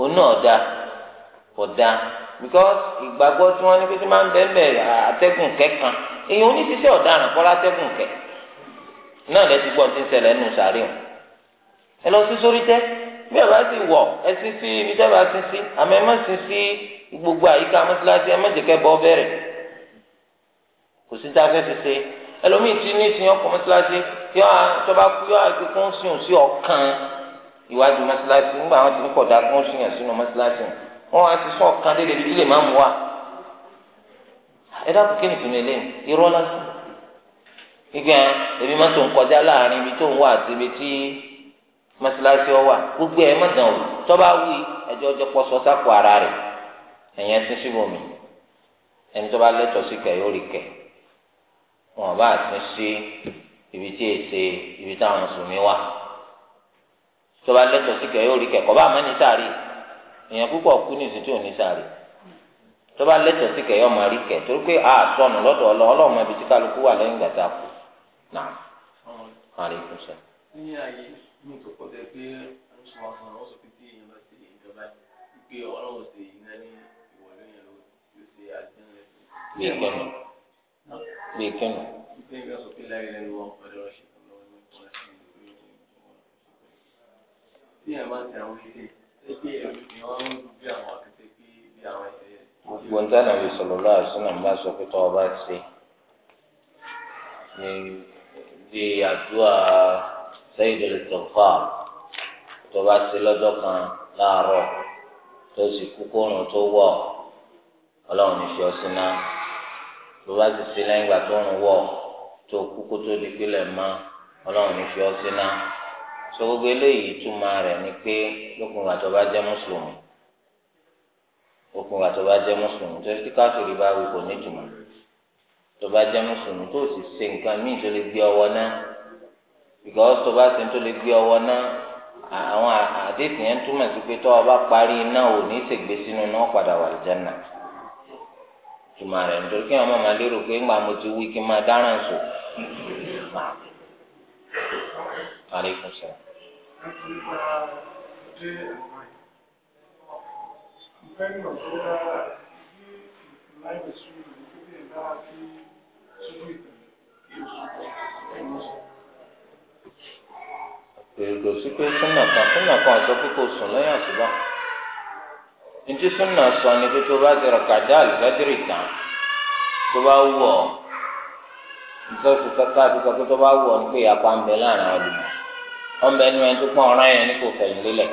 òun náà kò dá because ìgbàgbọ́ tí wọ́n ní pé tí máa ń bẹ́ẹ̀ bẹ́ẹ̀ àtẹ́gùn kẹ́kàn èèyàn oníṣiṣẹ́ ọ̀daràn kọ́lá tẹ́gùn kẹ̀ náà lẹ ti gbọ́ ti ń ṣẹlẹ̀ nù sàárè o ẹ lọ sí sórí tẹ́ bí ẹ bá sì wọ̀ ẹ sí sí ibi tẹ́ bá sí sí àmọ́ ẹ má sí sí gbogbo àyíká mọ́sálásí ẹ má jẹ́ kẹ́ bọ́ bẹ̀rẹ̀ kò sí tá a fẹ́ fi ṣe ẹlòmíì tí ní ìsìn ọkọ̀ mọ́sálásí tí wọ́n á tó bá kú yọ àìkú ń sìn sí ọ̀kan ìwádìí mọ́sálásí nígbà wọn ti ń pọ̀ dá kó ń sìn yàn sínú mọ́sálásí wọn á ti sún ọ̀kan déédéé ibi tí lè má mú wa ẹ dákun kí ni tùmí lé irọ́ lásán gbígbé ẹ ebi má tó ń kọjá láàrin ibi tó ń wà àti ibi tí mọ́sálásí ọ wà gbogbo ẹ mọ̀dàn o tọ́ba wí ẹjọ́ ọjọ́ pọ̀ sọ́sápò ara rẹ̀ ẹ̀yẹn ti síbòmí ẹni tọ́ba lẹ́tọ̀ọ́ sí kẹ̀ yóò rí kẹ̀ wọn bá ti sí ibi tí èsè ibi táwọn mùsùlùmí wà tọ́ba lẹ́tọ̀ọ́ sí kẹ̀ yóò rí kẹ̀ kọ́ bá àmọ́ ní sáré èèyàn púpọ̀ kú ní ìsìn tí ò ní sáré. tọba bá lẹ́tọ̀ọ́ sí kẹ̀yọ́ máa rí kẹ̀ torí pé a sọnù lọ́dọ̀ ọlọ́ ọlọ́mọ ibi tí kálukú wà lẹ́yìn gbàtà kù náà àlè kún sẹ́. ní ayé bá ti bí bí wọ́n ń bí gbogbo nítorí Ànábì sallallahu alaihi wasallam bá sọ pé tọ́ ọba ṣe ní bí àdúrà Sayyidul Istighfar tó bá ṣe lọ́jọ́ kan láàárọ̀ tó sì kú kóòrùn tó wọ̀ ọlọ́run ní fi ọsìn náà tó bá ti ṣe lẹ́yìn ìgbà tó ń wọ̀ tó kú kó tó di pílẹ̀ mọ́ ọlọ́run ní fi ọsìn náà sọ gbogbo eléyìí túmọ̀ rẹ̀ ni pé lókun àtọ́ bá jẹ́ mùsùlùmí okùn wa tó bá jẹ́ mùsùlùmí tó ti káfíìrì bá wí kò ní jùmọ̀ tó bá jẹ́ mùsùlùmí tó sì ṣe nǹkan míì tó lè gbé ọwọ́ náà because tó bá ṣe tó lè gbé ọwọ́ náà àwọn àdéhùn yẹn túmọ̀ sí pé tó o bá parí iná ò ní ṣègbè sínú iná padà wà lìjánà tùmọ̀ rẹ̀ nítorí kí wọn máa lérò pé ńgbà mo ti wí kí n máa dáràn sùn máa parí fún depending on whether you like the student, you could be empowered to do it. èrò sí pé súnà kan súnà kan àti ọkọ sùn lẹ́yìn àsùbá ntí súnà sọ ni pé tó bá ti tán tó bá wù àti sọ pé tó bá wù ní pé ń bẹ láàrin ọdún ọmọ ẹni yẹn ní kò fẹ̀yìn lélẹ̀.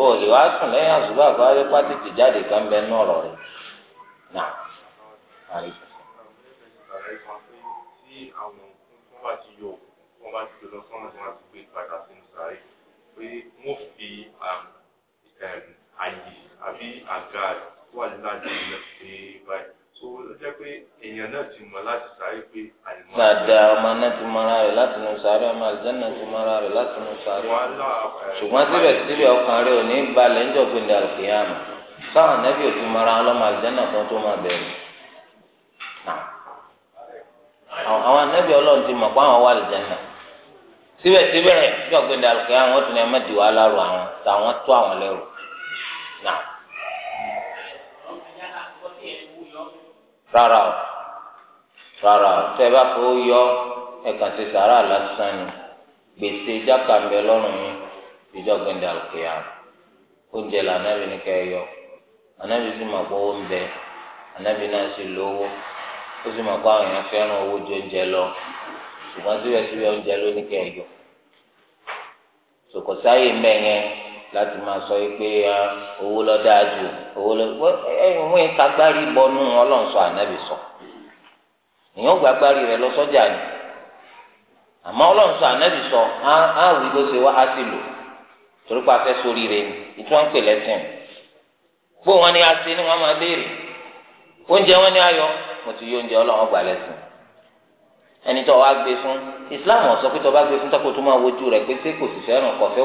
owó lè wá sùn lẹ́yìn àzùbá àbá yẹ pátì tì jáde kan bẹ ní ọ̀rọ̀ rẹ̀ náà àrí. wọ́n fi àyè àbí àga wà láti ilẹ̀ pé báyìí so ó jẹ́ pé èèyàn náà ti mọ̀ láti sáré pé àlùmọ́. dáadáa ọmọ náà ti mọ ara rẹ̀ láti nu sáré ọmọ àlùjẹ́ náà ti mọ ara rẹ̀ láti nu sáré. ṣùgbọ́n síbẹ̀síbẹ̀ ọkàn rẹ̀ ò ní balẹ̀ ń jọ̀gbìn ní àlùkìyàmù sáwọn nẹ́bí ò ti mọ ara ọlọ́mọ àlùjẹ́ náà kan tó máa bẹ̀rẹ̀. àwọn nẹ́bí ọlọ́run ti mọ̀ pé àwọn wà àlùjẹ́ náà síbẹ̀síbẹ̀ jọ̀gbìn ní àlùkìyàmù wọ́n ti ní ẹ rárá o rárá o tẹ́ bá yọ ẹ̀ka ti sàrà lásán ni gbèsè jáka ń bẹ lọ́rùn yín ìjọ gbẹ̀ndẹ̀ àlùkìyà oúnjẹ là ànábì ní yọ ànábì sì mọ̀ pé owó ń náà sì lówó ó sì àwọn èèyàn owó oúnjẹ lọ oúnjẹ ló ní yọ láti máa sọ yìí pé ah, owó lọ dáa jù owó lọ ẹwọn ìkagbárí bọnú Ọlọ́run sọ ànábì sọ èèyàn rẹ lọ sọ́jà ni àmọ́ Ọlọ́run ànábì sọ á wí bó ṣe wá á sì lò torí pé sori sórí rẹ ìtú wọn pè lẹ́sìn gbó wọn ni a ṣe ni wọn máa béèrè oúnjẹ wọn ni a yọ mo ti yọ oúnjẹ Ọlọ́run gbà Islam ọ̀sọ́ pé tó bá gbé fún tó kó tó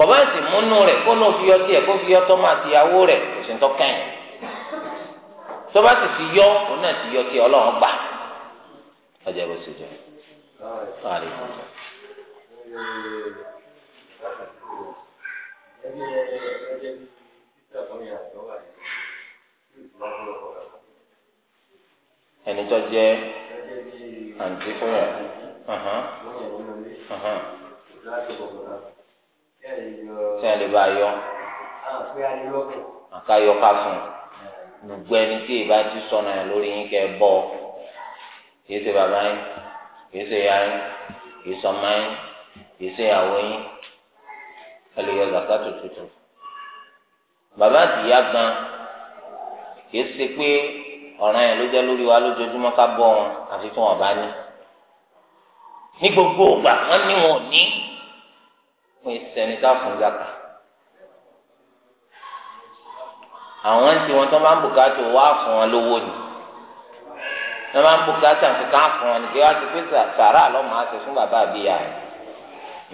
bàbá sì múnú rẹ̀ kó náà fi yọ tiẹ̀ kó fi yọ tọ́mọ àtìyàwó rẹ̀ kò sí tọ́kàn yìí tọ́ba sì fi yọ òun náà ti yọ tiẹ̀ ọlọ́run gbà ọjà ìbò sì jẹ. ẹni tó jẹ àǹtí fún yàrá tí a lè bá yọ àkàyọ ah, ká fún eh. gbogbo ẹni tí ìbá ti sọnà yẹn lórí yín kẹ bọ kìí ṣe bàbá yín kìí ṣe ìyá yín kìí sọmọ yín kìí ṣe ìyàwó yín ẹ lè yọ zakato tuntun bàbá àti ìyá gan kìí ṣe pé ọ̀ràn yẹn ló jẹ́ lórí wa lójoojúmọ́ ká bọ́ wọn àfi tí wọn ní ní gbogbo ògbà wọn ní wọn ò ní. fún ìsẹni tá fún zaka àwọn tí wọn tó máa ń bùkátà wá fún wọn lówó ni wọn máa ń bùkátà kankan fún wọn ni kí wọn ti pé sàrà lọmọ àti fún bàbá àbíyá rẹ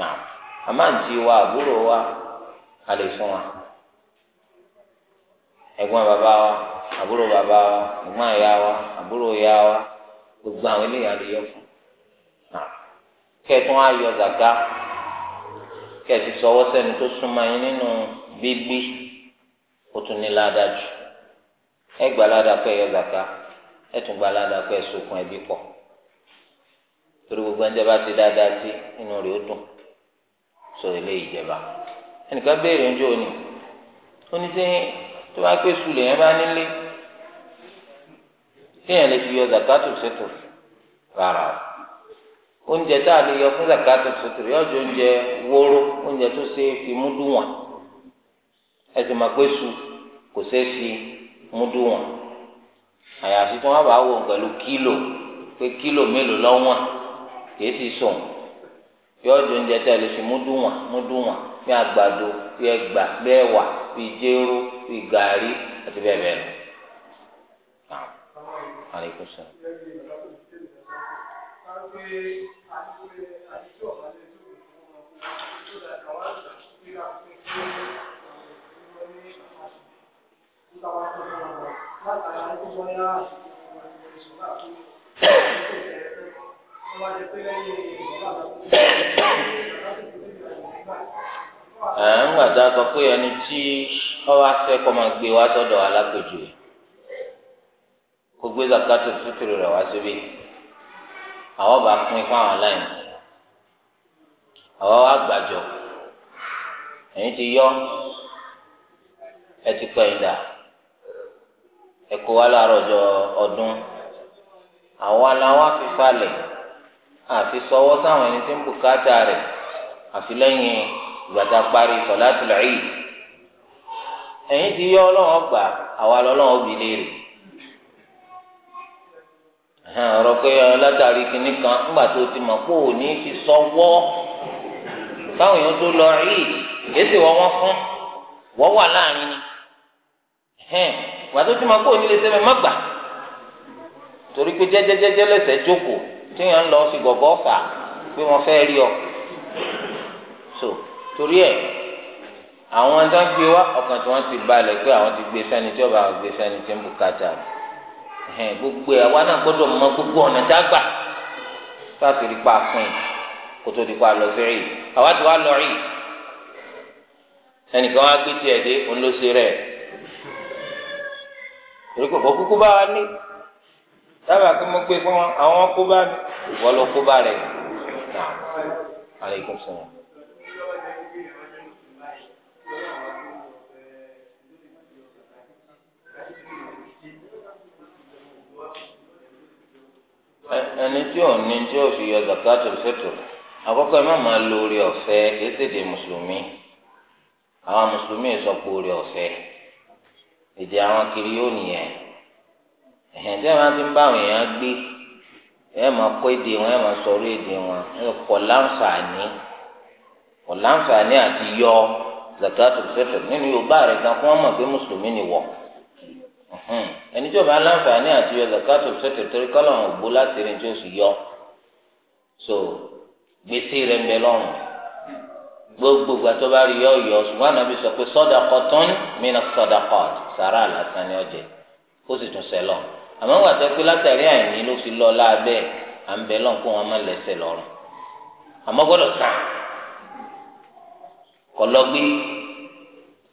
nà àmàǹtí wa àbúrò wa a lè fún wa ẹ̀gbọ́n bàbá wa àbúrò bàbá wa gbogbo ìyá wa àbúrò ìyá wa gbogbo àwọn eléyàá lè yọ fún kẹtùn ayọ kẹsì sọwọ́ sẹ́ni tó súnmọ́ yín nínú gbígbí ó tún ní ládàjù ẹ gbà ládàpọ̀ ẹ̀yọ zàká ẹ tún gbà ládàpọ̀ ẹ̀ sokùn ẹbí pọ̀ torí gbogbo ẹni jẹba ti dáadáa sí inú rẹ̀ ó dùn sọ ilé ìjẹba ẹnìkan béèrè ńjọ ni ó ní sẹ́yìn tó bá pé sùlẹ̀ yẹn bá nílé téèyàn lè fi yọ zàká tó ṣètò rárá o. oúnjẹ tá a lè yọ fún zakato sotiri ọjọ oúnjẹ wóró oúnjẹ tó ṣe fi múdù wọn ẹsẹ máa pé su kò ṣe fi múdù wọn àyàfi tí wọn bá wò pẹ̀lú kílò pé kílò mélòó lọ́wọ́n kìí ti sùn yọ ọjọ oúnjẹ tá a lè fi múdù wọn múdù wọn bí àgbàdo bí ẹgbà bí bí jéró bí Um, gbàdá sọ pé ẹni tí ọba fẹ́ kọ máa gbé wá sọ́dọ̀ alákòjò kó gbé zakato fitiri rẹ̀ wá síbí. àwọn bá pín fáwọn aláìní àwọn gbàjọ ti yọ ẹ ti pẹ́ ìdá ẹ wa ọdún fi falẹ̀ àfi sáwọn ẹni tí ń bùkátà rẹ àfi lẹ́yìn ìgbàdá parí sọ̀lá tìlẹ̀ yìí ẹ̀yin ti ọgbà ọ̀rọ̀ pé látàrí kìnnì kan ńgbà tó ti mọ̀ pé òní ti sọ́wọ́ báwọn èèyàn tó lọ rí èsì wọ́n wọ́n fún wọ́n wà láàrin ni ìgbà tó ti mọ̀ pé òní lè sẹ́fẹ̀ má gbà torí pé jẹ́jẹ́jẹ́jẹ́ lẹ́sẹ̀ jókòó tí lọ fà pé wọ́n fẹ́ so torí àwọn tó ń gbé ti balẹ̀ pé àwọn ti gbé sẹ́ni tí ọba gbé sẹ́ni tí ń ẹ̀hìn gbogbo ẹ̀ wa náà gbọ́dọ̀ mọ gbogbo ọ̀nà tá a gbà tá a fi rí pa pin kótó di pa lọ fẹ́ẹ́ yìí àwa ti wá lọ rí ẹnìkan wá gbé tiẹ̀ dé òun ló ṣe rẹ̀ torí kò kúkú bá wa ní dábàá kí mo gbé fún àwọn kó bá mi ìwọ ló kó bá rẹ̀ nà àlẹ́ ìkọ́sọ̀rọ̀. ẹni tí ò ní tí ò fi yọ zakato fẹtọ àkọ́kọ́ ẹ má máa lo orí ọ̀fẹ́ ètèdè mùsùlùmí àwọn mùsùlùmí sọ pé orí èdè àwọn kiri yóò nìyẹn ẹ̀hìn tí wọ́n ti ń bá àwọn èèyàn gbé ẹ máa èdè wọn ẹ máa èdè wọn ẹ láǹfààní yọ zakato fẹtọ nínú Yorùbá rẹ pé mùsùlùmí ni wọ. ẹni tí o máa láǹfààní àti yọ zakato sọtẹ torí kọlọ ń gbó láti rìn tí o sì yọ so gbèsè rẹ ń bẹ lọ́rùn gbogbo ìgbà tó bá rí yọ yọ ṣùgbọ́n ànábi sọ pé sadaqatun mina sadaqat sàrà lásán ni ọjẹ ó sì tún sẹlọ àmọ́ wà tó pé látàrí àìní ló fi lọ láàbẹ̀ à ń bẹ lọ́n kó wọn má lẹ́sẹ̀ lọ́rùn àmọ́ gbọ́dọ̀ sàn kọlọ́gbé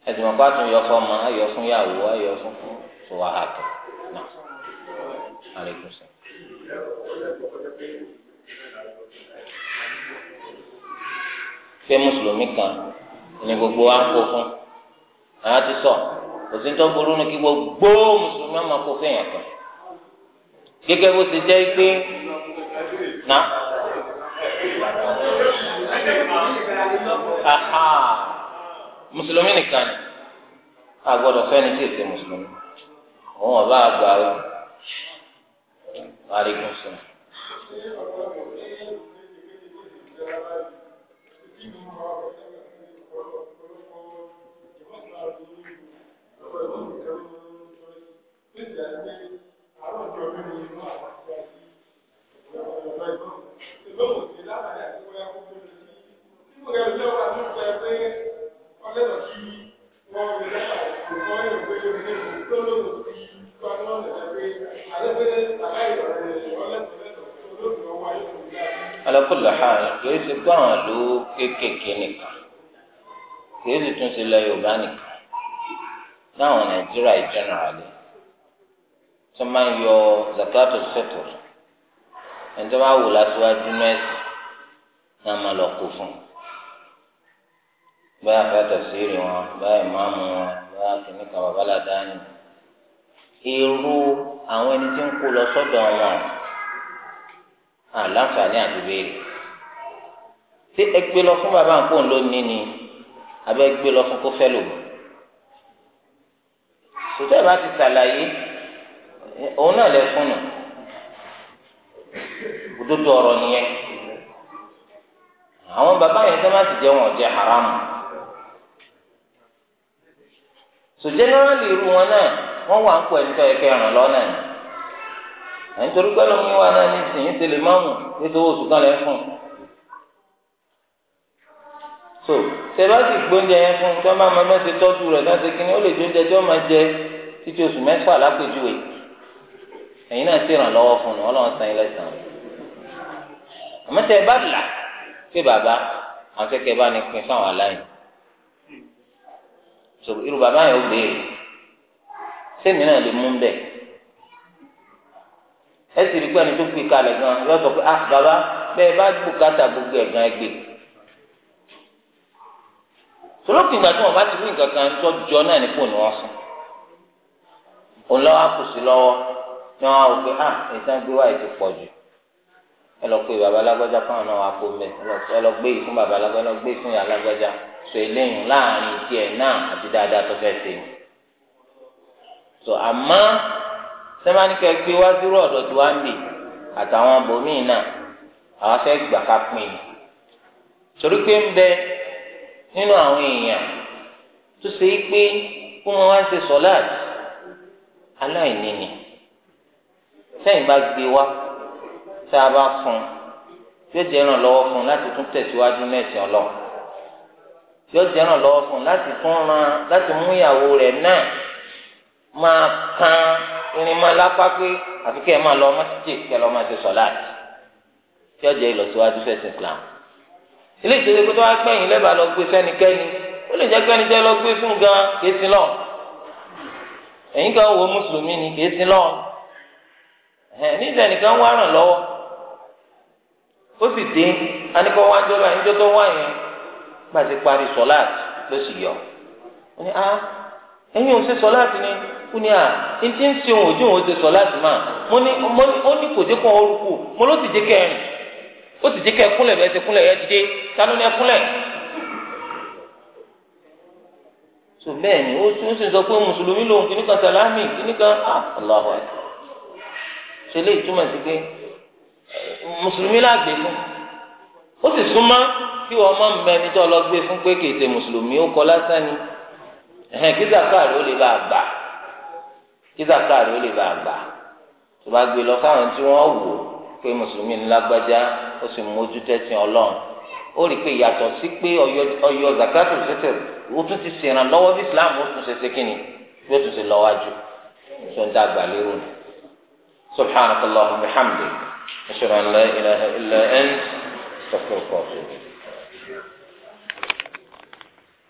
ẹ̀sìn mọ̀ká tún yọ fọ́ ọmọ ayọ̀ fún yàwó ayọ̀ fún fún tó wá hà tó náà alaikum salaam. pé mùsùlùmí kan ní gbogbo wa ń kó fún àwọn ti sọ òsíntọ́ burú ni kí gbogbo mùsùlùmí ọmọ kó fún èèyàn kan gẹ́gẹ́ bó ti jẹ́ pé na aha mùsùlùmí nìkan ni a gbọ́dọ̀ fẹ́ni tí èsè mùsùlùmí òun ọba àgbà o wàá rí gùn sùn. Thank you alakula ha kìí ṣe gbọ́n ló kéékèèké nìkan kìí ṣe tún ṣe lẹ yorùbá nìkan láwọn nàìjíríà ìjẹnìrálì tó máa ń yọ zakato sọtò ẹni tó bá wù látiwájú mẹsì náà máa lọ kó fún báyà fẹ́ tẹ̀síìrì wọn báyà ìmáàmù wọn báyà kìnnìkan babaládàá nìyẹn. irú àwọn ẹni tí ń kó lọ sọ́dọ̀ wọn àlàǹfààní àdúgbèrè ṣé ẹ gbé lọ fún bàbá ni abẹ gbé lọ fún kó ti ṣàlàyé òun náà lẹ fún nù òdodo nìyẹn àwọn bàbá yẹn tó má ti jẹ wọn jẹ haramu so generally irú wọn náà. wọ́n wà ń pọ̀ ẹni tó yẹ kẹ́ ràn lọ́nà ni ẹ̀ ń torí pé lómi wa náà ní ìsìn ṣe lè má mú nítorí oṣù kan lẹ́ fún so sèbáàtì gbóúnjẹ yẹn fún tí wọ́n bá máa mẹ́sẹ̀ tọ́jú rẹ̀ náà ṣe kí ni ó lè jóúnjẹ tí wọ́n máa jẹ títí oṣù mẹ́fà lápèjúwe ẹ̀yin náà ti ràn lọ́wọ́ fún un ọlọ́run san ilẹ̀ sàn àmọ́tẹ́ bá là pé bàbá àwọn kẹ́kẹ́ bá ní pin fáwọn aláìní so irú bàbá yẹn ó béèrè sẹ́mi náà lè mú un bẹ̀. ẹ sì rí pé ẹni tó fi kalẹ̀ gan yọ sọ pé ah bàbá bẹ́ẹ̀ bá bùkátà gbogbo ẹ̀ gan ẹgbẹ́. sọlọ́kì ìgbà tí wọ́n bá ti rí nǹkan kan tó jọ náà ní fóònù wọn sùn. òun lọ́wọ́ kù sí lọ́wọ́ ni wọ́n á wò pé ah ìtàn gbé wáyé ti pọ̀ jù. ẹ lọ pé bàbá alágbájá fáwọn náà wà kó mẹ ẹ lọ gbé yìí fún bàbá alágbájá ẹ lọ gbé fún ìyá alágbájá sọ eléyìí láàrin tiẹ̀ náà àti dáadáa tó fẹ́ sèyìn. so àmọ́ sẹ́mánìkẹ́ gbé wá dúró ọ̀dọ̀ tí wá ń bì àtàwọn abòmíì náà àwọn fẹ́ gbà ká pín in torí pé ń bẹ nínú àwọn èèyàn tó ṣe é pé kó wọn wá ń ṣe aláìní ni sẹ́yìn bá gbé wá tá a bá fún un yóò jẹ́ ìrànlọ́wọ́ fún un láti tún tẹ̀síwájú mẹ́sìn ọlọ́run yóò jẹ́ láti tún láti mú ìyàwó rẹ̀ náà máa kan irin máa lápá pé àfi kẹ́ lọ mọ́sítì kẹ́ ẹ lọ́ máa ṣe sọ̀láàtì tí ọjà ìlọsíwájú fẹ̀sìn Islam ilé ìṣèlú pé tó wá lẹ́bàá lọ gbé sẹ́nikẹ́ni ó lè jẹ́ pẹ́ni jẹ́ lọ gbé fún gan kéésì lọ́n kan wo mùsùlùmí ni kéésì lọ́n ẹ̀ níta wá yọ ah, ẹ̀yin ò ṣe sọ láti ni ó ní à ń ti ń ṣe òun òjò òun ṣe sọ láti máa mo ní ó ní kò dé kan orúkú mo ló ti dé kẹrin ó ti dé kẹ kúnlẹ̀ bẹ́ẹ̀ ti kúnlẹ̀ ẹ ti dé sanu ní ẹ kúnlẹ̀. tó bẹ́ẹ̀ ni ó tún sì sọ pé mùsùlùmí lòun kì ní kan sàlámì kì ní kan ah Allahu akbar ṣe lè túmọ̀ sí pé eh, mùsùlùmí lágbè fún ó sì súnmọ́ kí wọ́n máa ń bẹ ẹni tó lọ gbé fún pé kì í ṣe mùsùlùmí ó kọ lásán ni ẹ̀hẹ́n kí zakari ó lè bá a gbà kí zakari ó lè bá a gbà tó bá gbé lọ fáwọn tí wọ́n wò pé mùsùlùmí ńlá gbájá ó sì mójú tẹ́sìn ọlọ́run ó rí i pé yàtọ̀ sí pé ọyọ zakari tètè ó tún ti ṣèrànlọ́wọ́ bí islam ó tún ṣe ṣe kínni bí ó tún ṣe lọ́wájú tó ń dàgbà lérò ni subhanakallahumma wa bihamdik ashhadu an la ilaha illa anta astaghfiruka wa atubu